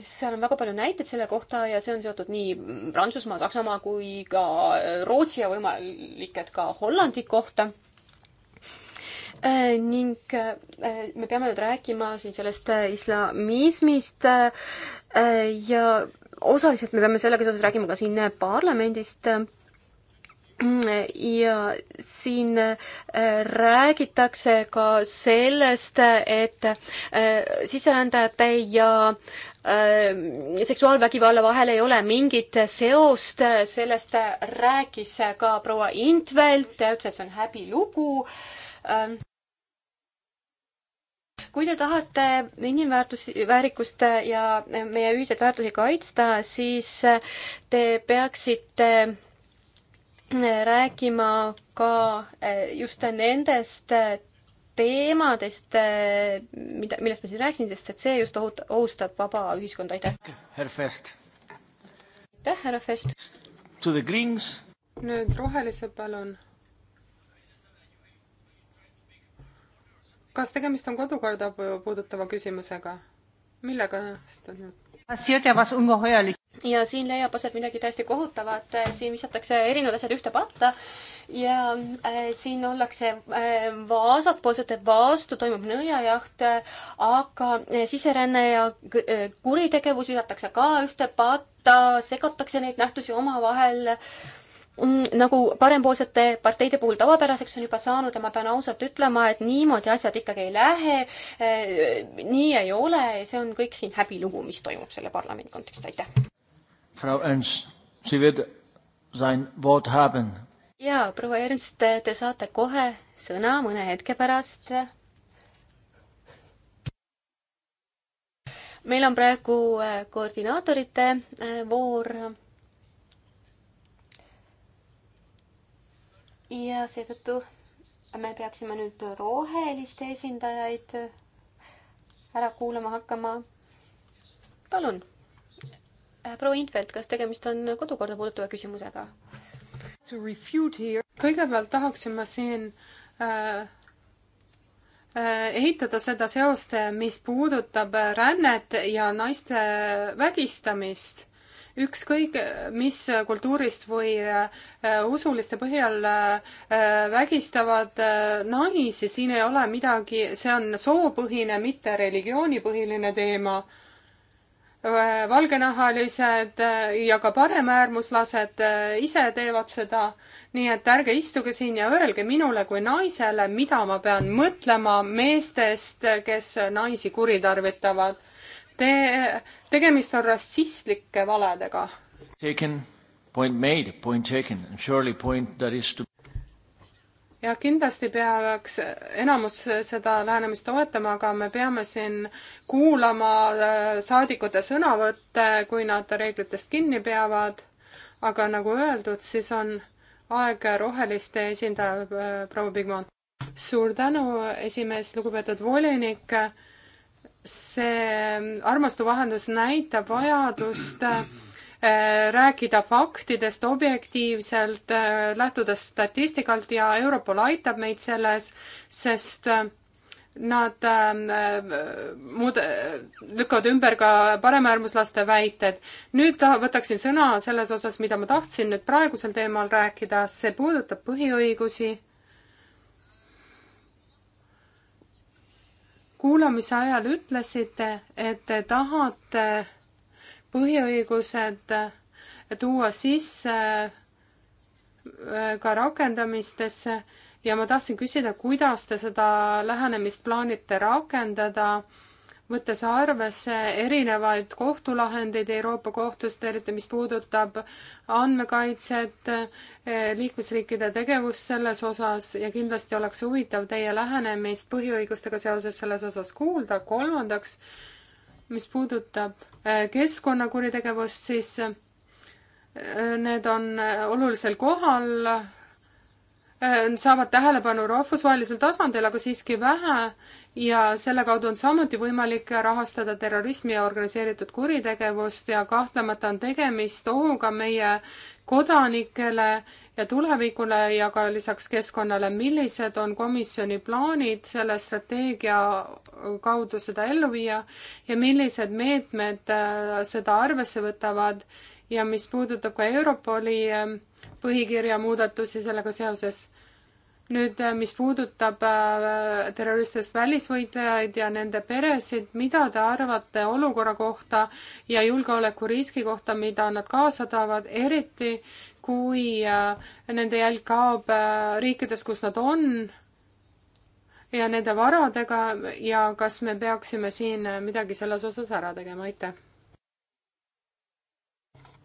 seal on väga palju näiteid selle kohta ja see on seotud nii Prantsusmaa, Saksamaa kui ka Rootsi ja võimalik, et ka Hollandi kohta. Äh, ning äh, me peame nüüd rääkima siin sellest äh, islamismist ja osaliselt me peame sellega seoses rääkima ka siin parlamendist mm, ja siin räägitakse ka sellest, et sisserändajate ja seksuaalvägivalla vahel ei ole mingit seost, sellest rääkis ka proua Intvelt, ta ütles, et see on häbilugu Ähm, kui te tahate inimväärtusi, väärikust ja meie ühiseid väärtusi kaitsta, siis äh, te peaksite äh, rääkima ka äh, just nendest teemadest, mida, millest ma siin rääkisin, sest et see just ohut-, ohustab vaba ühiskonda, aitäh! härra Fest! aitäh, härra Fest! nüüd rohelise palun kas tegemist on kodukorda puudutava küsimusega? millega? ja siin leiab aset midagi täiesti kohutavat, siin visatakse erinevad asjad ühte patta ja äh, siin ollakse äh, vasakpoolsete vastu, toimub nõiajaht äh,, aga äh, siseränne ja äh, kuritegevus visatakse ka ühte patta, segatakse neid nähtusi omavahel äh, Mm, nagu parempoolsete parteide puhul tavapäraseks on juba saanud ja ma pean ausalt ütlema, et niimoodi asjad ikkagi ei lähe. Eh, nii ei ole, see on kõik siin häbilugu, mis toimub selle parlamendi kontekstis, aitäh. Frau Ernst, Sie wird sein Wort haben. jaa, proua Ernst, te saate kohe sõna mõne hetke pärast. meil on praegu eh, koordinaatorite eh, voor ja seetõttu me peaksime nüüd roheliste esindajaid ära kuulama hakkama. palun, äh, proua Infeld, kas tegemist on kodukorda puudutava küsimusega? kõigepealt tahaksin ma siin äh, äh ehitada seda seost, mis puudutab rännet ja naiste vägistamist ükskõik mis kultuurist või äh, usuliste põhjal äh, vägistavad äh, naisi, siin ei ole midagi, see on soopõhine, mitte religioonipõhiline teema. valgenahalised ja ka paremäärmuslased ise teevad seda nii et ärge istuge siin ja öelge minule kui naisele, mida ma pean mõtlema meestest, kes naisi kuritarvitavad. Te, tegemist on rassistlike valedega. Taken, point made, point taken, surely point that is to ja kindlasti peaks enamus seda lähenemist toetama, aga me peame siin kuulama äh, saadikute sõnavõtte, kui nad reeglitest kinni peavad. aga nagu öeldud, siis on aeg roheliste esindaja äh, proua Pigmont. suur tänu, esimees, lugupeetud volinik see armastuvahendus näitab vajadust äh, rääkida faktidest objektiivselt, äh, lähtudes statistikalt ja Europol aitab meid selles, sest äh, nad ähm, äh, muud- äh,, lükkavad ümber ka paremäärmuslaste väited. nüüd ta-, võtaksin sõna selles osas, mida ma tahtsin nüüd praegusel teemal rääkida, see puudutab põhiõigusi kuulamise ajal ütlesite, et te tahate põhiõigused tuua sisse äh, ka rakendamistesse ja ma tahtsin küsida, kuidas te seda lähenemist plaanite rakendada võttes arvesse erinevaid kohtulahendeid Euroopa Kohtust, eriti mis puudutab andmekaitset, eh, liikmesriikide tegevust selles osas ja kindlasti oleks huvitav teie lähenemist põhiõigustega seoses selles osas kuulda. kolmandaks, mis puudutab eh, keskkonnakuritegevust, siis eh, need on olulisel kohal, saavad tähelepanu rahvusvahelisel tasandil, aga siiski vähe ja selle kaudu on samuti võimalik rahastada terrorismi ja organiseeritud kuritegevust ja kahtlemata on tegemist ohuga meie kodanikele ja tulevikule ja ka lisaks keskkonnale. millised on komisjoni plaanid selle strateegia kaudu seda ellu viia ja millised meetmed äh, seda arvesse võtavad ja mis puudutab ka Europoli äh, põhikirja muudatusi sellega seoses nüüd, äh, mis puudutab äh, terroristidest välisvõitlejaid ja nende peresid, mida te arvate olukorra kohta ja julgeolekuriski kohta, mida nad kaasa toovad, eriti kui äh, nende jälg kaob riikides, kus nad on ja nende varadega ja kas me peaksime siin midagi selles osas ära tegema, aitäh!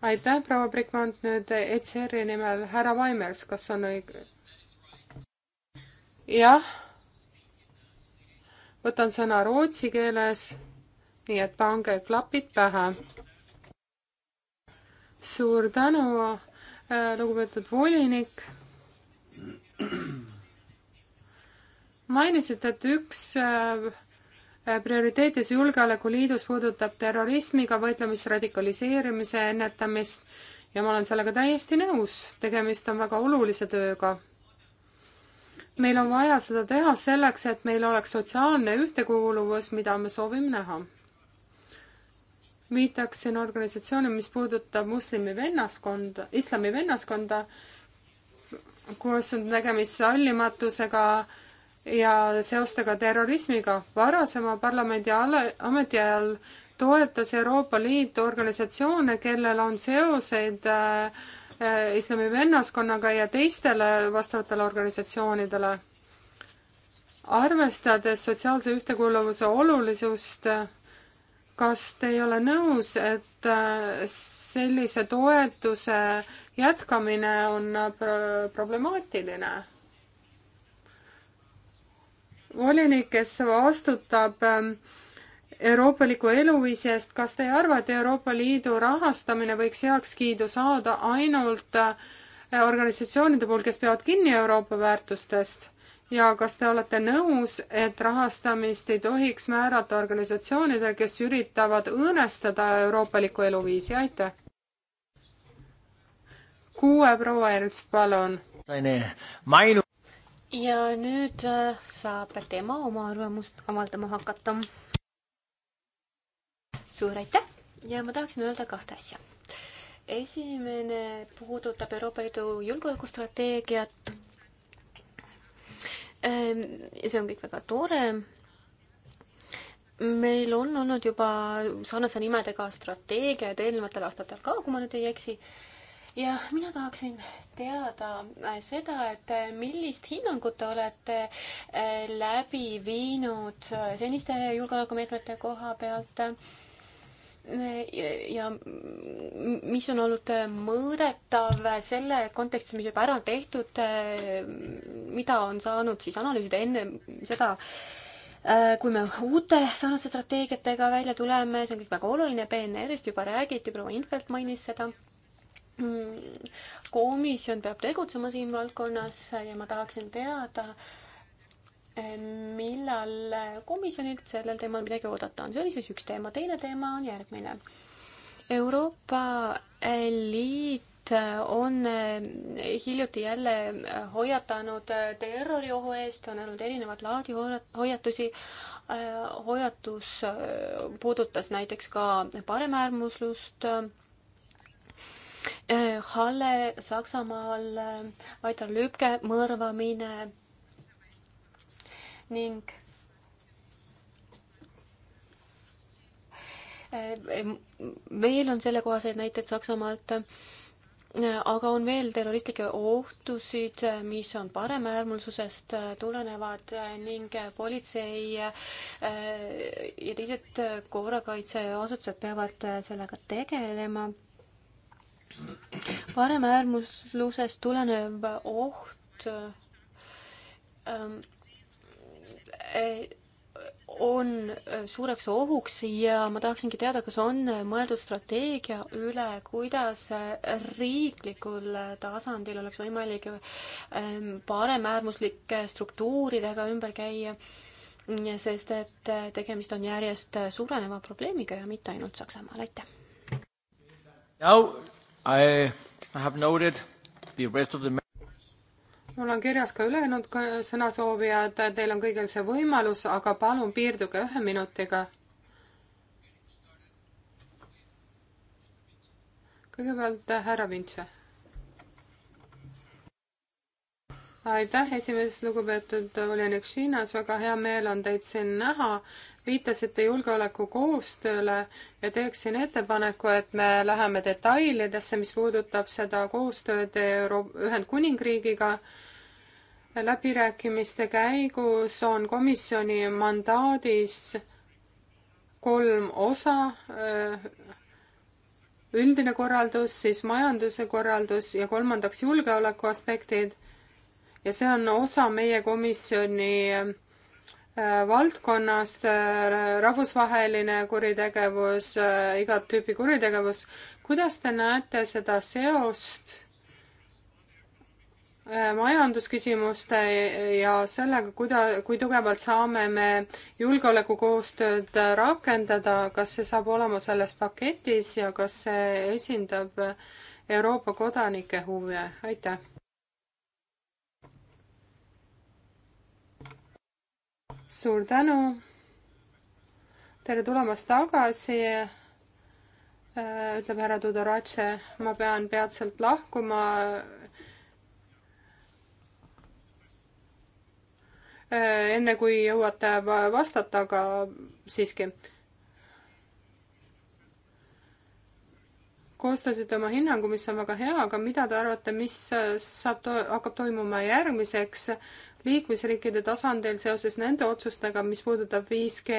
aitäh, proua Brickmann, nüüd ECR-i nimel härra Vaimers, kas on õige? jah, võtan sõna rootsi keeles, nii et pange klapid pähe. suur tänu, äh, lugupeetud volinik mainisite, et üks äh, prioriteetis Julgeolekuliidus puudutab terrorismiga võitlemist, radikaliseerimise ennetamist ja ma olen sellega täiesti nõus, tegemist on väga olulise tööga meil on vaja seda teha selleks, et meil oleks sotsiaalne ühtekuuluvus, mida me soovime näha. viitaksin organisatsiooni, mis puudutab muslimi vennaskonda, islami vennaskonda, kus on tegemist sallimatusega ja seostega terrorismiga. varasema parlamendi ametiajal toetas Euroopa Liit organisatsioone, kellel on seoseid äh, Äh, islami vennaskonnaga ja teistele vastavatele organisatsioonidele. arvestades sotsiaalse ühtekuuluvuse olulisust, kas te ei ole nõus, et äh, sellise toetuse jätkamine on äh, pro problemaatiline? volinik, kes vastutab äh, euroopaliku eluviisi eest, kas te ei arva, et Euroopa Liidu rahastamine võiks heakskiidu saada ainult äh, organisatsioonide puhul, kes peavad kinni Euroopa väärtustest? ja kas te olete nõus, et rahastamist ei tohiks määrata organisatsioonidele, kes üritavad õõnestada euroopalikku eluviisi, aitäh! kuue proua Ernst, palun! ja nüüd äh, saab tema oma arvamust avaldama hakata suur aitäh ja ma tahaksin öelda kahte asja. esimene puudutab Euroopa Liidu julgeolekustrateegiat. Ehm, see on kõik väga tore. meil on olnud juba sarnase nimedega strateegiaid eelnevatel aastatel ka, kui ma nüüd ei eksi ja mina tahaksin teada äh, seda, et äh, millist hinnangut te olete äh, läbi viinud seniste julgeolekumeetmete koha pealt ja mis on olnud mõõdetav selle kontekstis, mis juba ära on tehtud, mida on saanud siis analüüsida enne seda, kui me uute sarnaste strateegiatega välja tuleme, see on kõik väga oluline, PNR-ist juba räägiti, proua Infeld mainis seda Mm, komisjon peab tegutsema siin valdkonnas ja ma tahaksin teada, eh, millal komisjonilt sellel teemal midagi oodata on. see oli siis üks teema. teine teema on järgmine. Euroopa Liit on eh, hiljuti jälle eh, hoiatanud terroriohu eest, on olnud erinevat laadi hoiatusi. hoiatus puudutas näiteks ka paremäärmuslust Äh, Halle Saksamaal, äh, Aitar Lübke mõrvamine ning äh, veel on sellekohaseid näiteid Saksamaalt, aga on veel terroristlikke ohtusid, mis on paremäärmuslusest tulenevad ning politsei ja teised korrakaitseasutused peavad sellega tegelema paremäärmuslusest tulenev oht ähm, e, on suureks ohuks ja ma tahaksingi teada, kas on mõeldud strateegia üle, kuidas riiklikul tasandil oleks võimalik ähm, paremäärmuslike struktuuridega ümber käia, sest et tegemist on järjest suureneva probleemiga ja mitte ainult Saksamaal, aitäh! I have noted the rest of the mul on kirjas ka ülejäänud sõnasoovijad, teil on kõigil see võimalus, aga palun piirduge ühe minutiga. kõigepealt äh, härra Vintse. aitäh, esimees, lugupeetud volinik äh, Hiinas, väga hea meel on teid siin näha viitasite julgeolekukoostööle ja teeksin ettepaneku, et me läheme detailidesse, mis puudutab seda koostööd Euro-, Ühendkuningriigiga. läbirääkimiste käigus on komisjoni mandaadis kolm osa, äh, üldine korraldus, siis majanduse korraldus ja kolmandaks julgeoleku aspektid. ja see on osa meie komisjoni äh, Äh, valdkonnast, äh, rahvusvaheline kuritegevus, äh, igat tüüpi kuritegevus. kuidas te näete seda seost majandusküsimuste ja sellega, kuida-, kui tugevalt saame me julgeolekukoostööd rakendada, kas see saab olema selles paketis ja kas see esindab Euroopa kodanike huve? aitäh! suur tänu. tere tulemast tagasi. Äh, ütleb härra Tudoratše, ma pean peatselt lahkuma. Äh, enne kui jõuate vastata, aga siiski koostasite oma hinnangu, mis on väga hea, aga mida te arvate, mis äh, saab to-, hakkab toimuma järgmiseks, liikmesriikide tasandil seoses nende otsustega, mis puudutab 5G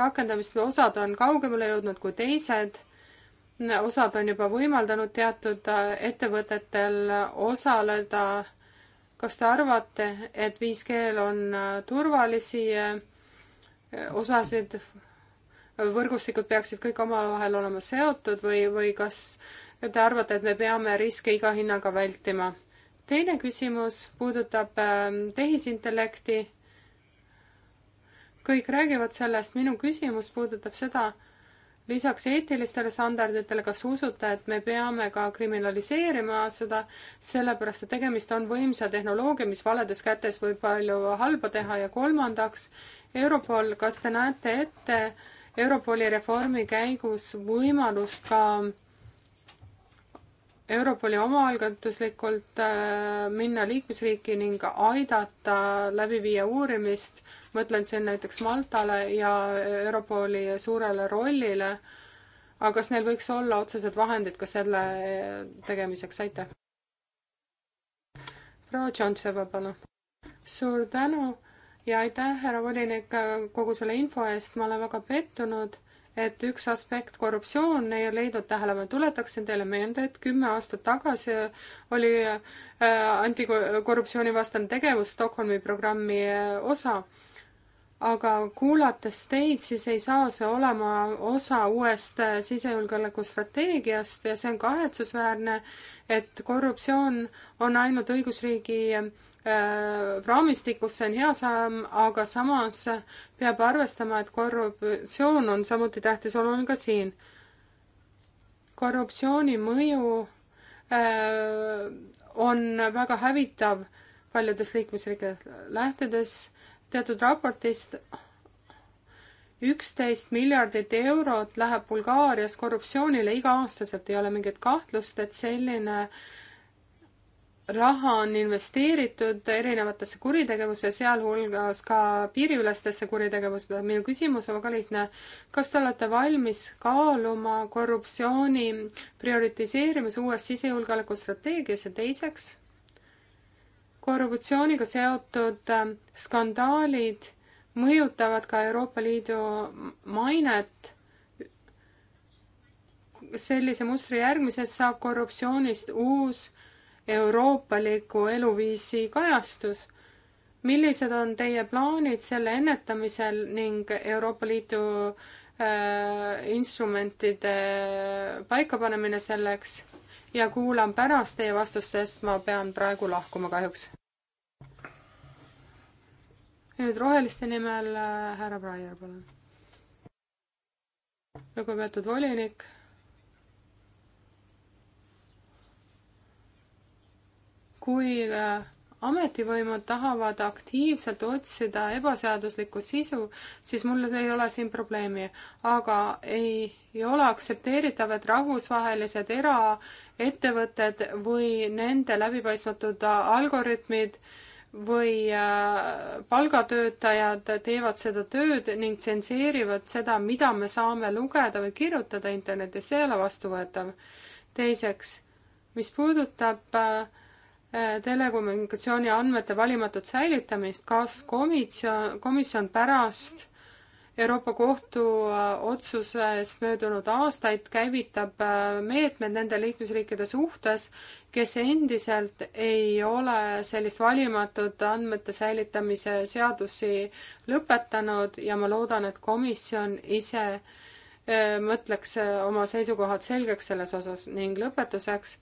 rakendamist, osad on kaugemale jõudnud kui teised, osad on juba võimaldanud teatud äh, ettevõtetel osaleda. kas te arvate, et 5G-l on äh, turvalisi äh, osasid, võrgustikud peaksid kõik omavahel olema seotud või, või kas te arvate, et me peame riske iga hinnaga vältima? teine küsimus puudutab ähm, tehisintellekti. kõik räägivad sellest, minu küsimus puudutab seda, lisaks eetilistele standarditele, kas usute, et me peame ka kriminaliseerima seda, sellepärast et tegemist on võimsa tehnoloogia, mis valedes kätes võib palju halba teha ja kolmandaks, Europol, kas te näete ette Europoli reformi käigus võimalust ka Europoli omaalgatuslikult äh, minna liikmesriiki ning aidata läbi viia uurimist, mõtlen siin näiteks Maltale ja Europoli suurele rollile, aga kas neil võiks olla otsesed vahendid ka selle äh, tegemiseks, aitäh! proua Tšontševa, palun! suur tänu ja aitäh, härra volinik, kogu selle info eest, ma olen väga pettunud et üks aspekt, korruptsioon, ei leidnud tähelepanu. tuletaksin teile meelde, et kümme aastat tagasi oli äh, antikorruptsioonivastane tegevus Stockholmi programmi äh, osa. aga kuulates teid, siis ei saa see olema osa uuest äh, sisejulgeolekustrateegiast ja see on kahetsusväärne, et korruptsioon on ainult õigusriigi Äh, raamistikus see on hea samm, aga samas peab arvestama, et korruptsioon on samuti tähtis, oluline ka siin. korruptsiooni mõju äh, on väga hävitav paljudes liikmesriikides. lähtudes teatud raportist, üksteist miljardit eurot läheb Bulgaarias korruptsioonile iga-aastaselt, ei ole mingit kahtlust, et selline äh, raha on investeeritud erinevatesse kuritegevuse, sealhulgas ka piiriülestesse kuritegevusesse. minu küsimus on väga lihtne. kas te olete valmis kaaluma korruptsiooni prioritiseerimise uues sisejulgeolekustrateegias ja teiseks korruptsiooniga seotud ähm, skandaalid mõjutavad ka Euroopa Liidu mainet. sellise mustri järgmisest saab korruptsioonist uus euroopaliku eluviisi kajastus. millised on teie plaanid selle ennetamisel ning Euroopa Liidu äh, instrumentide paikapanemine selleks ja kuulan pärast teie vastust, sest ma pean praegu lahkuma kahjuks. nüüd roheliste nimel äh, härra Breyer, palun. lugupeetud volinik kui äh, ametivõimud tahavad aktiivselt otsida ebaseaduslikku sisu, siis mul ei ole siin probleemi. aga ei, ei ole aktsepteeritav, et rahvusvahelised eraettevõtted või nende läbipaistmatud algoritmid või äh, palgatöötajad teevad seda tööd ning tsenseerivad seda, mida me saame lugeda või kirjutada internetis, see ei ole vastuvõetav. teiseks, mis puudutab äh, Äh, telekommunikatsiooni andmete valimatut säilitamist, kas komisjon, komisjon pärast Euroopa Kohtu äh, otsusest möödunud aastaid käivitab äh, meetmed nende liikmesriikide suhtes, kes endiselt ei ole sellist valimatud andmete säilitamise seadusi lõpetanud ja ma loodan, et komisjon ise mõtleks oma seisukohad selgeks selles osas ning lõpetuseks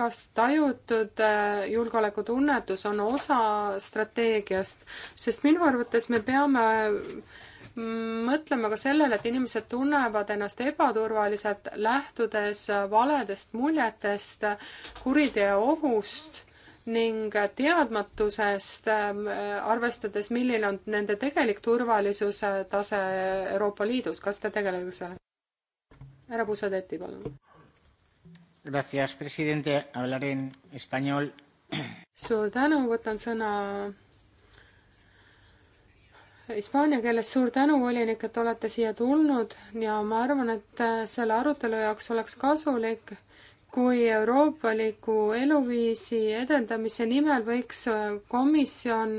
kas tajutud äh, julgeolekutunnetus on osa strateegiast, sest minu arvates me peame mm, mõtlema ka sellele, et inimesed tunnevad ennast ebaturvaliselt, lähtudes valedest muljetest, kuriteo ohust ning teadmatusest, ähm, arvestades, milline on nende tegelik turvalisuse tase Euroopa Liidus. kas te tegelete sellega? härra Pusadeti, palun Gracias, presidente. Hablar en español. suur tänu, võtan sõna hispaania keeles. suur tänu, volinik, et olete siia tulnud ja ma arvan, et selle arutelu jaoks oleks kasulik, kui euroopaliku eluviisi edendamise nimel võiks komisjon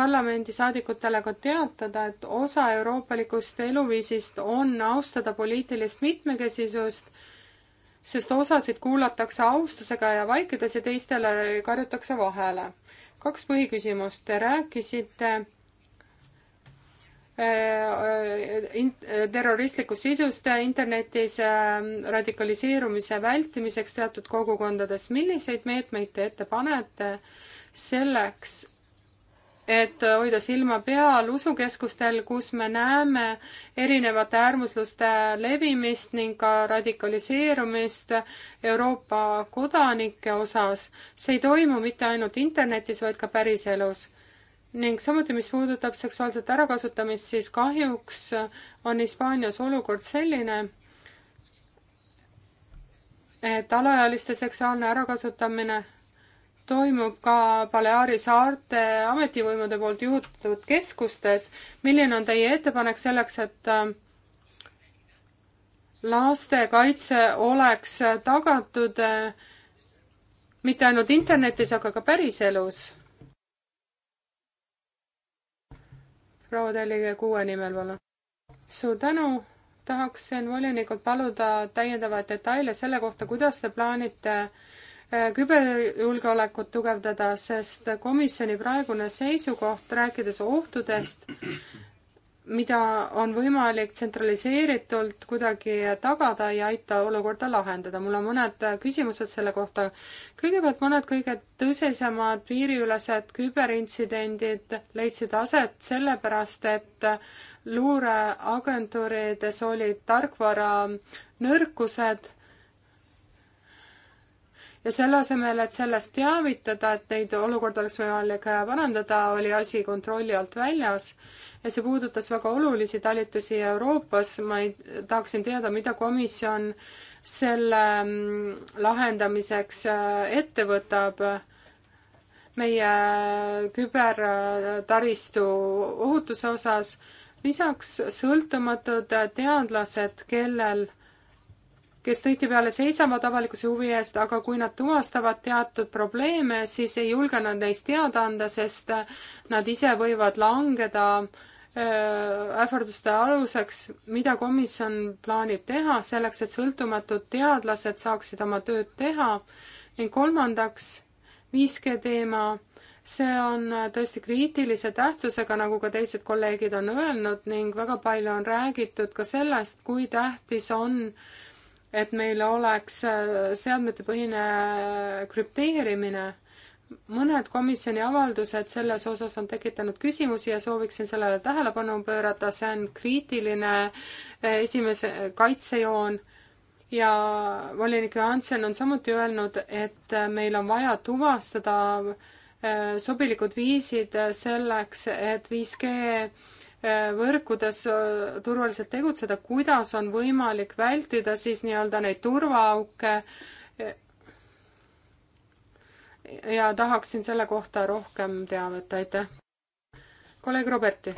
parlamendisaadikutele ka teatada, et osa euroopalikust eluviisist on austada poliitilist mitmekesisust sest osasid kuulatakse austusega ja vaikides ja teistele karjutakse vahele. kaks põhiküsimust. Te rääkisite äh, äh, terroristlikust sisust internetis ähm, radikaliseerumise vältimiseks teatud kogukondades. milliseid meetmeid te ette panete selleks, et hoida silma peal usukeskustel, kus me näeme erinevate äärmusluste levimist ning ka radikaliseerumist Euroopa kodanike osas. see ei toimu mitte ainult internetis, vaid ka päriselus. ning samuti, mis puudutab seksuaalset ärakasutamist, siis kahjuks on Hispaanias olukord selline, et alaealiste seksuaalne ärakasutamine toimub ka Baleari saarte ametivõimude poolt juhutatud keskustes. milline on teie ettepanek selleks, et äh, lastekaitse oleks tagatud äh, mitte ainult internetis, aga ka päriselus? proua Tellige kuue nimel, palun. suur tänu. tahaksin volinikult paluda täiendavaid detaile selle kohta, kuidas te plaanite äh, Äh, küberjulgeolekut tugevdada, sest komisjoni praegune seisukoht, rääkides ohtudest, mida on võimalik tsentraliseeritult kuidagi tagada ja aita olukorda lahendada. mul on mõned küsimused selle kohta. kõigepealt mõned kõige tõsisemad piiriülesed küberintsidendid leidsid aset sellepärast, et luureagentuurides olid tarkvara nõrkused ja selle asemel, et sellest teavitada, et neid olukorda oleks võimalik äh, parandada, oli asi kontrolli alt väljas ja see puudutas väga olulisi talitusi Euroopas, ma ei, tahaksin teada, mida komisjon selle mm, lahendamiseks äh, ette võtab meie kübertaristu ohutuse osas, lisaks sõltumatud teadlased, kellel äh, kes tihtipeale seisavad avalikkuse huvi eest, aga kui nad tuvastavad teatud probleeme, siis ei julge nad neist teada anda, sest nad ise võivad langeda ähvarduste aluseks, mida komisjon plaanib teha selleks, et sõltumatud teadlased saaksid oma tööd teha ning kolmandaks 5G teema see on tõesti kriitilise tähtsusega, nagu ka teised kolleegid on öelnud ning väga palju on räägitud ka sellest, kui tähtis on et meil oleks äh, seadmetepõhine krüpteerimine. mõned komisjoni avaldused selles osas on tekitanud küsimusi ja sooviksin sellele tähelepanu pöörata, see on kriitiline äh, esimese kaitsejoon ja volinik Johansen on samuti öelnud, et äh, meil on vaja tuvastada sobilikud viisid selleks, et 5G võrkudes turvaliselt tegutseda, kuidas on võimalik vältida siis nii-öelda neid turvaauke. ja tahaksin selle kohta rohkem teavet, aitäh. kolleeg Roberti.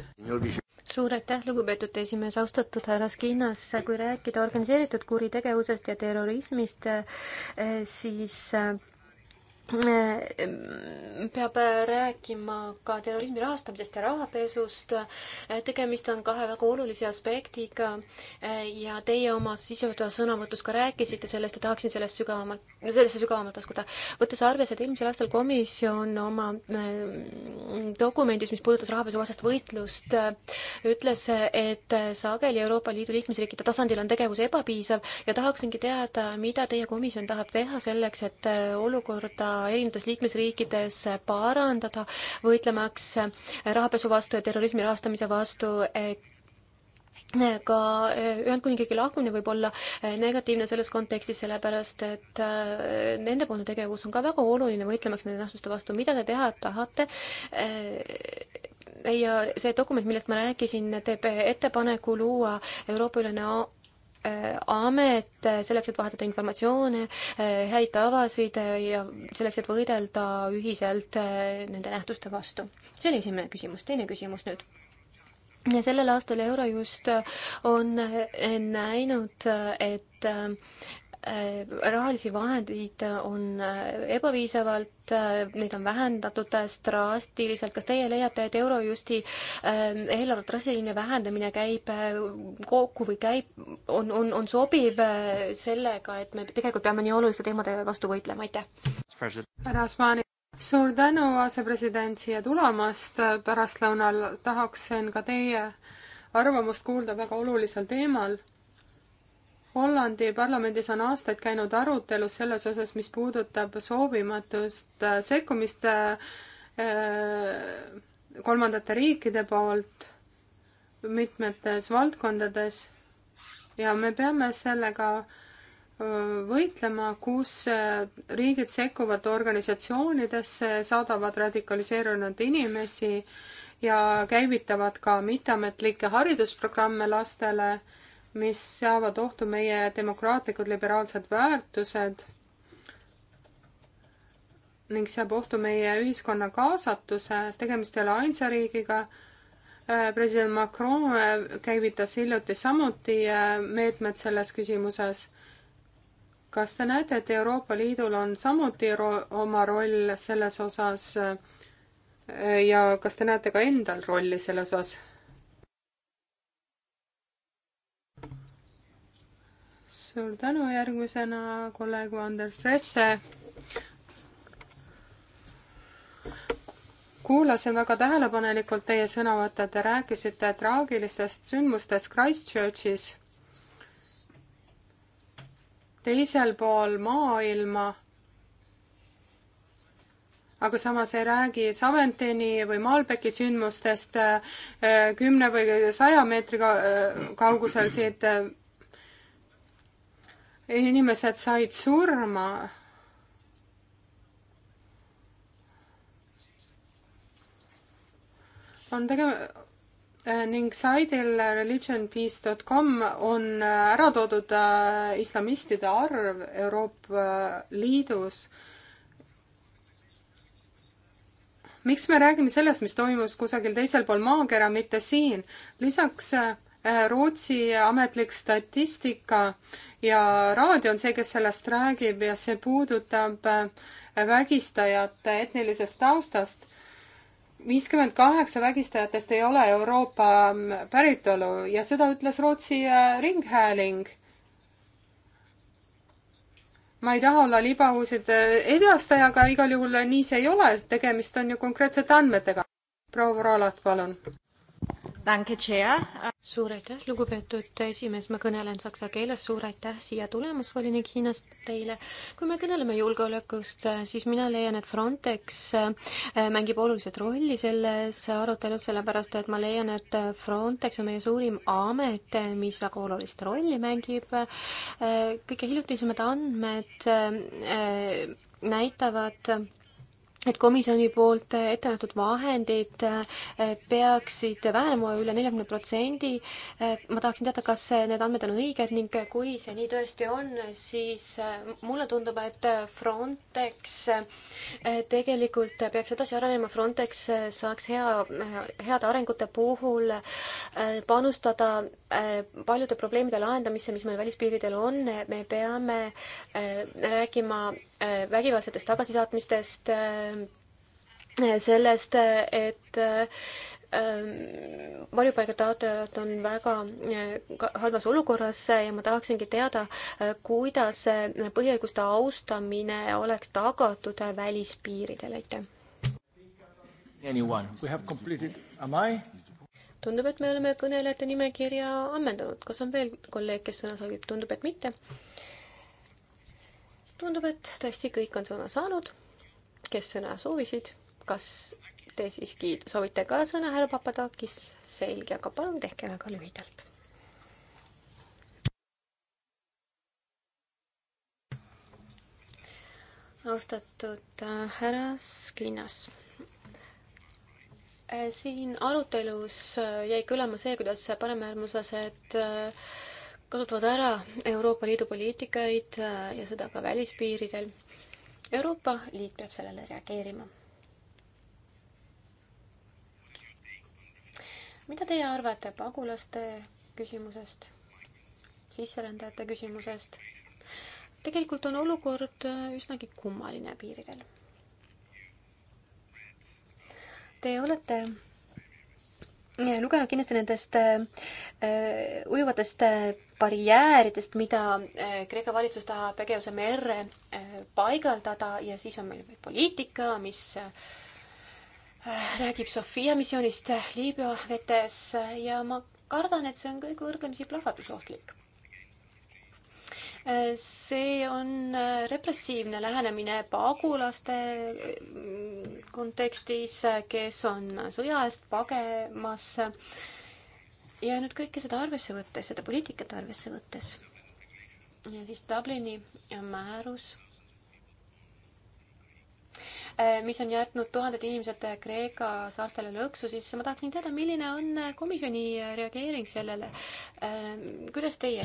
suur aitäh, lugupeetud esimees, austatud härra Skinas, kui rääkida organiseeritud kuritegevusest ja terrorismist, eh, siis eh, peab rääkima ka terrorismi rahastamisest ja rahapesust. Eh, tegemist on kahe väga olulise aspektiga eh, ja teie oma sissejuhatavas sõnavõtus ka rääkisite sellest ja tahaksin sellest sügavamalt, sellesse sügavamalt laskuda. võttes arvesse, et eelmisel aastal komisjon oma dokumendis, mis puudutas rahapesuvastast võitlust, eh, ütles, et sageli Euroopa Liidu liikmesriikide tasandil on tegevus ebapiisav ja tahaksingi teada, mida teie komisjon tahab teha selleks, et olukorda erinevates liikmesriikides parandada, võitlemaks rahapesu vastu ja terrorismi rahastamise vastu eh, ka eh, Ühendkuningriigi lahkumine võib olla eh, negatiivne selles kontekstis, sellepärast et nendepoolne tegevus on ka väga oluline, võitlemaks nende nähtuste vastu, mida te teha tahate. ja see dokument, millest ma rääkisin, teeb ettepaneku luua Euroopa-ülene Äh, amet äh, selleks, et vahetada informatsioone, äh, häid tavasid ja selleks, et võidelda ühiselt nende nähtuste vastu. see oli esimene küsimus, teine küsimus nüüd. sellel aastal Eurojust on näinud, et Äh, rahalisi vahendeid on äh, ebapiisavalt, äh, neid on vähendatud drastiliselt. kas teie leiate, et Eurojusti ähm, eelarve drastiline vähendamine käib kokku või käib, on, on, on sobiv sellega, et me tegelikult peame nii oluliste teemade vastu võitlema, aitäh! härra Asmani, suur tänu, asepresident, siia tulemast. pärastlõunal tahaksin ka teie arvamust kuulda väga olulisel teemal Hollandi parlamendis on aastaid käinud arutelus selles osas, mis puudutab soovimatust äh, sekkumist äh, kolmandate riikide poolt mitmetes valdkondades ja me peame sellega äh, võitlema, kus riigid sekkuvad organisatsioonidesse, saadavad radikaliseerunud inimesi ja käivitavad ka mitteametlikke haridusprogramme lastele mis seavad ohtu meie demokraatlikud liberaalsed väärtused ning seab ohtu meie ühiskonna kaasatuse, tegemist ei ole ainsa riigiga, äh, president Macron äh, käivitas hiljuti samuti äh, meetmed selles küsimuses. kas te näete, et Euroopa Liidul on samuti ro-, oma roll selles osas ja kas te näete ka endal rolli selles osas? suur tänu, järgmisena kolleeg Anders Resse. kuulasin väga tähelepanelikult teie sõnavõtte, te rääkisite traagilistest sündmustest Christchurchis. teisel pool maailma aga samas ei räägi Saventeni või Malbeki sündmustest eh, kümne või saja meetri kaugusel siit eh, inimesed said surma on tege-, ning saidil religionpeace.com on ära toodud äh, islamistide arv Euroopa Liidus. miks me räägime sellest, mis toimus kusagil teisel pool maakera, mitte siin? lisaks äh, Rootsi ametlik statistika äh, ja raadio on see, kes sellest räägib ja see puudutab äh, vägistajate etnilisest taustast. viiskümmend kaheksa vägistajatest ei ole Euroopa mm, päritolu ja seda ütles Rootsi äh, Ringhääling. ma ei taha olla libauusid äh, edastaja, aga igal juhul nii see ei ole, tegemist on ju konkreetsete andmetega. proua Raalat, palun suur aitäh, lugupeetud esimees, ma kõnelen saksa keeles, suur aitäh siia tulemast, volinik Hiinast teile. kui me kõneleme julgeolekust, siis mina leian, et Frontex äh, mängib oluliselt rolli selles arutelus, sellepärast et ma leian, et Frontex on meie suurim amet, mis väga olulist rolli mängib. Äh, kõige hiljutisemad andmed äh, näitavad et komisjoni poolt äh, ette nähtud vahendid äh, peaksid vähenema üle neljakümne protsendi. Äh, ma tahaksin teada, kas need andmed on õiged ning kui see nii tõesti on, siis mulle tundub, et Frontex tegelikult peaks edasi arenema. Frontex saaks hea, heade arengute puhul panustada paljude probleemide lahendamisse, mis meil välispiiridel on. me peame rääkima vägivaldsetest tagasisaatmistest Äh, sellest, et äh, varjupaiga taotlejad on väga äh, halvas olukorras ja ma tahaksingi teada, kuidas põhiõiguste austamine oleks tagatud välispiiridel, aitäh. tundub, et me oleme kõnelejate nimekirja ammendanud, kas on veel kolleeg, kes sõna soovib, tundub, et mitte. tundub, et tõesti kõik on sõna saanud kes sõna soovisid, kas te siiski soovite ka sõna, härra Papadakis? selge, aga palun tehke väga lühidalt. austatud äh, härra Skinas äh, siin arutelus äh, jäi kõlama see, kuidas paremäärmuslased kasutavad ära Euroopa Liidu poliitikaid ja seda ka välispiiridel. Euroopa Liit peab sellele reageerima. mida teie arvate pagulaste küsimusest, sisserändajate küsimusest? tegelikult on olukord üsnagi kummaline piiridel. Te olete lugenud kindlasti nendest äh, ujuvatest äh, barjääridest, mida äh, Kreeka valitsus tahab Egeuse merre äh, paigaldada ja siis on meil veel poliitika, mis äh, räägib Sofia missioonist Liibüa vetes ja ma kardan, et see on kõik võrdlemisi plahvatusohtlik see on repressiivne lähenemine pagulaste kontekstis, kes on sõja eest pagemas ja nüüd kõike seda arvesse võttes, seda poliitikat arvesse võttes, ja siis Dublini määrus, eh, mis on jätnud tuhanded inimesed Kreeka saartele lõksu, siis ma tahaksin teada, milline on komisjoni reageering sellele. Eh, kuidas teie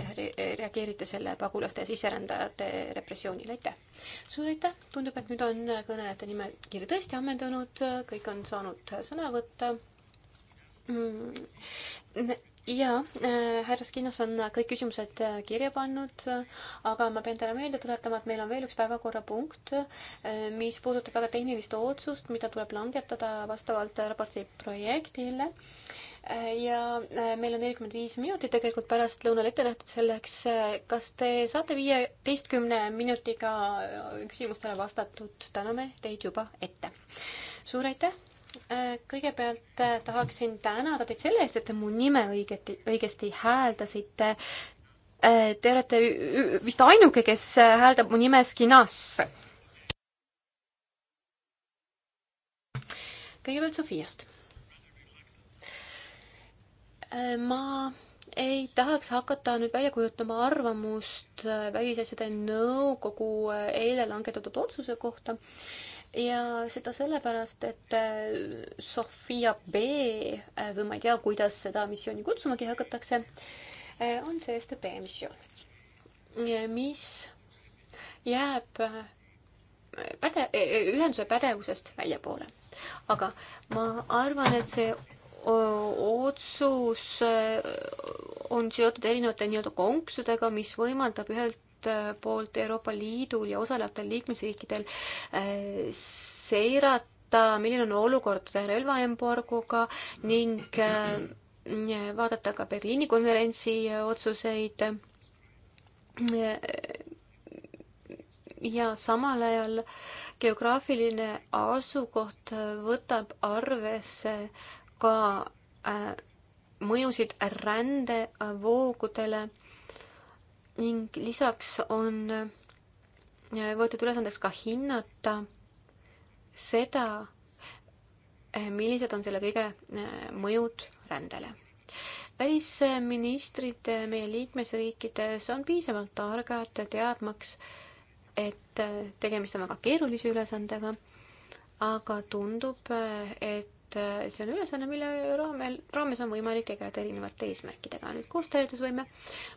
reageerite selle pagulaste ja sisserändajate repressioonile, aitäh! suur aitäh, tundub, et nüüd on kõnelejate nimekiri tõesti ammendunud, kõik on saanud sõna võtta Mm. jaa äh,, härra Skinnas on kõik küsimused äh, kirja pannud, aga ma pean teile meelde tuletama, et meil on veel üks päevakorrapunkt, äh, mis puudutab väga tehnilist otsust, mida tuleb langetada vastavalt raporti projektile. Äh, ja meil on nelikümmend viis minutit tegelikult pärastlõunal ette nähtud selleks, kas te saate viieteistkümne minutiga küsimustele vastatud, täname teid juba ette. suur aitäh Äh, kõigepealt äh, tahaksin tänada teid selle eest, et te mu nime õigeti, õigesti hääldasite. Äh, te olete vist ainuke, kes hääldab mu nime Skinas. kõigepealt Sofiast. ma ei tahaks hakata nüüd välja kujutama arvamust välisasjade nõukogu eile langetatud otsuse kohta ja seda sellepärast, et äh, Sofia B äh, või ma ei tea, kuidas seda missiooni kutsumagi hakatakse, äh, on see STP missioon, mis jääb päde-, ühenduse pädevusest väljapoole. aga ma arvan, et see otsus on seotud erinevate nii-öelda konksudega, mis võimaldab ühelt poolt Euroopa Liidul ja osalevatel liikmesriikidel äh, seirata, milline on olukord relvaembargoga ning äh, vaadata ka Berliini konverentsi äh, otsuseid. ja samal ajal geograafiline asukoht võtab arvesse ka mõjusid rändevoogudele ning lisaks on äh, võetud ülesandeks ka hinnata seda, äh, millised on selle kõige äh, mõjud rändele välisministrid meie liikmesriikides on piisavalt targad teadmaks, et tegemist on väga keerulise ülesandega, aga tundub, et Äh, et see on ülesanne, mille raamel, raames on võimalik tegeleda erinevate eesmärkidega. nüüd koostööõigusvõime.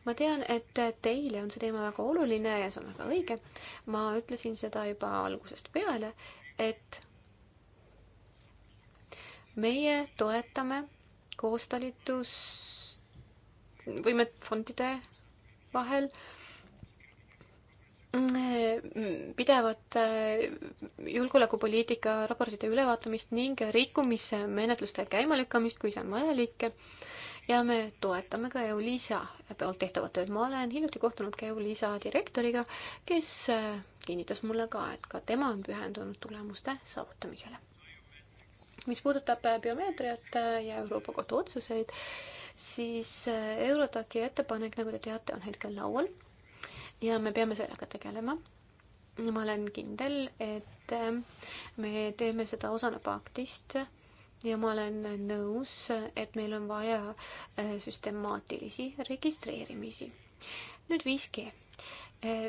ma tean, et teile on see teema väga oluline ja see on väga õige. ma ütlesin seda juba algusest peale, et meie toetame koostalitus, võimet fondide vahel äh, Mm, mm, pidevat äh, julgeolekupoliitika raportite ülevaatamist ning rikkumismenetluste käimalükkamist, kui see on vajalik. ja me toetame ka EULISA poolt tehtavat tööd. ma olen hiljuti kohtunud ka EULISA direktoriga, kes äh, kinnitas mulle ka, et ka tema on pühendunud tulemuste saavutamisele. mis puudutab äh, biomeetriat ja Euroopa Kohtu otsuseid, siis Eurotaki ettepanek, nagu te teate, on hetkel laual ja me peame sellega tegelema. ma olen kindel, et äh, me teeme seda osana paktist ja ma olen nõus, et meil on vaja äh, süstemaatilisi registreerimisi. nüüd 5G.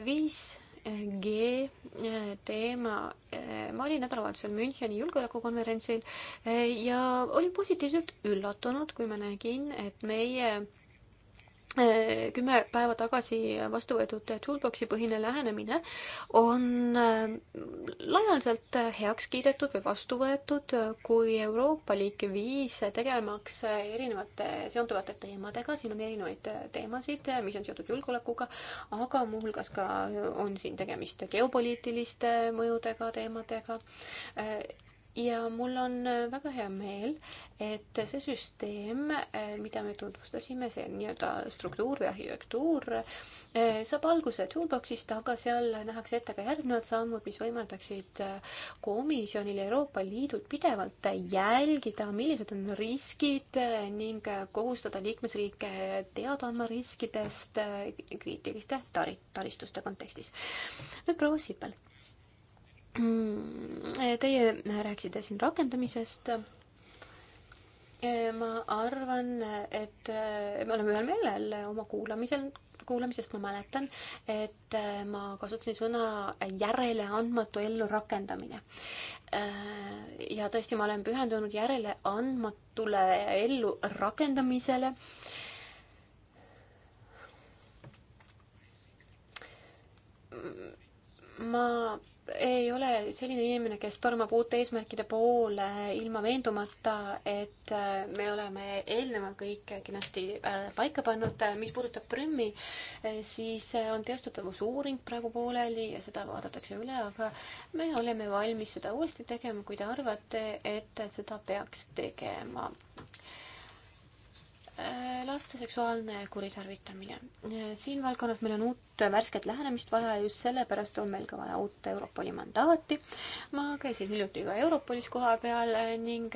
5G äh, teema, ma olin nädalavahetusel Müncheni julgeolekukonverentsil ja olin positiivselt üllatunud, kui ma nägin, et meie Äh, kümme päeva tagasi vastu võetud toolbox'i põhine lähenemine on äh, laialdaselt heaks kiidetud või vastu võetud kui Euroopa Liik viis tegelemaks erinevate seonduvate teemadega. siin on erinevaid teemasid, mis on seotud julgeolekuga, aga muuhulgas ka on siin tegemist geopoliitiliste mõjudega, teemadega. Äh, ja mul on väga hea meel, et see süsteem, mida me tutvustasime, see nii-öelda struktuur või arhitektuur, eh, saab alguse toolbox'ist, aga seal nähakse ette ka järgnevad sammud, mis võimaldaksid eh, komisjonil ja Euroopa Liidul pidevalt jälgida, millised on riskid eh, ning kohustada liikmesriike teada andma riskidest kriitiliste tari-, taristuste kontekstis. nüüd proua Sipel mm, Teie rääkisite siin rakendamisest Eh, ma arvan, et eh, me oleme ühel meelel oma kuulamisel, kuulamisest ma mäletan, et eh, ma kasutasin sõna järeleandmatu ellurakendamine. ja tõesti, ma olen pühendunud järeleandmatule ellurakendamisele ma ei ole selline inimene, kes tormab uute eesmärkide poole ilma veendumata, et äh, me oleme eelneva kõik kenasti äh, paika pannud. mis puudutab Prümmi, äh, siis on teostatavusuuring praegu pooleli ja seda vaadatakse üle, aga me oleme valmis seda uuesti tegema, kui te arvate, et seda peaks tegema. Äh, laste seksuaalne kuritarvitamine. Äh, siin valdkonnas meil on uut värsket lähenemist vaja ja just sellepärast on meil ka vaja uut Europoli mandaati. ma käisin hiljuti ka Europolis koha peal äh, ning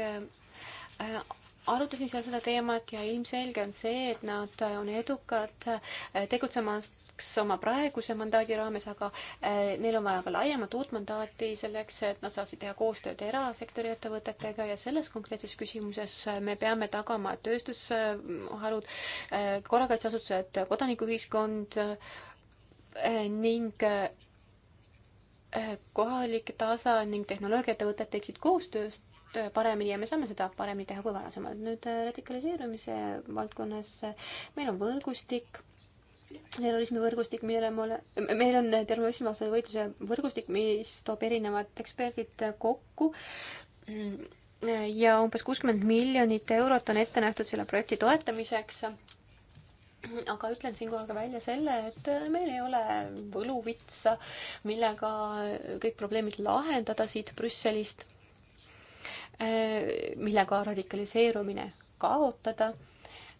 arutasin seal seda teemat ja ilmselge on see, et nad on edukad äh, tegutsemaks oma praeguse mandaadi raames, aga äh, neil on vaja ka laiemat uut mandaati selleks, et nad saaksid teha koostööd erasektori ettevõtetega ja selles konkreetses küsimuses äh, me peame tagama tööstusharud, korrakaitseasutused, kodanikuühiskond ning kohalik tasa ning tehnoloogiaettevõtted teeksid koostööd paremini ja me saame seda paremini teha kui varasemalt. nüüd äh, radikaliseerumise valdkonnas äh, meil on võrgustik, terrorismivõrgustik, millele me ole-, meil on äh, terrorismivastase võitluse võrgustik, mis toob erinevad eksperdid kokku mm, ja umbes kuuskümmend miljonit eurot on ette nähtud selle projekti toetamiseks aga ütlen siinkohal ka välja selle, et meil ei ole võluvitsa, millega kõik probleemid lahendada siit Brüsselist. Äh, millega radikaliseerumine kaotada.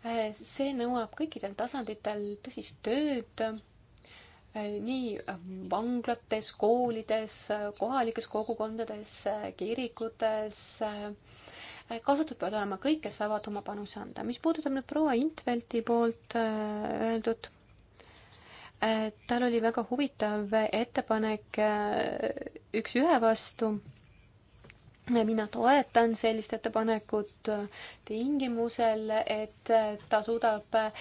Äh, see nõuab kõikidel tasanditel tõsist tööd, äh, nii vanglates, koolides, kohalikes kogukondades, kirikutes, kaasatud peavad olema kõik, kes saavad oma panuse anda. mis puudutab nüüd proua Intvelti poolt öeldud, tal oli väga huvitav ettepanek üks ühe vastu mina toetan sellist ettepanekut äh, tingimusel, et äh, ta suudab äh,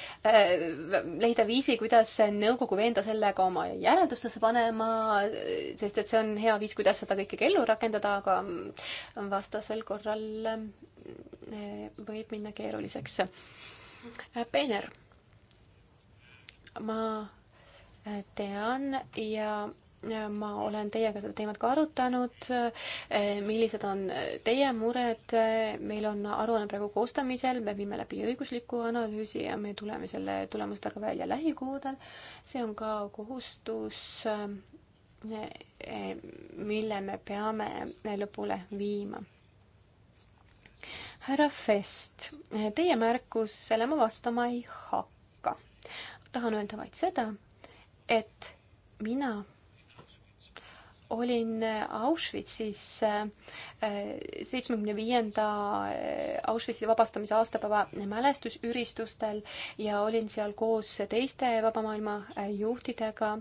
leida viisi, kuidas nõukogu veenda sellega oma järeldustesse panema, sest et see on hea viis, kuidas seda kõike ellu rakendada, aga mm, vastasel korral võib minna keeruliseks. Peener, ma tean ja ma olen teiega seda teemat ka arutanud, eh, millised on eh, teie mured, eh, meil on aruanne praegu koostamisel, me viime läbi õigusliku analüüsi ja me tuleme selle tulemustega välja lähikuudel. see on ka kohustus, mille me peame lõpule viima. härra Fest, teie märkusele ma vastama ei hakka. tahan öelda vaid seda, et mina olin Auschwitzis äh, seitsmekümne viienda äh, Auschwitzi vabastamise aastapäeva mälestusüristustel ja olin seal koos teiste vaba maailma äh, juhtidega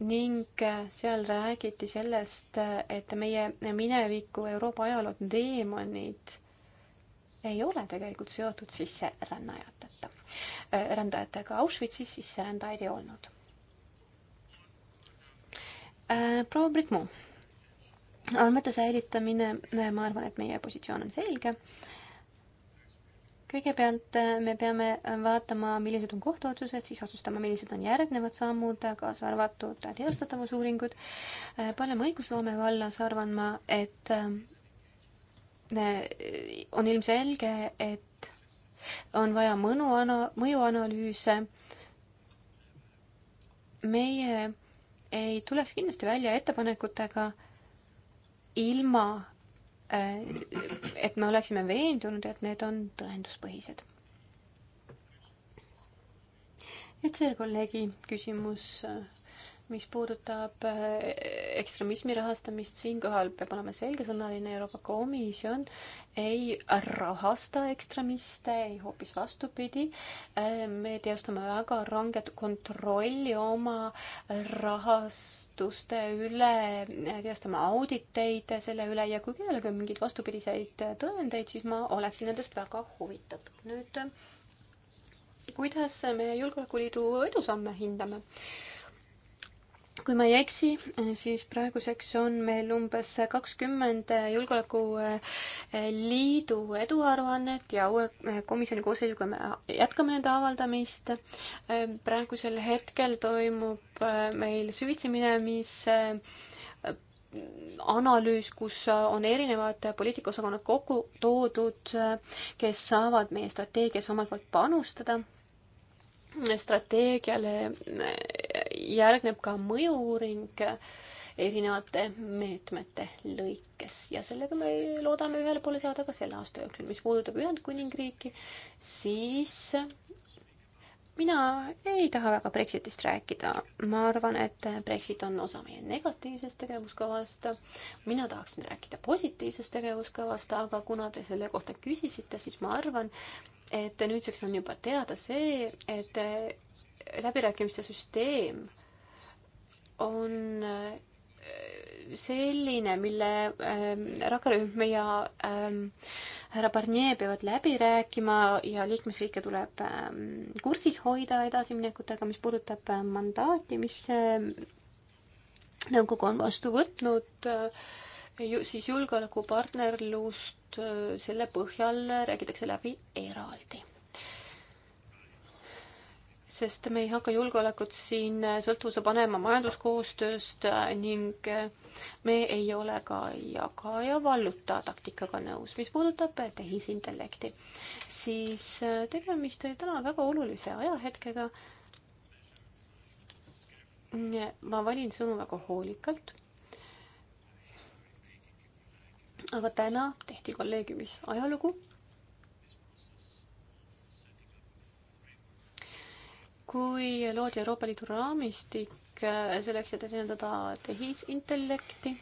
ning seal räägiti sellest, et meie mineviku Euroopa ajaloo teemonid ei ole tegelikult seotud sisserännajateta, rändajatega. Auschwitzis sisserändajaid ei olnud Äh, proua Brikmo, andmete säilitamine, äh, ma arvan, et meie positsioon on selge. kõigepealt äh, me peame vaatama, millised on kohtuotsused, siis otsustama, millised on järgnevad sammud, kaasa arvatud teostatavusuuringud. parema õigusloome vallas arvan ma, et on ilmselge, et on vaja mõnuana-, mõjuanalüüse. meie ei tuleks kindlasti välja ettepanekutega ilma, äh, et me oleksime veendunud, et need on tõenduspõhised. et see kolleegi küsimus äh, mis puudutab äh, ekstremismi rahastamist, siinkohal peab olema selgesõnaline, Euroopa Komisjon ei rahasta ekstremiste, ei hoopis vastupidi. Äh, me teostame väga ranget kontrolli oma rahastuste üle, teostame auditeid selle üle ja kui kellelgi on mingeid vastupidiseid tõendeid, siis ma oleksin nendest väga huvitatud. nüüd kuidas me Julgeolekuliidu edusamme hindame? kui ma ei eksi, siis praeguseks on meil umbes kakskümmend Julgeolekuliidu eh, eduaruannet ja uue eh, komisjoni koosseisuga me jätkame nende avaldamist. Eh, praegusel hetkel toimub meil süvitsemine, mis analüüs, kus on erinevad poliitikaosakonnad kokku toodud, kes saavad meie strateegias omalt poolt panustada strateegiale järgneb ka mõju-uuring erinevate meetmete lõikes ja sellega me loodame ühele poole saada ka selle aasta jooksul. mis puudutab Ühendkuningriiki, siis mina ei taha väga Brexitist rääkida. ma arvan, et Brexit on osa meie negatiivsest tegevuskavast. mina tahaksin rääkida positiivsest tegevuskavast, aga kuna te selle kohta küsisite, siis ma arvan, et nüüdseks on juba teada see, et läbirääkimiste süsteem on äh, selline, mille ähm, rakkerühm ja ähm, härra Barnier peavad läbi rääkima ja liikmesriike tuleb ähm, kursis hoida edasiminekutega, mis puudutab äh, mandaati, mis äh, nõukogu on vastu võtnud äh,, ju, siis julgeolekupartnerlust äh, selle põhjal räägitakse läbi eraldi sest me ei hakka julgeolekut siin äh, sõltuvuse panema majanduskoostööst äh, ning äh, me ei ole ka jagaja valluta taktikaga nõus. mis puudutab tehisintellekti, siis tegemist oli täna väga olulise ajahetkega. ma valin sõnu väga hoolikalt. aga täna tehti kolleegiumis ajalugu kui loodi Euroopa Liidu raamistik äh, selleks, et edendada tehisintellekti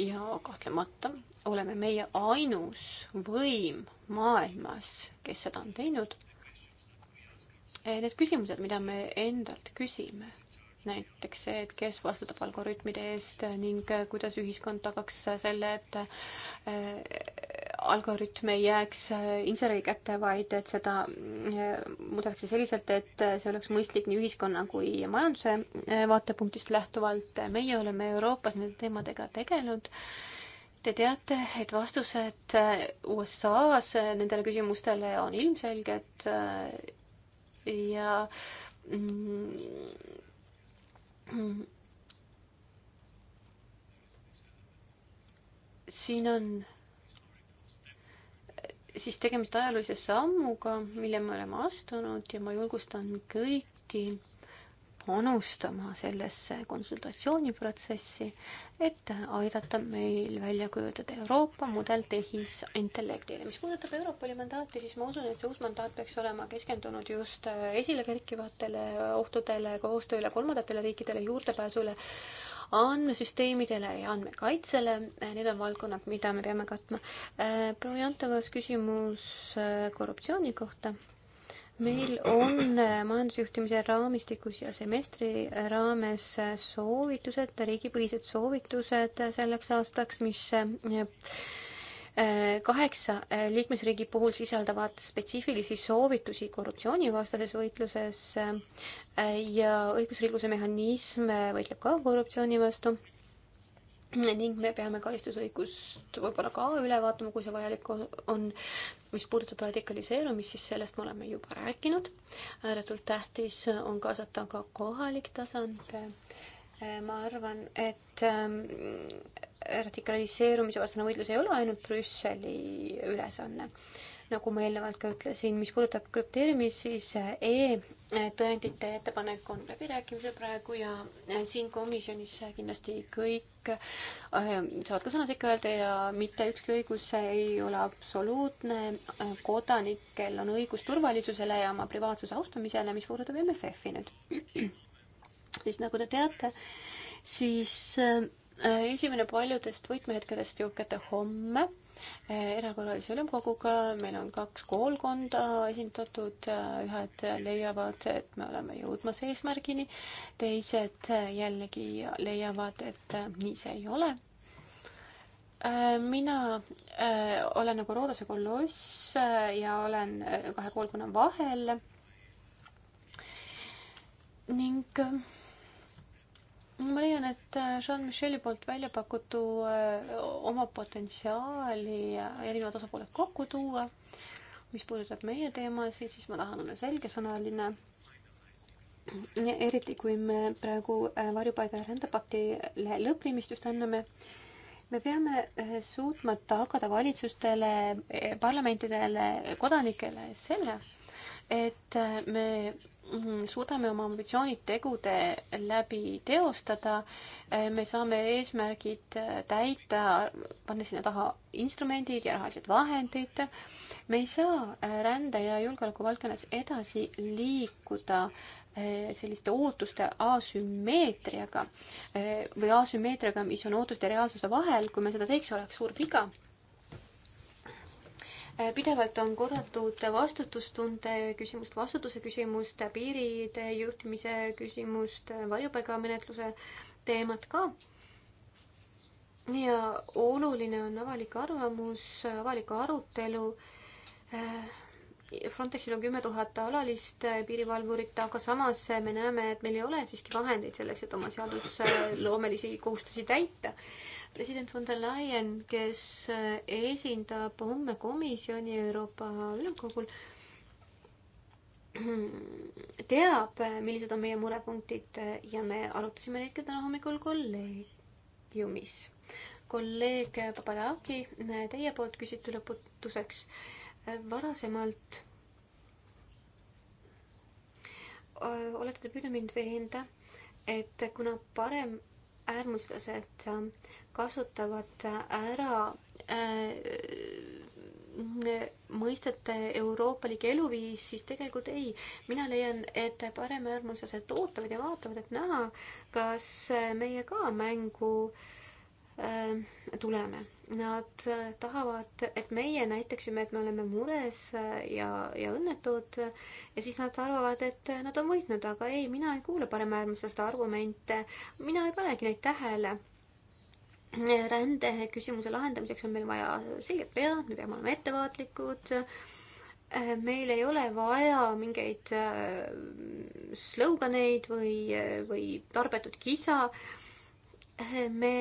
ja kahtlemata oleme meie ainus võim maailmas, kes seda on teinud. Äh, need küsimused, mida me endalt küsime, näiteks see, et kes vastutab algoritmide eest ning äh, kuidas ühiskond tagaks selle, et algoritm ei jääks äh, inseneri kätte, vaid et seda äh, muudetakse selliselt, et äh, see oleks mõistlik nii ühiskonna kui majanduse vaatepunktist lähtuvalt. meie oleme Euroopas nende teemadega tegelenud. Te teate, et vastused USA-s nendele küsimustele on ilmselged ja mm, mm, siin on siis tegemist ajaloolise sammuga, mille me oleme astunud ja ma julgustan kõiki panustama sellesse konsultatsiooniprotsessi, et aidata meil välja kujundada Euroopa mudel tehisintellektile. mis puudutab Europoli mandaati, siis ma usun, et see uus mandaat peaks olema keskendunud just esile kerkivatele ohtudele, koostööle kolmandatele riikidele, juurdepääsule andmesüsteemidele ja andmekaitsele, äh, need on valdkonnad, mida me peame katma. Äh, proua Jantovas küsimus äh, korruptsiooni kohta. meil on majandusjuhtimise raamistikus ja semestri raames soovitused, riigipõhised soovitused selleks aastaks, mis kaheksa liikmesriigi puhul sisaldavad spetsiifilisi soovitusi korruptsioonivastases võitluses äh, ja õigusriikluse mehhanism võitleb ka korruptsiooni vastu. ning me peame karistusõigust võib-olla ka üle vaatama, kui see vajalik on. mis puudutab radikaliseerumist, siis sellest me oleme juba rääkinud. ääretult tähtis on kaasata ka kohalik tasand äh, ma arvan, et ähm, radikaliseerumise vastane võitlus ei ole ainult Brüsseli ülesanne. nagu ma eelnevalt ka ütlesin, mis puudutab krüpteerimist, siis eh, e-tõendite ettepanek on läbirääkimisel praegu ja eh, siin komisjonis kindlasti kõik eh, saavad ka sõna sekka öelda ja mitte ükski õigus ei ole absoluutne. kodanikel on õigus turvalisusele ja oma privaatsuse austamisele, mis puudutab MFF-i nüüd. siis nagu te teate, siis äh, Äh, esimene paljudest võtmehetkedest jõuab kätte homme äh, erakorralise ülemkoguga, meil on kaks koolkonda esindatud, äh, ühed leiavad, et me oleme jõudmas eesmärgini, teised jällegi leiavad, et nii see ei ole. mina olen nagu Roodase koloss ja olen kahe koolkonna vahel ning ma leian, et äh, Jean-Micheli poolt välja pakutu äh, oma potentsiaali erinevad osapooled kokku tuua. mis puudutab meie teemasid, siis ma tahan olla selgesõnaline. eriti kui me praegu äh, varjupaiga ja rändepaktile lõplimist just anname me peame suutma tagada valitsustele, parlamentidele, kodanikele selle, et äh, me mm, suudame oma ambitsioonid tegude läbi teostada, äh, me saame eesmärgid äh, täita, panna sinna taha instrumendid ja rahalised vahendid. me ei saa rände ja julgeoleku valdkonnas edasi liikuda selliste ootuste asümmeetriaga või asümmeetriaga, mis on ootuste ja reaalsuse vahel, kui me seda teeks, oleks suur viga Äh, pidevalt on korratud vastutustunde küsimust, vastutuse küsimust, piiride juhtimise küsimust, varjupaigamenetluse teemat ka. ja oluline on avalik arvamus, avalik arutelu. Äh, Frontexil on kümme tuhat alalist äh, piirivalvurit, aga samas me näeme, et meil ei ole siiski vahendeid selleks, et oma seadusloomelisi kohustusi täita president von der Leyen, kes äh, esindab homme komisjoni Euroopa Ülemkogul, teab, millised on meie murepunktid äh, ja me arutasime neid ka täna hommikul kolleegiumis. kolleeg Papadaki, äh, teie poolt küsiti lõputuseks varasemalt olete te püüdnud mind veenda, et kuna parem äärmuslased kasutavad ära äh, mõistete euroopalik eluviis, siis tegelikult ei. mina leian, et paremäärmuslased ootavad ja vaatavad, et näha, kas meie ka mängu äh, tuleme. Nad äh, tahavad, et meie näitaksime, et me oleme mures äh, ja, ja õnnetud ja siis nad arvavad, et nad on võitnud, aga ei, mina ei kuule paremäärmuslaste argumente, mina ei panegi neid tähele rände küsimuse lahendamiseks on meil vaja selget pead, me peame olema ettevaatlikud. meil ei ole vaja mingeid äh, slõuganeid või, või tarbetut kisa. me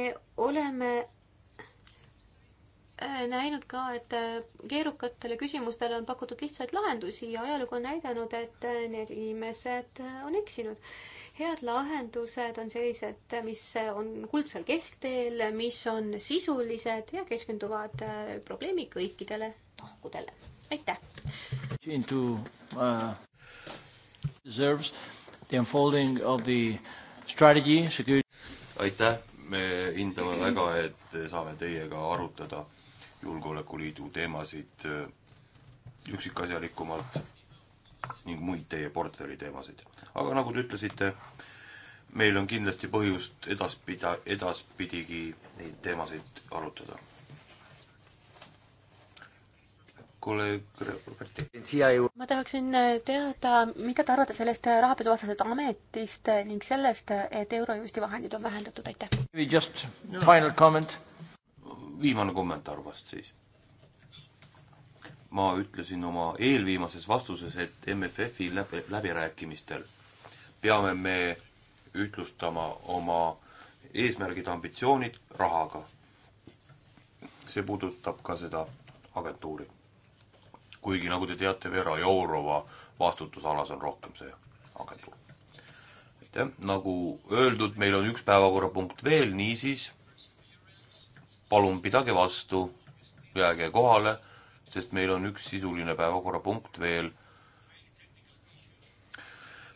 oleme äh, näinud ka, et äh, keerukatele küsimustele on pakutud lihtsaid lahendusi ja ajalugu on näidanud, et need inimesed on eksinud head lahendused on sellised, mis on kuldsel keskteel, mis on sisulised ja keskenduvad äh, probleemi kõikidele tahkudele. aitäh! Into uh, äh, deserves the unfolding of the strategy security. aitäh, me hindame väga, et saame teiega arutada julgeolekuliidu teemasid äh, üksikasjalikumalt ning muid teie portfelli teemasid. aga nagu te ütlesite, meil on kindlasti põhjust edaspida, edaspidigi neid teemasid arutada. kolleeg Roberti. ma tahaksin teada, mida te arvate sellest rahapesuvastasest ametist ning sellest, et Eurojusti vahendid on vähendatud, aitäh! viimane kommentaar vast siis ma ütlesin oma eelviimases vastuses, et MFF-i läbi, läbirääkimistel peame me ühtlustama oma eesmärgid, ambitsioonid rahaga. see puudutab ka seda agentuuri. kuigi nagu te teate, Vera Jourova vastutusalas on rohkem see agentuur. aitäh, nagu öeldud, meil on üks päevakorrapunkt veel, niisiis palun pidage vastu, jääge kohale sest meil on üks sisuline päevakorrapunkt veel,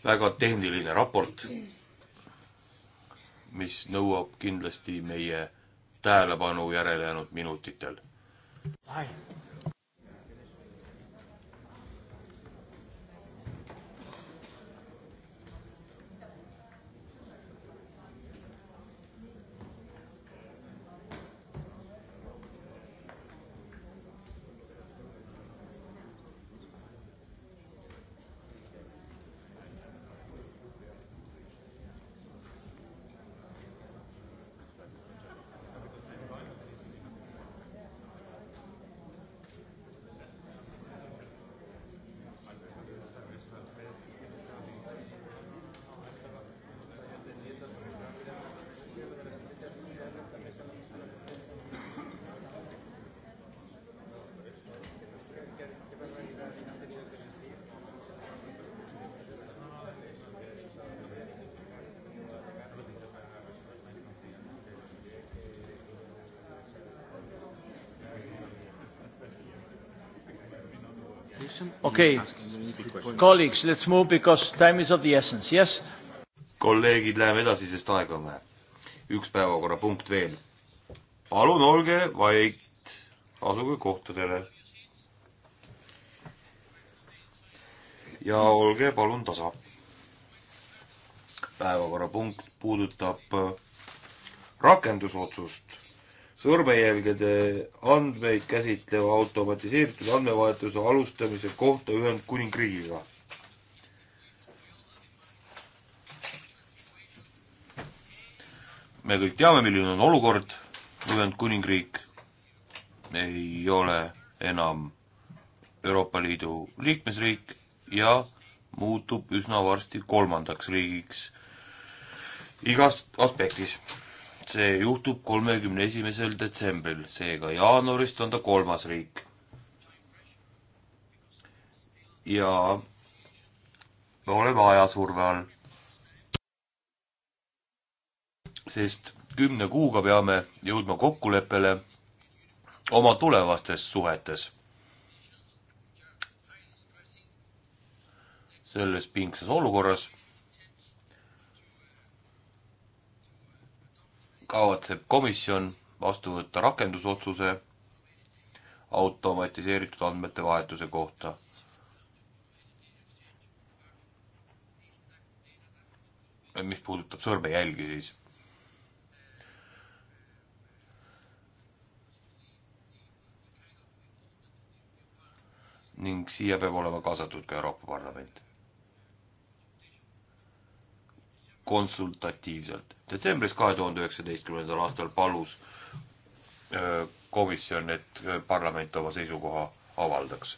väga tehniline raport, mis nõuab kindlasti meie tähelepanu järelejäänud minutitel. okei okay., colleagues, let's move because time is of the essence, yes? kolleegid, läheme edasi, sest aega on vähe. üks päevakorrapunkt veel. palun olge vait, asuge kohtadele. ja olge palun tasa. päevakorrapunkt puudutab äh, rakendusotsust sõrmejälgede andmeid käsitleva automatiseeritud andmevahetuse alustamise kohta Ühendkuningriigiga. me kõik teame, milline on olukord, Ühendkuningriik ei ole enam Euroopa Liidu liikmesriik ja muutub üsna varsti kolmandaks riigiks igas aspektis see juhtub kolmekümne esimesel detsembril, seega jaanuarist on ta kolmas riik. ja me oleme ajasurve all. sest kümne kuuga peame jõudma kokkuleppele oma tulevastes suhetes. selles pingsas olukorras kavatseb komisjon vastu võtta rakendusotsuse automatiseeritud andmete vahetuse kohta. mis puudutab sõrmejälgi, siis ning siia peab olema kaasatud ka Euroopa Parlament. konsultatiivselt. detsembris kahe tuhande üheksateistkümnendal aastal palus komisjon, et parlament oma seisukoha avaldaks.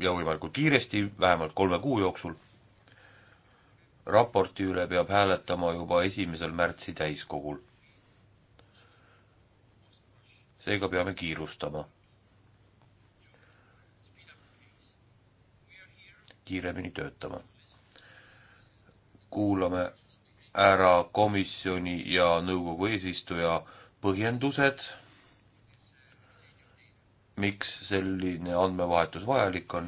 ja võimalikult kiiresti, vähemalt kolme kuu jooksul. raporti üle peab hääletama juba esimesel märtsi täiskogul. seega peame kiirustama kiiremini töötama. kuulame ära komisjoni ja nõukogu eesistuja põhjendused, miks selline andmevahetus vajalik on.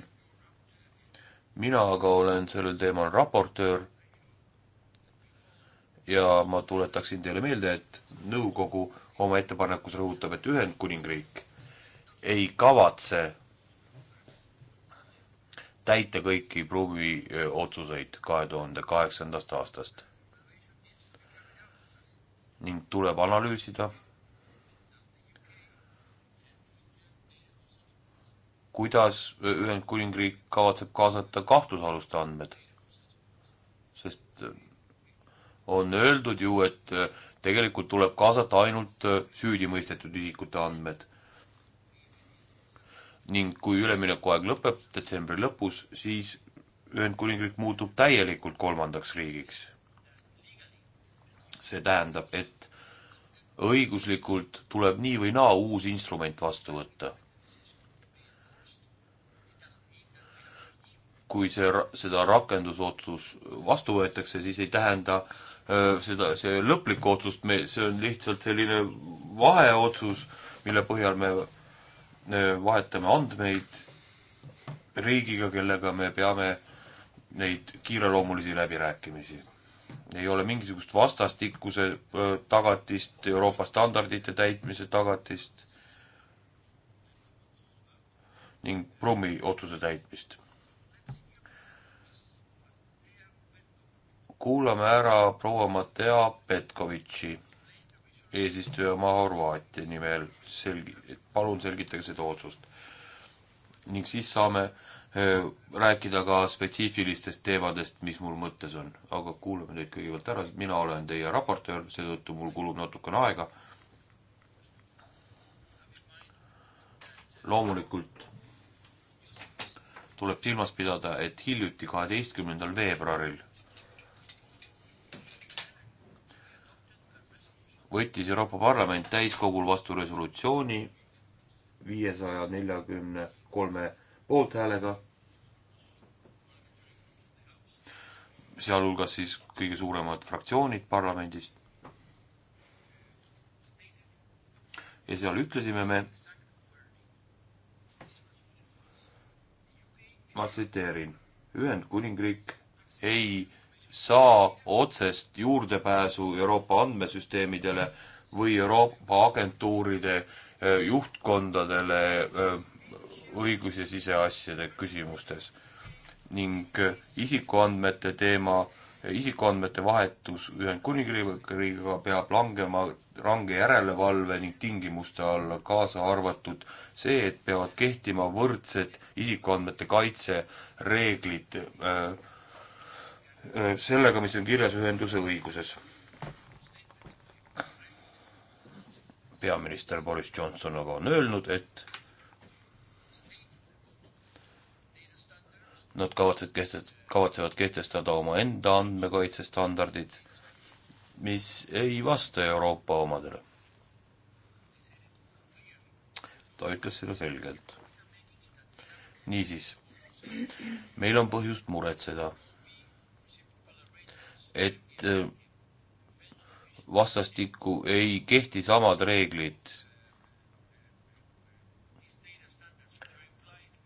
mina aga olen sellel teemal raportöör ja ma tuletaksin teile meelde, et nõukogu oma ettepanekus rõhutab, et Ühendkuningriik ei kavatse täita kõiki pruugi otsuseid kahe tuhande kaheksandast aastast. ning tuleb analüüsida, kuidas Ühendkuningriik kavatseb kaasata kahtlusaluste andmed, sest on öeldud ju, et tegelikult tuleb kaasata ainult süüdimõistetud isikute andmed ning kui üleminekuaeg lõpeb detsembri lõpus, siis Ühendkuningriik muutub täielikult kolmandaks riigiks. see tähendab, et õiguslikult tuleb nii või naa uus instrument vastu võtta. kui see, seda rakendusotsus vastu võetakse, siis ei tähenda seda, see lõplikku otsust, me, see on lihtsalt selline vaheotsus, mille põhjal me vahetame andmeid riigiga, kellega me peame neid kiireloomulisi läbirääkimisi. ei ole mingisugust vastastikuse tagatist, Euroopa standardite täitmise tagatist ning Brummi otsuse täitmist. kuulame ära proua Matea Petkovitši eesistuja oma Horvaatia nimel selgi-, et palun selgitage seda otsust. ning siis saame öö, rääkida ka spetsiifilistest teemadest, mis mul mõttes on. aga kuulame teid kõigepealt ära, sest mina olen teie raportöör, seetõttu mul kulub natukene aega. loomulikult tuleb silmas pidada, et hiljuti, kaheteistkümnendal veebruaril võttis Euroopa Parlament täiskogul vastu resolutsiooni viiesaja neljakümne kolme poolthäälega, sealhulgas siis kõige suuremad fraktsioonid parlamendis. ja seal ütlesime me, ma tsiteerin, Ühendkuningriik ei saa otsest juurdepääsu Euroopa andmesüsteemidele või Euroopa agentuuride juhtkondadele õigus- ja siseasjade küsimustes ning isikuandmete teema, isikuandmete vahetus Ühendkuningriigiga peab langema range järelevalve ning tingimuste alla, kaasa arvatud see, et peavad kehtima võrdsed isikuandmete kaitse reeglid äh, Äh, sellega, mis on kirjas ühenduse õiguses. peaminister Boris Johnson aga on öelnud, et nad kavatsevad kehtest-, kavatsevad kehtestada omaenda andmekaitsestandardid, mis ei vasta Euroopa omadele. ta ütles seda selgelt. niisiis, meil on põhjust muretseda et äh, vastastikku ei kehti samad reeglid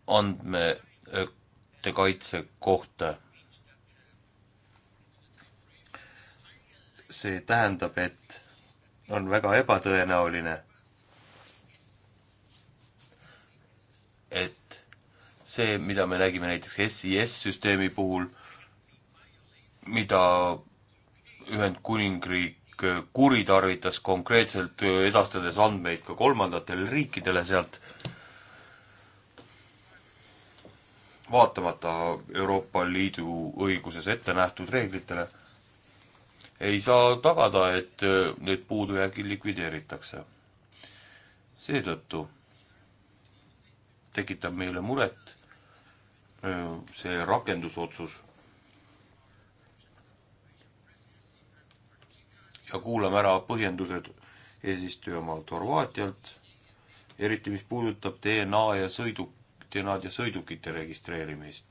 andmete kaitse kohta. see tähendab, et on väga ebatõenäoline, et see, mida me nägime näiteks SIS-süsteemi puhul, mida Ühendkuningriik kuritarvitas konkreetselt, edastades andmeid ka kolmandatele riikidele sealt, vaatamata Euroopa Liidu õiguses ette nähtud reeglitele, ei saa tagada, et need puudujäägid likvideeritakse. seetõttu tekitab meile muret äh, see rakendusotsus ja kuulame ära põhjendused eesistuja omalt Horvaatialt, eriti mis puudutab DNA ja sõidu, DNA-d ja sõidukite registreerimist,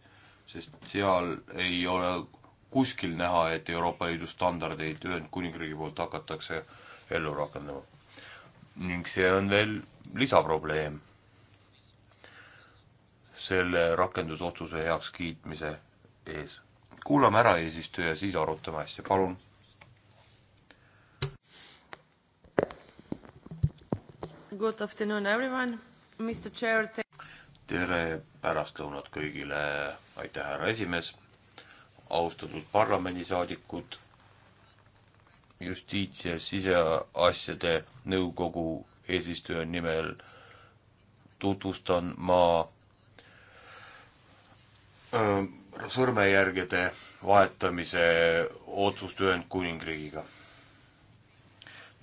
sest seal ei ole kuskil näha, et Euroopa Liidu standardeid Ühendkuningriigi poolt hakatakse ellu rakendama. ning see on veel lisaprobleem selle rakendusotsuse heakskiitmise ees. kuulame ära eesistuja, siis arutame asja, palun Good afternoon, everyone. Mr Chair, tere pärastlõunat kõigile, aitäh, härra esimees, austatud parlamendisaadikud, justiits- ja siseasjade nõukogu eesistuja nimel tutvustan ma öö, äh, sõrmejärgede vahetamise otsust Ühendkuningriigiga.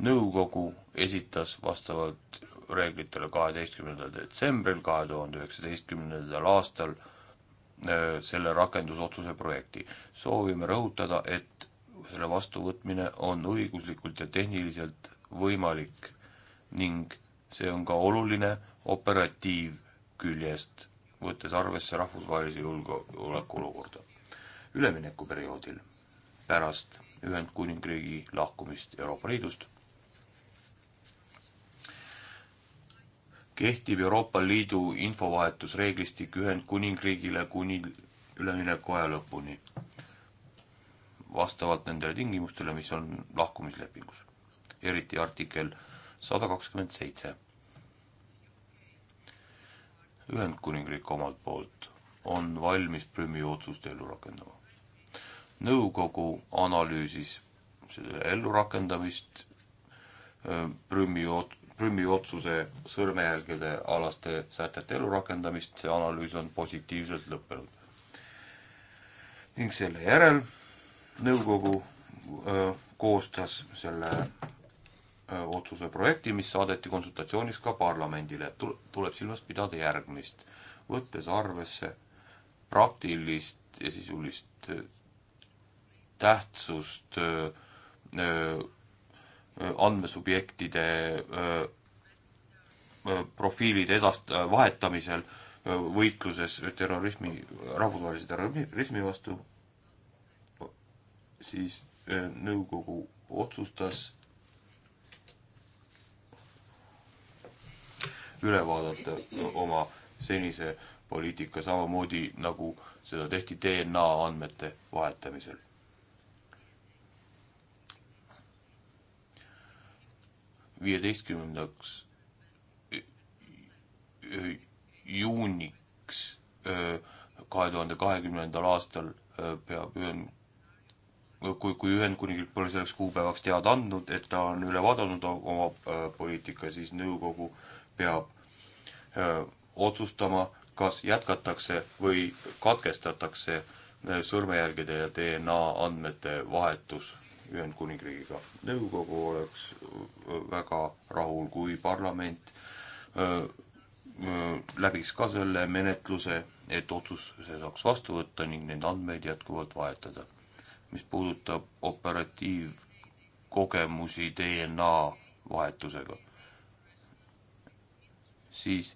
nõukogu esitas vastavalt reeglitele kaheteistkümnendal detsembril kahe tuhande üheksateistkümnendal aastal äh, selle rakendusotsuse projekti. soovime rõhutada, et selle vastuvõtmine on õiguslikult ja tehniliselt võimalik ning see on ka oluline operatiivküljest, võttes arvesse rahvusvahelise julgeoleku olukorda. üleminekuperioodil pärast Ühendkuningriigi lahkumist Euroopa Liidust kehtib Euroopa Liidu infovahetusreeglistik Ühendkuningriigile kuni üleminekuaja lõpuni, vastavalt nendele tingimustele, mis on lahkumislepingus, eriti artikkel sada kakskümmend seitse. Ühendkuningriik omalt poolt on valmis Prümi otsust ellu rakendama. nõukogu analüüsis selle ellurakendamist Prümi ot-, Prümi otsuse sõrmejälgede alaste sätete elurakendamist, see analüüs on positiivselt lõppenud. ning selle järel nõukogu öö, koostas selle öö, otsuse projekti, mis saadeti konsultatsioonis ka parlamendile. tuleb silmas pidada järgmist, võttes arvesse praktilist ja sisulist tähtsust öö, Äh, andmesubjektide äh, äh, profiilide edast-, vahetamisel võitluses terrorismi, rahvusvahelise terrorismi vastu, siis nõukogu otsustas üle vaadata oma senise poliitika samamoodi, nagu seda tehti DNA andmete vahetamisel viieteistkümnendaks juuniks kahe tuhande kahekümnendal aastal peab ühen, kui, kui Ühendkuningriik pole selleks kuupäevaks teada andnud, et ta on üle vaadanud oma poliitika, siis nõukogu peab öö, otsustama, kas jätkatakse või katkestatakse sõrmejälgede ja DNA andmete vahetus Ühendkuningriigiga. nõukogu oleks väga rahul, kui parlament öö, öö, läbiks ka selle menetluse, et otsus see saaks vastu võtta ning neid andmeid jätkuvalt vahetada. mis puudutab operatiivkogemusi DNA vahetusega, siis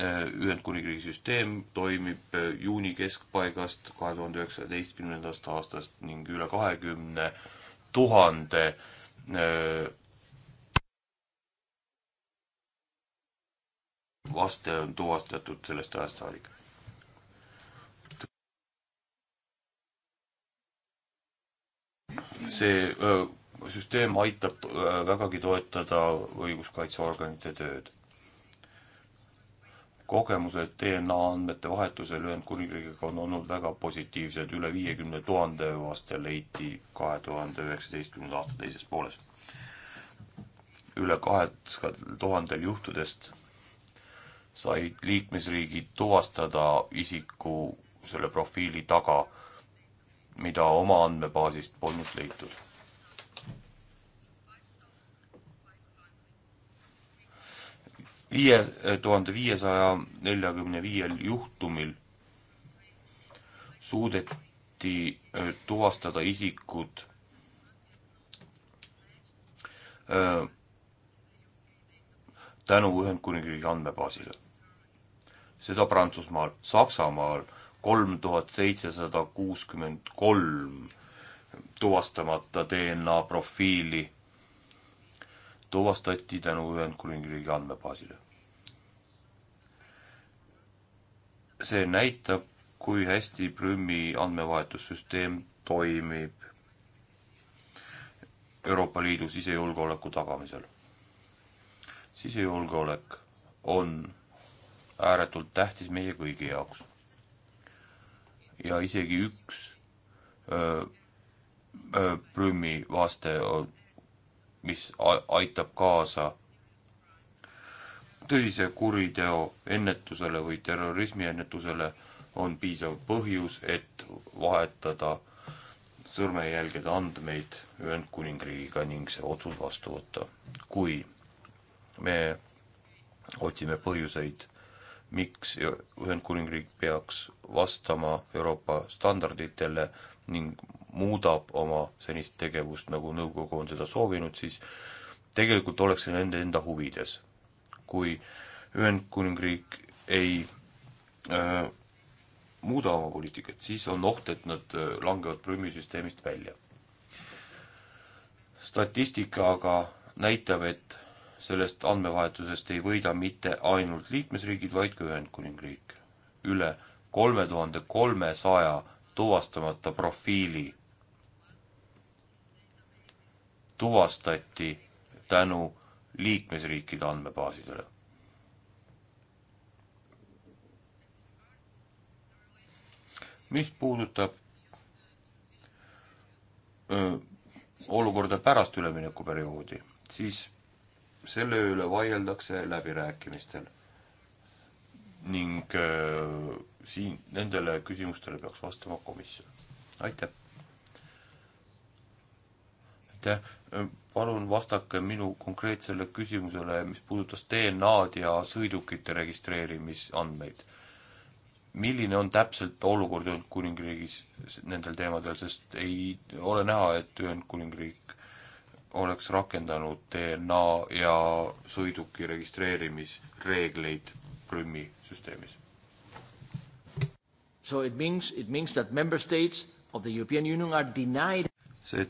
Ühendkuningriigi süsteem toimib äh, juuni keskpaigast kahe tuhande üheksateistkümnendast aastast ning üle kahekümne tuhande äh, vaste on tuvastatud sellest ajast saadik. see öö, äh, süsteem aitab öö, vägagi toetada õiguskaitseorganite tööd kogemused DNA andmete vahetusel Ühendkuningriigiga on olnud väga positiivsed, üle viiekümne tuhande vaste leiti kahe tuhande üheksateistkümnenda aasta teises pooles. üle kaheksal tuhandel juhtudest said liikmesriigid tuvastada isiku selle profiili taga, mida oma andmebaasist polnud leitud viie tuhande viiesaja neljakümne viiel juhtumil suudeti äh, tuvastada isikud äh, tänu Ühendkuningriigi andmebaasile. seda Prantsusmaal, Saksamaal kolm tuhat seitsesada kuuskümmend kolm tuvastamata DNA profiili tuvastati tänu Ühendkuningriigi andmebaasile. see näitab, kui hästi Prümi andmevahetussüsteem toimib Euroopa Liidu sisejulgeoleku tagamisel. sisejulgeolek on ääretult tähtis meie kõigi jaoks. ja isegi üks öö, öö, Prümi vaste on mis aitab kaasa tõsise kuriteo ennetusele või terrorismi ennetusele, on piisav põhjus, et vahetada sõrmejälgede andmeid Ühendkuningriigiga ning see otsus vastu võtta. kui me otsime põhjuseid, miks Ühendkuningriik peaks vastama Euroopa standarditele ning muudab oma senist tegevust, nagu nõukogu on seda soovinud, siis tegelikult oleks see nende enda huvides. kui Ühendkuningriik ei öö, äh, muuda oma poliitikat, siis on oht, et nad äh, langevad prümisüsteemist välja. statistika aga näitab, et sellest andmevahetusest ei võida mitte ainult liikmesriigid, vaid ka Ühendkuningriik. üle kolme tuhande kolmesaja tuvastamata profiili tuvastati tänu liikmesriikide andmebaasidele. mis puudutab öö, olukorda pärast üleminekuperioodi, siis selle üle vaieldakse läbirääkimistel ning öö, siin nendele küsimustele peaks vastama komisjon. aitäh! mitte, äh, palun vastake minu konkreetsele küsimusele, mis puudutas DNA-d ja sõidukite registreerimisandmeid. milline on täpselt olukord Ühendkuningriigis nendel teemadel, sest ei ole näha, et Ühendkuningriik oleks rakendanud DNA ja sõiduki registreerimisreegleid Prümi süsteemis. So it means, it means that member states of the European Union are denied see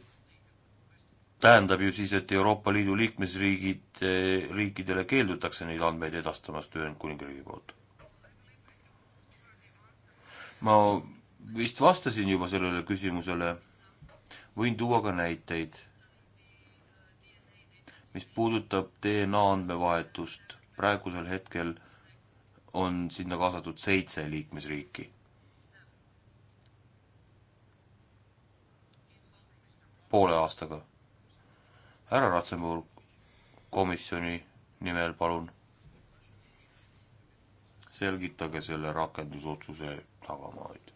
tähendab ju siis, et Euroopa Liidu liikmesriigid, eh, riikidele keeldutakse neid andmeid edastamast Ühendkuningriigi poolt. ma vist vastasin juba sellele küsimusele, võin tuua ka näiteid, mis puudutab DNA andmevahetust, praegusel hetkel on sinna kaasatud seitse liikmesriiki poole aastaga härra Ratsenburg komisjoni nimel, palun selgitage selle rakendusotsuse tagamaid.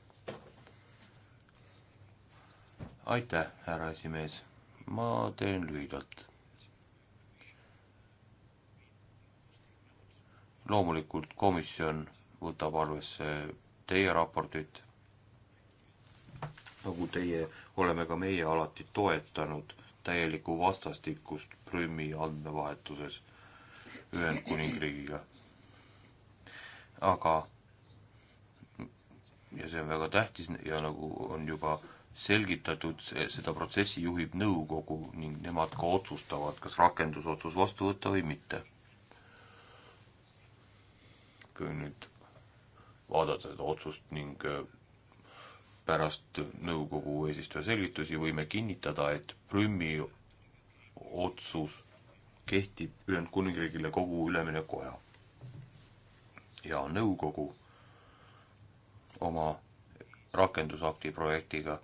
aitäh, härra esimees, ma teen lühidalt. loomulikult komisjon võtab arvesse teie raportit, nagu teie oleme ka meie alati toetanud täielikku vastastikust Prümi andmevahetuses Ühendkuningriigiga. aga ja see on väga tähtis ja nagu on juba selgitatud, seda protsessi juhib nõukogu ning nemad ka otsustavad, kas rakendusotsus vastu võtta või mitte. kui nüüd vaadata seda otsust ning pärast nõukogu eesistuja selgitusi võime kinnitada, et Prümi otsus kehtib Ühendkuningriigile kogu üleminekuaja. ja nõukogu oma rakendusakti projektiga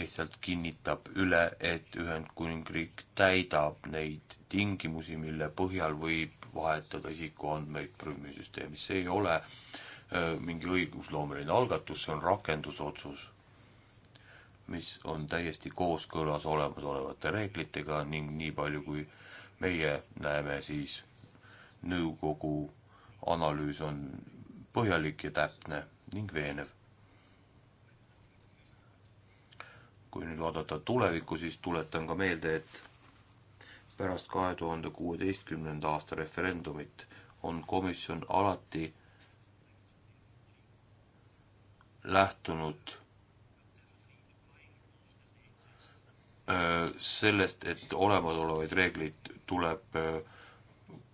lihtsalt kinnitab üle, et Ühendkuningriik täidab neid tingimusi, mille põhjal võib vahetada isikuandmeid Prümi süsteemis, see ei ole äh, Äh, mingi õigusloomeline algatus, see on rakendusotsus, mis on täiesti kooskõlas olemasolevate reeglitega ning nii palju, kui meie näeme, siis nõukogu analüüs on põhjalik ja täpne ning veenev. kui nüüd vaadata tulevikku, siis tuletan ka meelde, et pärast kahe tuhande kuueteistkümnenda aasta referendumit on komisjon alati lähtunud äh, sellest, et olemasolevaid reegleid tuleb äh,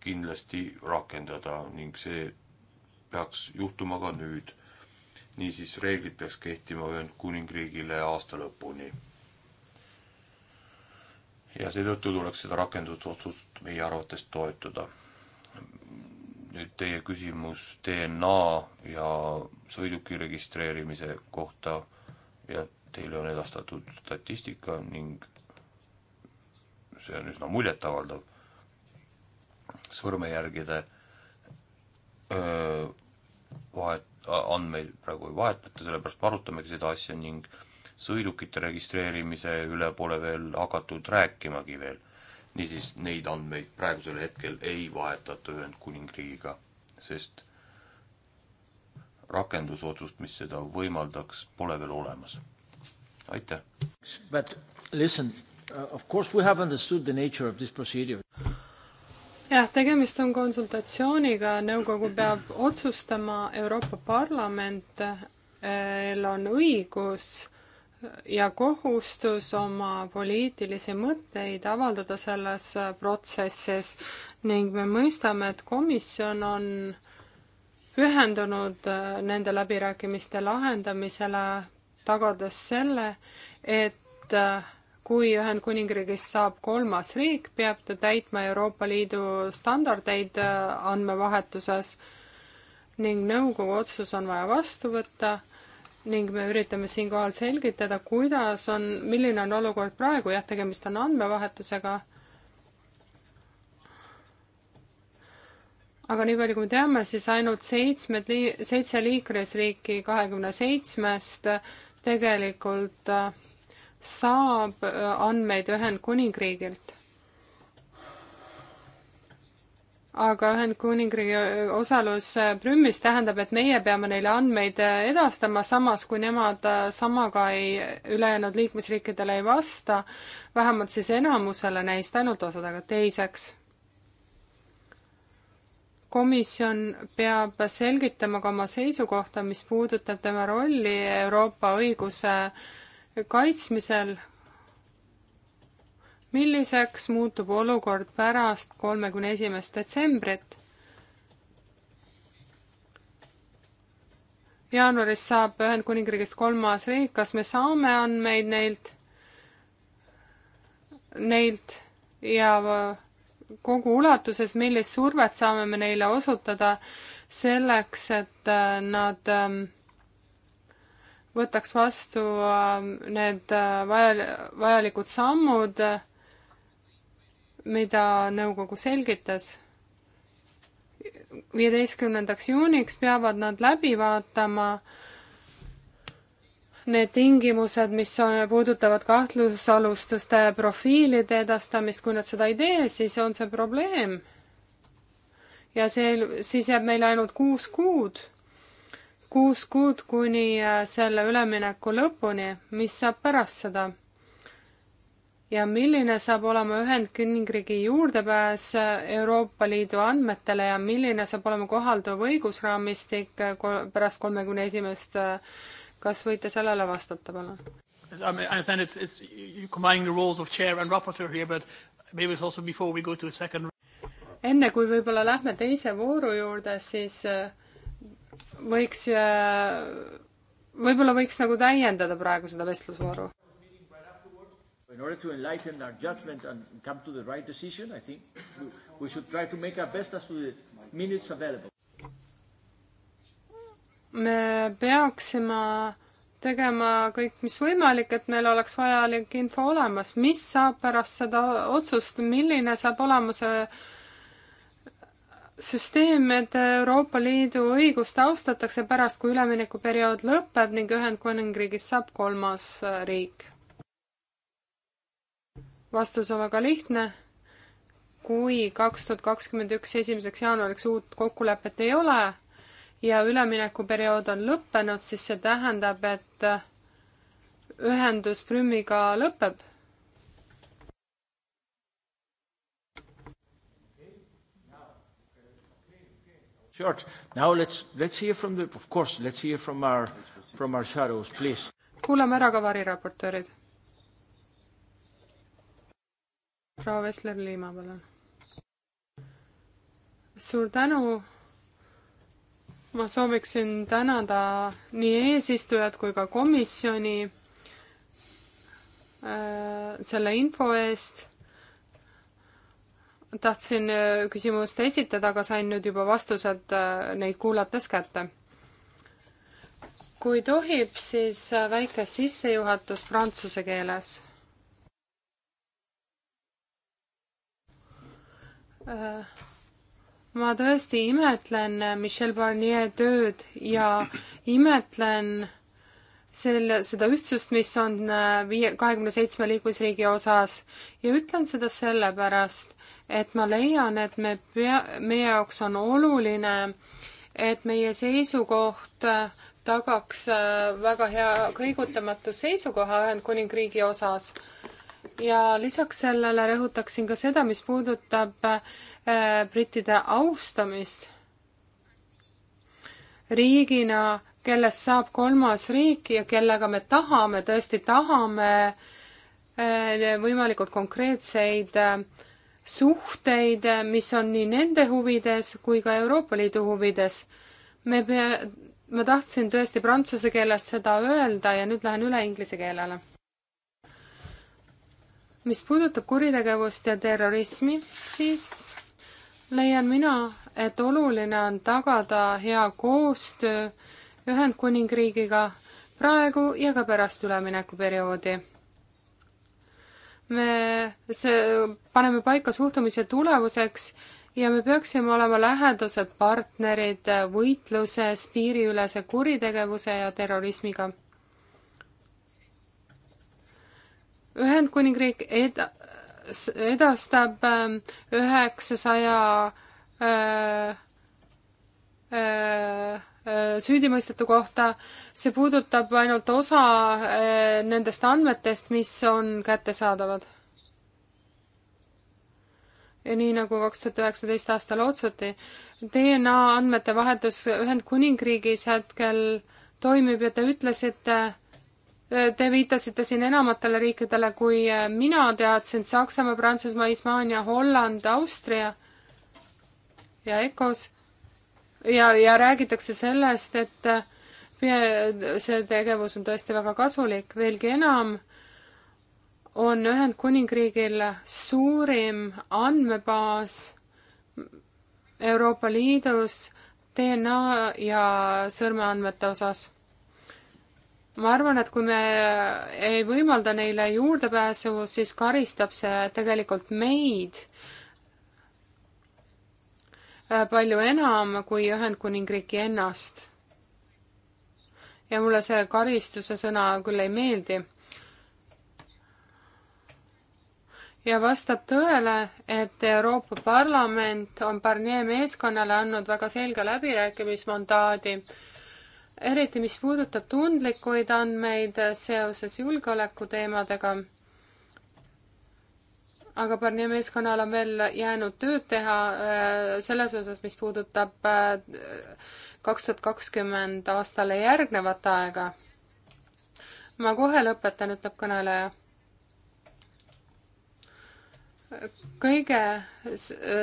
kindlasti rakendada ning see peaks juhtuma ka nüüd. niisiis, reeglid peaks kehtima Ühendkuningriigile aasta lõpuni. ja seetõttu tuleks seda rakendusotsust meie arvates toetada nüüd teie küsimus DNA ja sõiduki registreerimise kohta ja teile on edastatud statistika ning see on üsna muljetavaldav. sõrmejälgede öö, vahet, andmeid praegu ei vahetata, sellepärast me arutamegi seda asja ning sõidukite registreerimise üle pole veel hakatud rääkimagi veel niisiis, neid andmeid praegusel hetkel ei vahetata Ühendkuningriigiga, sest rakendusotsust, mis seda võimaldaks, pole veel olemas. aitäh! But listen, uh, of course we have understood the nature of this procedure jah, tegemist on konsultatsiooniga, nõukogu peab otsustama, Euroopa Parlament eh, on õigus ja kohustus oma poliitilisi mõtteid avaldada selles protsessis ning me mõistame, et komisjon on pühendunud äh, nende läbirääkimiste lahendamisele, tagades selle, et äh, kui Ühendkuningriigist saab kolmas riik, peab ta täitma Euroopa Liidu standardeid äh, andmevahetuses ning nõukogu otsus on vaja vastu võtta ning me üritame siinkohal selgitada, kuidas on, milline on olukord praegu, jah, tegemist on andmevahetusega, aga nii palju, kui me teame, siis ainult seitsmed lii-, seitse liikmesriiki kahekümne seitsmest tegelikult äh, saab äh, andmeid Ühendkuningriigilt aga Ühendkuningriigi osalus Prümmis tähendab, et meie peame neile andmeid edastama, samas kui nemad samaga ei, ülejäänud liikmesriikidele ei vasta, vähemalt siis enamusele neist, ainult osadega. teiseks, komisjon peab selgitama ka oma seisukohta, mis puudutab tema rolli Euroopa õiguse kaitsmisel, milliseks muutub olukord pärast kolmekümne esimest detsembrit? jaanuaris saab Ühendkuningriigist kolmas riik, kas me saame andmeid neilt, neilt ja kogu ulatuses, millist survet saame me neile osutada selleks, et äh, nad ähm, võtaks vastu äh, need äh, vaja, vajalikud sammud mida nõukogu selgitas, viieteistkümnendaks juuniks peavad nad läbi vaatama need tingimused, mis on, puudutavad kahtlusalustuste profiilide edastamist, kui nad seda ei tee, siis on see probleem. ja see, siis jääb meil ainult kuus kuud, kuus kuud kuni äh, selle ülemineku lõpuni, mis saab pärast seda ja milline saab olema Ühendkuningriigi juurdepääs Euroopa Liidu andmetele ja milline saab olema kohalduv õigusraamistik eh, pärast kolmekümne esimest, eh, kas võite sellele vastata, palun? I mean, I understand it's, it's combining the roles of chair and rapporteur here, but maybe it's also before we go to a second enne kui võib-olla lähme teise vooru juurde, siis eh, võiks, võib-olla võiks nagu täiendada praegu seda vestlusvooru in order to enlighten our judgment and come to the right decision, I think we, we should try to make our best as to the minutes available. me peaksime tegema kõik, mis võimalik, et meil oleks vajalik info olemas, mis saab pärast seda otsust, milline saab olema see süsteem, et Euroopa Liidu õigust austatakse pärast, kui üleminekuperiood lõpeb ning Ühendkuningriigist saab kolmas riik vastus on väga lihtne. kui kaks tuhat kakskümmend üks esimeseks jaanuariks uut kokkulepet ei ole ja üleminekuperiood on lõppenud, siis see tähendab, et ühendus Prümiga lõpeb. George, now let's, let's hear from the, of course, let's hear from our, from our shadows, please. kuulame ära ka variraportöörid proua Vessler-Liima, palun. suur tänu. ma sooviksin tänada nii eesistujat kui ka komisjoni äh, selle info eest. tahtsin äh, küsimust esitada, aga sain nüüd juba vastused äh, neid kuulates kätte. kui tohib, siis väike sissejuhatus prantsuse keeles Äh, ma tõesti imetlen äh, Michel Barnier tööd ja imetlen selle, seda ühtsust, mis on äh, viie, kahekümne seitsme liikmesriigi osas ja ütlen seda sellepärast, et ma leian, et me pea, meie jaoks on oluline, et meie seisukoht tagaks väga hea kõigutamatu seisukoha Ühendkuningriigi osas ja lisaks sellele rõhutaksin ka seda, mis puudutab äh, brittide austamist riigina, kellest saab kolmas riik ja kellega me tahame, tõesti tahame äh, võimalikult konkreetseid äh, suhteid, mis on nii nende huvides kui ka Euroopa Liidu huvides. me pea-, ma tahtsin tõesti prantsuse keeles seda öelda ja nüüd lähen üle inglise keelele mis puudutab kuritegevust ja terrorismi, siis leian mina, et oluline on tagada hea koostöö Ühendkuningriigiga praegu ja ka pärast üleminekuperioodi. me see, paneme paika suhtumise tulevuseks ja me peaksime olema lähedased partnerid võitluses piiriülese kuritegevuse ja terrorismiga Ühendkuningriik ed-, edastab ähm, üheksasaja äh, äh, äh, süüdimõistete kohta, see puudutab ainult osa nendest andmetest, mis on kättesaadavad. ja nii nagu kaks tuhat üheksateist aastal otsustati, DNA andmete vahetus Ühendkuningriigis hetkel toimib ja te ütlesite, Äh, te viitasite siin enamatele riikidele, kui äh, mina teadsin, Saksamaa, Prantsusmaa, Hispaania, Holland, Austria ja ECOS. ja, ja räägitakse sellest, et äh, see tegevus on tõesti väga kasulik, veelgi enam on Ühendkuningriigil suurim andmebaas Euroopa Liidus DNA ja sõrmeandmete osas ma arvan, et kui me ei võimalda neile juurdepääsu, siis karistab see tegelikult meid äh, palju enam kui Ühendkuningriiki ennast. ja mulle see karistuse sõna küll ei meeldi. ja vastab tõele, et Euroopa Parlament on Barnier meeskonnale andnud väga selge läbirääkimismandaadi äh, eriti mis puudutab tundlikuid andmeid seoses julgeolekuteemadega. aga Barnier meeskonnal on veel jäänud tööd teha äh, selles osas, mis puudutab kaks äh, tuhat kakskümmend aastale järgnevat aega. ma kohe lõpetan, ütleb kõneleja. kõige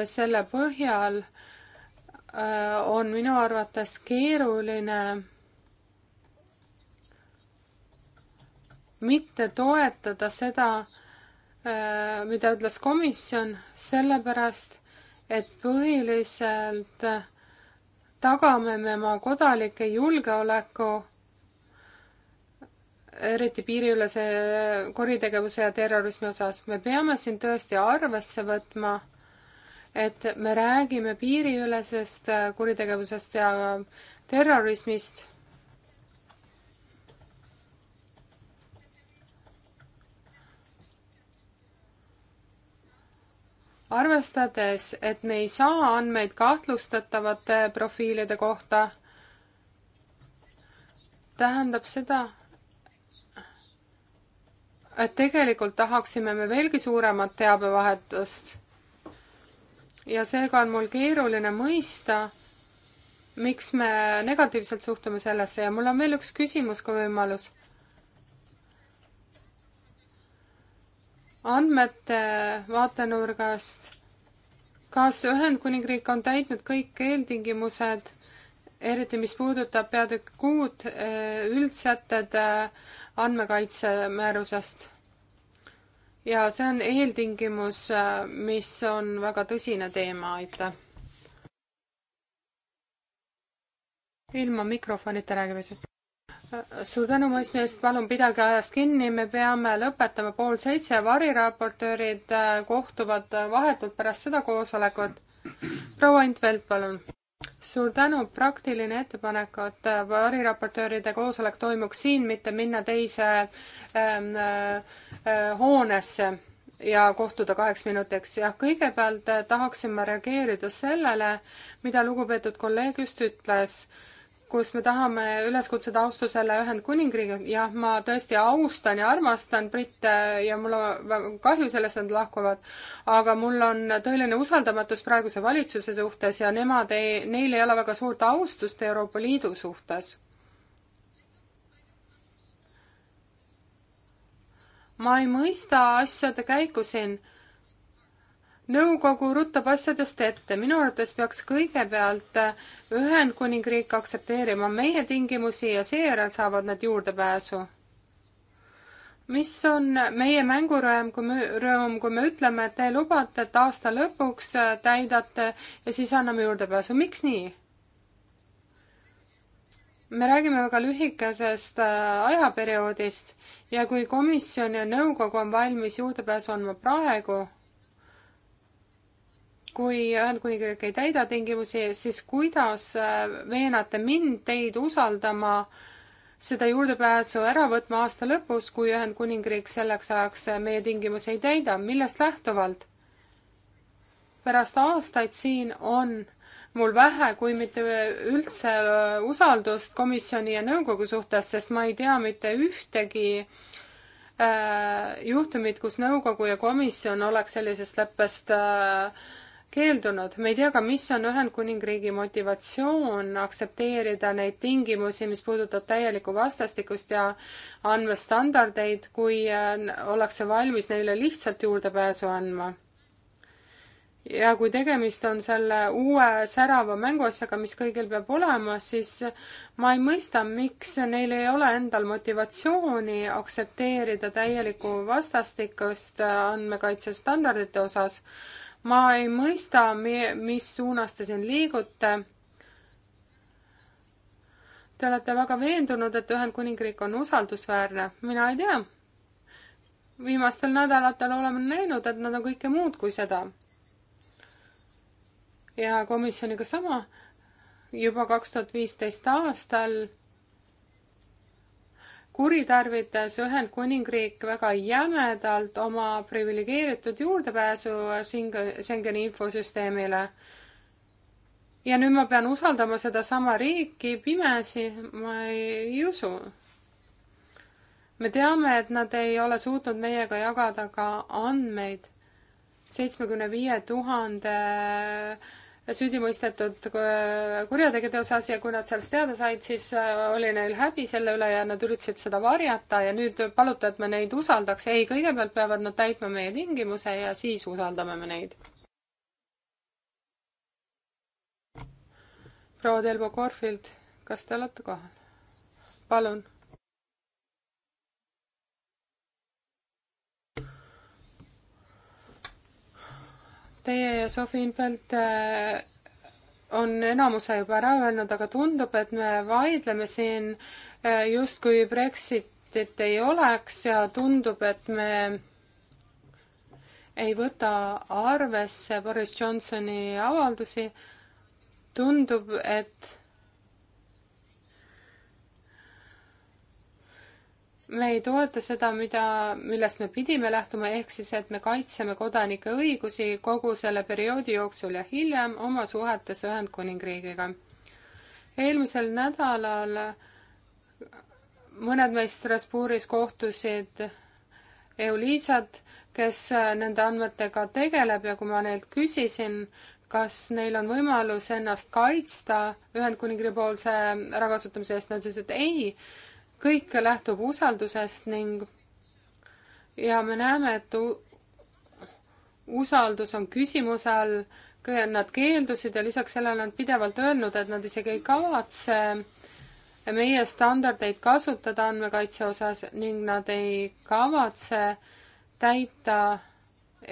selle põhjal äh, on minu arvates keeruline mitte toetada seda, äh, mida ütles komisjon, sellepärast et põhiliselt tagame me oma kodanike julgeoleku, eriti piiriülese kuritegevuse ja terrorismi osas. me peame siin tõesti arvesse võtma, et me räägime piiriülesest kuritegevusest ja terrorismist arvestades, et me ei saa andmeid kahtlustatavate eh, profiilide kohta, tähendab seda, et tegelikult tahaksime me veelgi suuremat teabevahetust. ja seega on mul keeruline mõista, miks me negatiivselt suhtume sellesse ja mul on veel üks küsimus ka võimalus andmete vaatenurgast, kas Ühendkuningriik on täitnud kõik eeltingimused, eriti mis puudutab peatükk kuud eh, üldsätted eh, andmekaitsemäärusest? ja see on eeltingimus, eh, mis on väga tõsine teema, aitäh. ilma mikrofonita räägime siis suur tänu mõistmise eest, palun pidage ajast kinni, me peame lõpetama pool seitse, variraportöörid äh, kohtuvad äh, vahetult pärast seda koosolekut. proua Intvelt, palun. suur tänu, praktiline ettepanek, et äh, variraportööride koosolek toimuks siin, mitte minna teise ähm, äh, hoonesse ja kohtuda kaheks minutiks. jah, kõigepealt tahaksin ma reageerida sellele, mida lugupeetud kolleeg just ütles äh, kus me tahame üles kutsuda austusele Ühendkuningriigi, jah, ma tõesti austan ja armastan britte ja mul on väga kahju sellest, et nad lahkuvad, aga mul on tõeline usaldamatus praeguse valitsuse suhtes ja nemad ei, neil ei ole väga suurt austust Euroopa Liidu suhtes. ma ei mõista asjade käiku siin nõukogu ruttab asjadest ette, minu arvates peaks kõigepealt äh, Ühendkuningriik aktsepteerima meie tingimusi ja seejärel saavad nad juurdepääsu. mis on meie mängurõõm, kui me, rõõm, kui me ütleme, et te lubate, et aasta lõpuks äh, täidate ja siis anname juurdepääsu, miks nii? me räägime väga lühikesest äh, ajaperioodist ja kui komisjon ja nõukogu on valmis juurdepääsu andma praegu, kui Ühendkuningriik ei täida tingimusi, siis kuidas veenate äh, mind teid usaldama seda juurdepääsu ära võtma aasta lõpus, kui Ühendkuningriik selleks ajaks äh, meie tingimusi ei täida, millest lähtuvalt? pärast aastaid siin on mul vähe, kui mitte üldse äh, usaldust komisjoni ja nõukogu suhtes, sest ma ei tea mitte ühtegi äh, juhtumit, kus nõukogu ja komisjon oleks sellisest leppest äh, keeldunud. me ei tea ka, mis on Ühendkuningriigi motivatsioon aktsepteerida neid tingimusi, mis puudutab täielikku vastastikust ja andmestandardeid, kui äh, ollakse valmis neile lihtsalt juurdepääsu andma ja kui tegemist on selle uue särava mänguasjaga, mis kõigil peab olema, siis ma ei mõista, miks neil ei ole endal motivatsiooni aktsepteerida täielikku vastastikust andmekaitsestandardite osas ma ei mõista, mis suunas te siin liigute. Te olete väga veendunud, et Ühendkuningriik on usaldusväärne, mina ei tea. viimastel nädalatel oleme näinud, et nad on kõike muud kui seda. ja komisjoniga sama, juba kaks tuhat viisteist aastal kuritarvitas Ühendkuningriik väga jämedalt oma priviligeeritud juurdepääsu Schengeni infosüsteemile. ja nüüd ma pean usaldama sedasama riiki pimesi, ma ei usu. me teame, et nad ei ole suutnud meiega jagada ka andmeid seitsmekümne viie tuhande süüdi mõistetud kurjategijate osas ja kui nad sellest teada said, siis äh, oli neil häbi selle üle ja nad üritasid seda varjata ja nüüd paluta, et me neid usaldaks. ei, kõigepealt peavad nad täitma meie tingimuse ja siis usaldame me neid. proua Delbo Korfild, kas te olete kohal? palun Teie ja Sofi Infeld äh, on enamuse juba ära öelnud, aga tundub, et me vaidleme siin äh, justkui Brexitit ei oleks ja tundub, et me ei võta arvesse Boris Johnsoni avaldusi. tundub, et me ei toeta seda, mida, millest me pidime lähtuma, ehk siis, et me kaitseme kodanike õigusi kogu selle perioodi jooksul ja hiljem oma suhetes Ühendkuningriigiga. eelmisel nädalal mõned meist Strasbourgis kohtusid Euliisat, kes nende andmetega tegeleb ja kui ma neilt küsisin, kas neil on võimalus ennast kaitsta Ühendkuningriigi poolse ärakasutamise eest, nad ütlesid ei kõik lähtub usaldusest ning ja me näeme, et usaldus on küsimuse all, nad keeldusid ja lisaks sellele on pidevalt öelnud, et nad isegi ei kavatse meie standardeid kasutada andmekaitse osas ning nad ei kavatse täita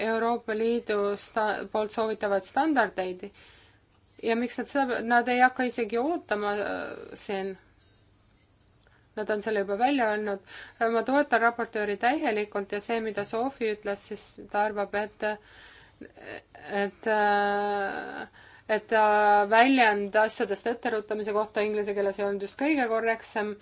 Euroopa Liidu sta-, poolt soovitavaid standardeid. ja miks nad seda, nad ei hakka isegi ootama äh, siin Nad on selle juba välja öelnud. ma toetan raportööri täielikult ja see, mida Sofi ütles, siis ta arvab, et, et, et väljend asjadest etteruttamise kohta inglise keeles ei olnud just kõige korrektsem.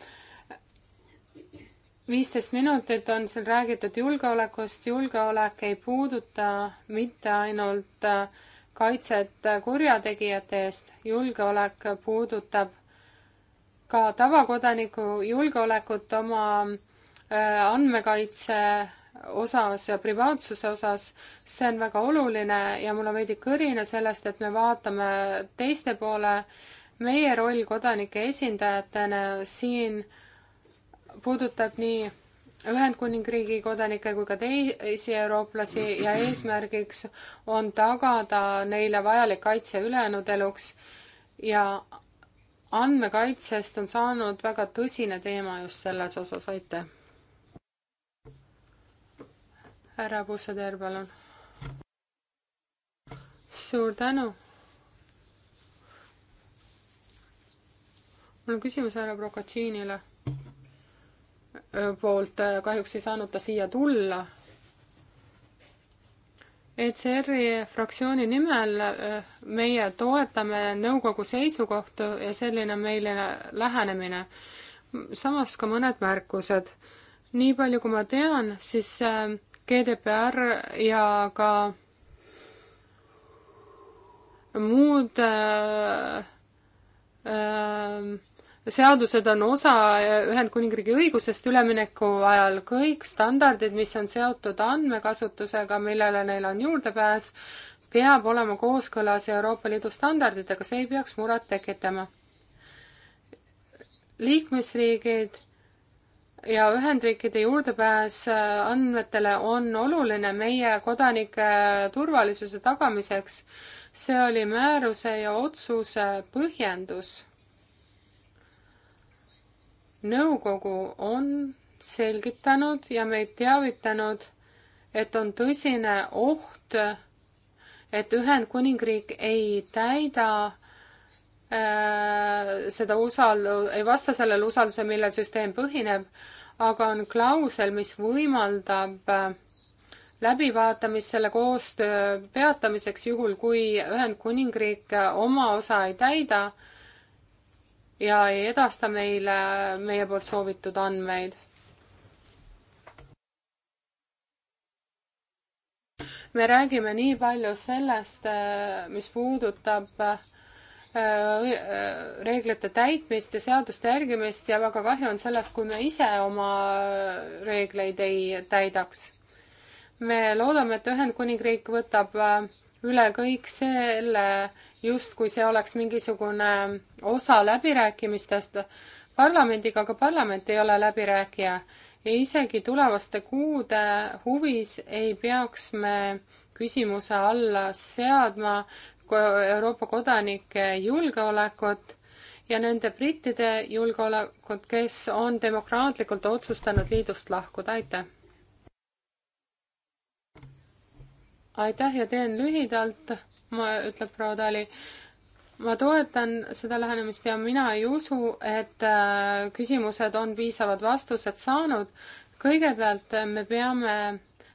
viisteist minutit on siin räägitud julgeolekust. julgeolek ei puuduta mitte ainult kaitset kurjategijate eest, julgeolek puudutab ka tavakodaniku julgeolekut oma äh, andmekaitse osas ja privaatsuse osas, see on väga oluline ja mul on veidi kõrine sellest, et me vaatame teiste poole. meie roll kodanike esindajatena siin puudutab nii Ühendkuningriigi kodanikke kui ka teisi eurooplasi ja eesmärgiks on tagada neile vajalik kaitse ülejäänud eluks ja andmekaitsest on saanud väga tõsine teema just selles osas, aitäh. härra Pusseter, palun. suur tänu. mul on küsimus härra Prokatsiinile. poolt kahjuks ei saanud ta siia tulla ECR-i fraktsiooni nimel äh, meie toetame nõukogu seisukohtu ja selline meile lähenemine. samas ka mõned märkused. nii palju, kui ma tean, siis äh, GDPR ja ka muud äh, äh, seadused on osa Ühendkuningriigi õigusest ülemineku ajal, kõik standardid, mis on seotud andmekasutusega, millele neil on juurdepääs, peab olema kooskõlas Euroopa Liidu standarditega, see ei peaks muret tekitama. liikmesriigid ja Ühendriikide juurdepääs andmetele on oluline meie kodanike turvalisuse tagamiseks. see oli määruse ja otsuse põhjendus nõukogu on selgitanud ja meid teavitanud, et on tõsine oht, et Ühendkuningriik ei täida äh, seda usalu-, ei vasta sellele usaldusele, millel süsteem põhineb, aga on klausel, mis võimaldab äh, läbivaatamist selle koostöö peatamiseks, juhul kui Ühendkuningriik oma osa ei täida äh, ja ei edasta meile meie poolt soovitud andmeid. me räägime nii palju sellest, äh, mis puudutab äh, äh, reeglite täitmist ja seaduste järgimist ja väga kahju on sellest, kui me ise oma reegleid ei täidaks. me loodame, et Ühendkuningriik võtab üle kõik selle justkui see oleks mingisugune osa läbirääkimistest parlamendiga, aga parlament ei ole läbirääkija. ja isegi tulevaste kuude huvis ei peaks me küsimuse alla seadma Euroopa kodanike julgeolekut ja nende brittide julgeolekut, kes on demokraatlikult otsustanud liidust lahkuda, aitäh! aitäh ja teen lühidalt, ma, ütleb proua Tali. ma toetan seda lähenemist ja mina ei usu, et äh, küsimused on piisavad vastused saanud. kõigepealt äh, me peame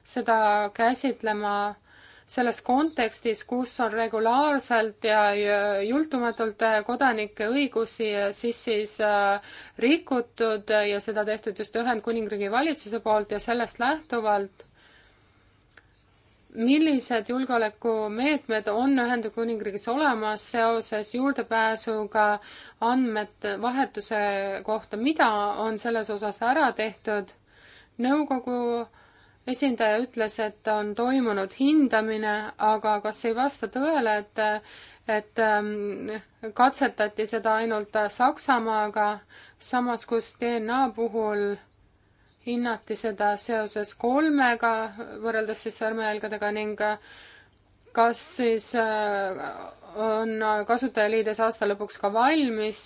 seda käsitlema selles kontekstis, kus on regulaarselt ja jultumatult äh, kodanike õigusi siis siis rikutud ja seda tehtud just Ühendkuningriigi valitsuse poolt ja sellest lähtuvalt millised julgeolekumeetmed on Ühendkuningriigis olemas seoses juurdepääsuga andmete vahetuse kohta, mida on selles osas ära tehtud? nõukogu esindaja ütles, et on toimunud hindamine, aga kas ei vasta tõele, et, et ähm, katsetati seda ainult Saksamaaga, samas kus DNA puhul hinnati seda seoses kolmega, võrreldes siis sõrmejälgedega ning äh, kas siis äh, on kasutajaliides aasta lõpuks ka valmis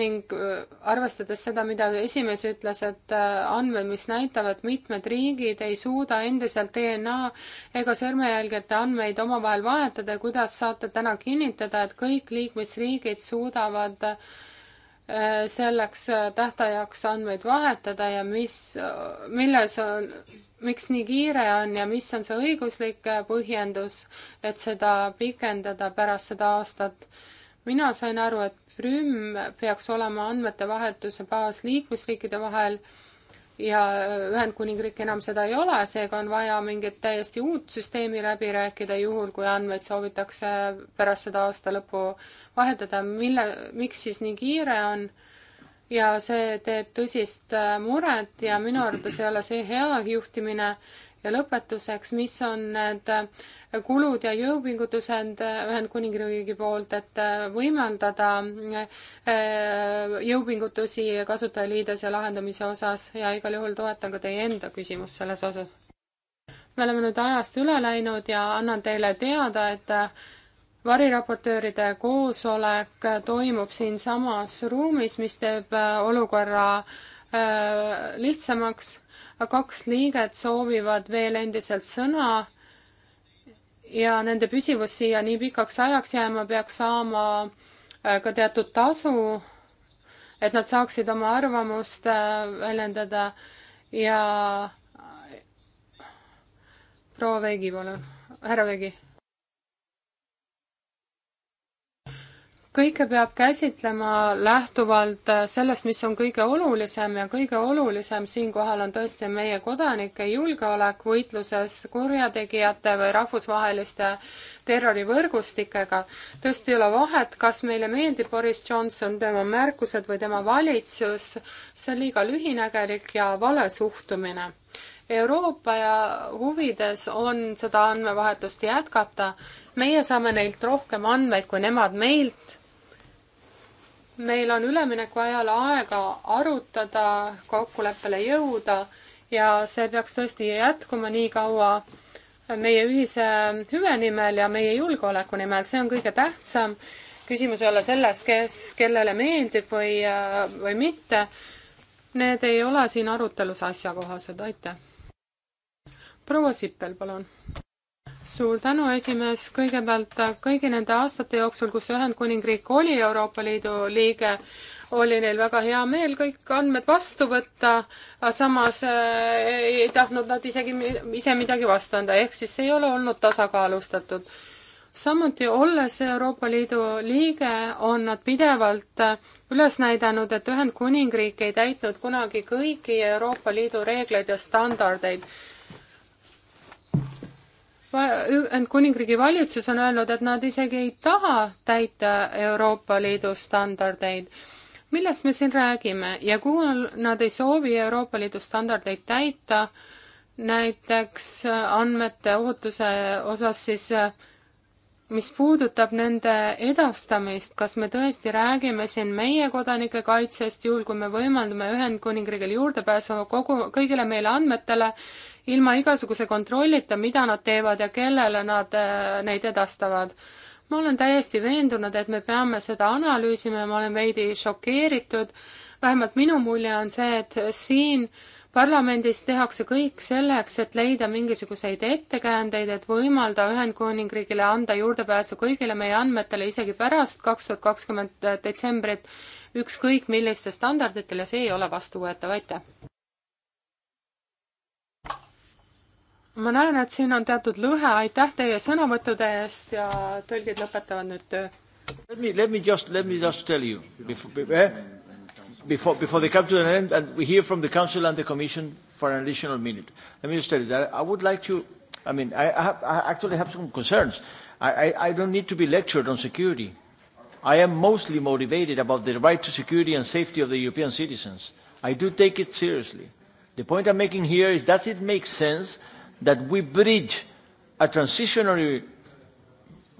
ning äh, arvestades seda, mida esimees ütles, et andmed, mis näitavad, mitmed riigid ei suuda endiselt DNA ega sõrmejälgede andmeid omavahel vahetada, kuidas saate täna kinnitada, et kõik liikmesriigid suudavad äh, Äh, selleks äh, tähtajaks andmeid vahetada ja mis, äh, milles on, miks nii kiire on ja mis on see õiguslik põhjendus, et seda pikendada pärast seda aastat. mina sain aru, et Prüm peaks olema andmete vahetuse baas liikmesriikide vahel ja Ühendkuningriik enam seda ei ole, seega on vaja mingit täiesti uut süsteemi läbi rääkida, juhul kui andmeid soovitakse pärast seda aasta lõppu vahetada, mille, miks siis nii kiire on ja see teeb tõsist äh, muret ja minu arvates ei ole see hea juhtimine ja lõpetuseks, mis on need äh, kulud ja jõupingutused Ühendkuningriigi poolt, et äh, võimaldada äh, jõupingutusi kasutajaliidese lahendamise osas ja igal juhul toetan ka teie enda küsimust selles osas. me oleme nüüd ajast üle läinud ja annan teile teada, et äh, variraportööride koosolek toimub siinsamas ruumis, mis teeb olukorra lihtsamaks. kaks liiget soovivad veel endiselt sõna ja nende püsivus siia nii pikaks ajaks jääma, peaks saama äh, ka teatud tasu, et nad saaksid oma arvamust äh, väljendada ja äh, proua Veigi, palun, härra Veigi kõike peab käsitlema lähtuvalt äh, sellest, mis on kõige olulisem ja kõige olulisem siinkohal on tõesti meie kodanike julgeolek võitluses kurjategijate või rahvusvaheliste terrorivõrgustikega. tõesti ei ole vahet, kas meile meeldib Boris Johnson, tema märkused või tema valitsus, see on liiga lühinägelik ja vale suhtumine. Euroopa ja huvides on seda andmevahetust jätkata meie saame neilt rohkem andmeid kui nemad meilt meil on ülemineku ajal aega arutada, kokkuleppele jõuda ja see peaks tõesti jätkuma nii kaua meie ühise hüve nimel ja meie julgeoleku nimel, see on kõige tähtsam. küsimus ei ole selles, kes, kellele meeldib või, või mitte. Need ei ole siin arutelus asjakohased, aitäh. proua Sippel, palun suur tänu, esimees, kõigepealt äh, kõigi nende aastate jooksul, kus Ühendkuningriik oli Euroopa Liidu liige, oli neil väga hea meel kõik andmed vastu võtta, aga samas äh, ei tahtnud nad isegi ise midagi vastu anda, ehk siis ei ole olnud tasakaalustatud. samuti, olles Euroopa Liidu liige, on nad pidevalt äh, üles näidanud, et Ühendkuningriik ei täitnud kunagi kõiki Euroopa Liidu reegleid ja standardeid Ühendkuningriigi valitsus on öelnud, et nad isegi ei taha täita Euroopa Liidu standardeid. millest me siin räägime ja kuhu nad ei soovi Euroopa Liidu standardeid täita, näiteks äh, andmete ohutuse osas siis, äh, mis puudutab nende edastamist, kas me tõesti räägime siin meie kodanike kaitsest, juhul kui me võimaldame Ühendkuningriigil juurdepääsu kogu, kõigile meile andmetele, ilma igasuguse kontrollita, mida nad teevad ja kellele nad äh, neid edastavad. ma olen täiesti veendunud, et me peame seda analüüsima ja ma olen veidi šokeeritud, vähemalt minu mulje on see, et siin parlamendis tehakse kõik selleks, et leida mingisuguseid ettekäändeid, et võimalda Ühendkuningriigile anda juurdepääsu kõigile meie andmetele isegi pärast kaks tuhat kakskümmend äh, detsembrit, ükskõik milliste standarditele, see ei ole vastuvõetav, aitäh! ma näen, et siin on teatud lõhe, aitäh teie sõnavõttude eest ja tõlgid lõpetavad nüüd töö. Let me, let me just, let me just tell you before, eh? before, before they come to an end and we hear from the council and the commission for an additional minute. Let me just tell you that I would like to, I mean, I, I, have, I actually have some concerns. I, I, I don't need to be lectured on security. I am mostly motivated about the right to security and safety of the European citizens. I do take it seriously. The point I'm making here is does it make sense that we bridge a transitionary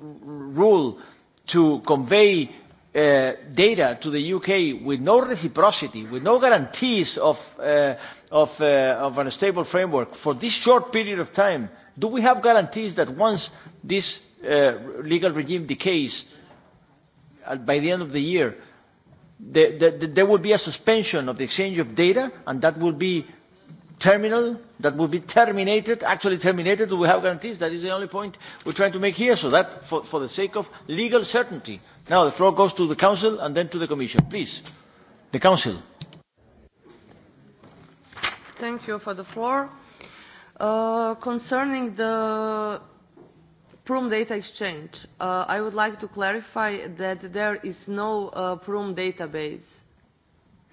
rule to convey uh, data to the UK with no reciprocity, with no guarantees of, uh, of, uh, of a stable framework for this short period of time, do we have guarantees that once this uh, legal regime decays uh, by the end of the year, the, the, the, there will be a suspension of the exchange of data and that will be terminal that will be terminated, actually terminated, do we have guarantees? That is the only point we're trying to make here, so that for, for the sake of legal certainty. Now the floor goes to the Council and then to the Commission. Please, the Council. Thank you for the floor. Uh, concerning the Prum data exchange, uh, I would like to clarify that there is no uh, Prum database,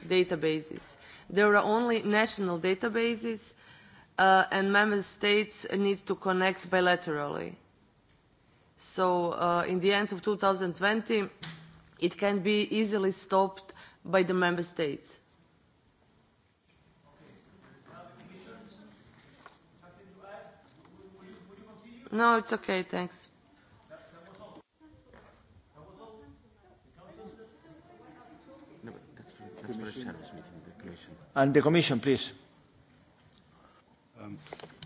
databases There are only national databases uh, and member states need to connect bilaterally. So uh, in the end of 2020, it can be easily stopped by the member states. No, it's okay, thanks. No, but that's for, that's for a channels meeting. And the Commission, please. Um,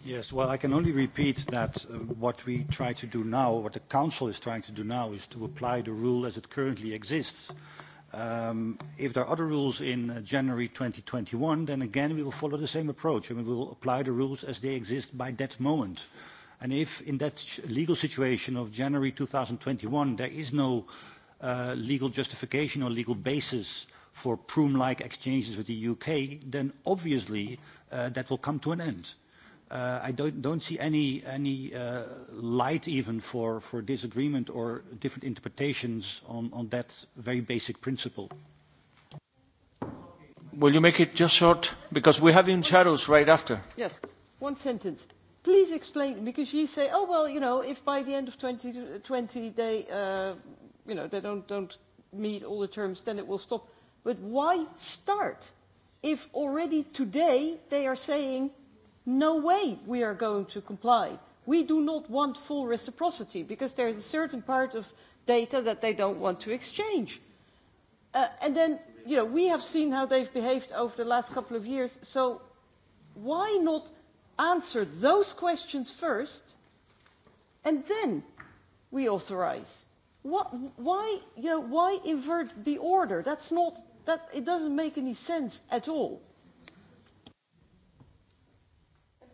yes, well, I can only repeat that uh, what we try to do now, what the Council is trying to do now, is to apply the rule as it currently exists. Um, if there are other rules in uh, January 2021, then again, we will follow the same approach, and we will apply the rules as they exist by that moment. And if in that legal situation of January 2021, there is no uh, legal justification or legal basis uh, for Prüm-like exchanges with the U.K., then obviously uh, that will come to an end. Uh, I don't, don't see any, any uh, light even for, for disagreement or different interpretations on, on that very basic principle. Will you make it just short? Because we're having shadows right after. Yes. One sentence. Please explain, because you say, "Oh, well, you know, if by the end of 2020 they, uh, you know, they don't, don't meet all the terms, then it will stop." But why start if already today they are saying, no way we are going to comply. We do not want full reciprocity because there is a certain part of data that they don't want to exchange. Uh, and then, you know, we have seen how they've behaved over the last couple of years. So why not answer those questions first and then we authorize? What, why, you know, why invert the order? That's not that, it doesn't make any sense at all.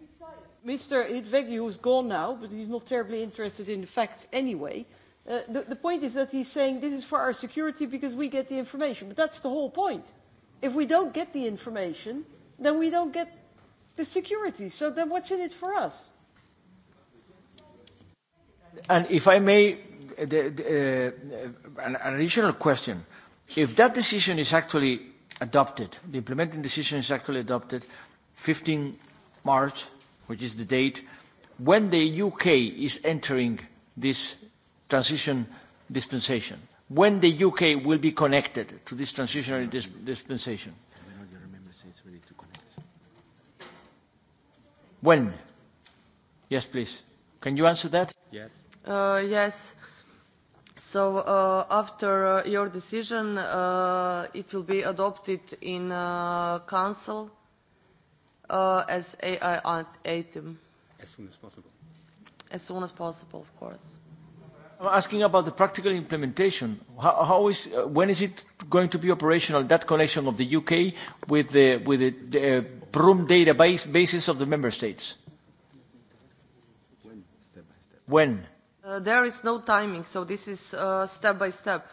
Besides, Mr. Hitvegi, who's gone now, but he's not terribly interested in the facts anyway, uh, the, the point is that he's saying this is for our security because we get the information. But that's the whole point. If we don't get the information, then we don't get the security. So then what's in it for us? And if I may, the, the, uh, an, an additional question. Uh, If that decision is actually adopted, the implementing decision is actually adopted 15 March, which is the date when the UK is entering this transition dispensation, when the UK will be connected to this transitional dis dispensation. When? Yes, please. Can you answer that? Yes. Uh, yes. So uh, after uh, your decision, uh, it will be adopted in uh, Council uh, as AI uh, item. As soon as possible. As soon as possible, of course. I'm asking about the practical implementation. How, how is, uh, when is it going to be operational, that connection of the UK with the, with the, the uh, PRUM database basis of the member states? When? Step by step. When? Uh, there is no timing, so this is uh, step by step.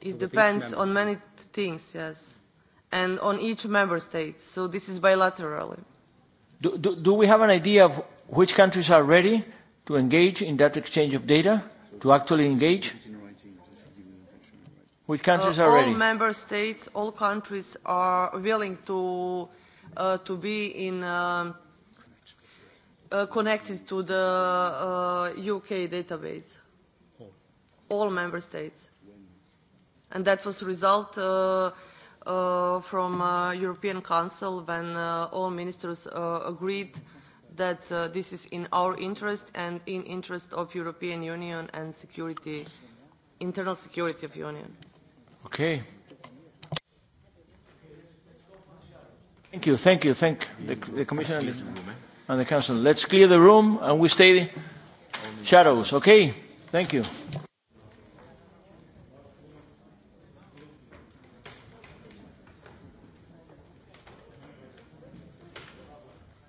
It so depends on many things, yes, and on each member state. So this is bilaterally. Do, do, do we have an idea of which countries are ready to engage in that exchange of data, to actually engage? Which countries uh, are all ready? All member states, all countries are willing to uh, to be in. Um, uh, connected to the uh, UK database. All. Oh. All member states. And that was a result uh, uh, from uh, European Council when uh, all ministers uh, agreed that uh, this is in our interest and in interest of European Union and security, internal security of Union. Okay. Thank you, thank you, thank the, the Commissioner and the Council. Let's clear the room and we stay shadows, okay? Thank you.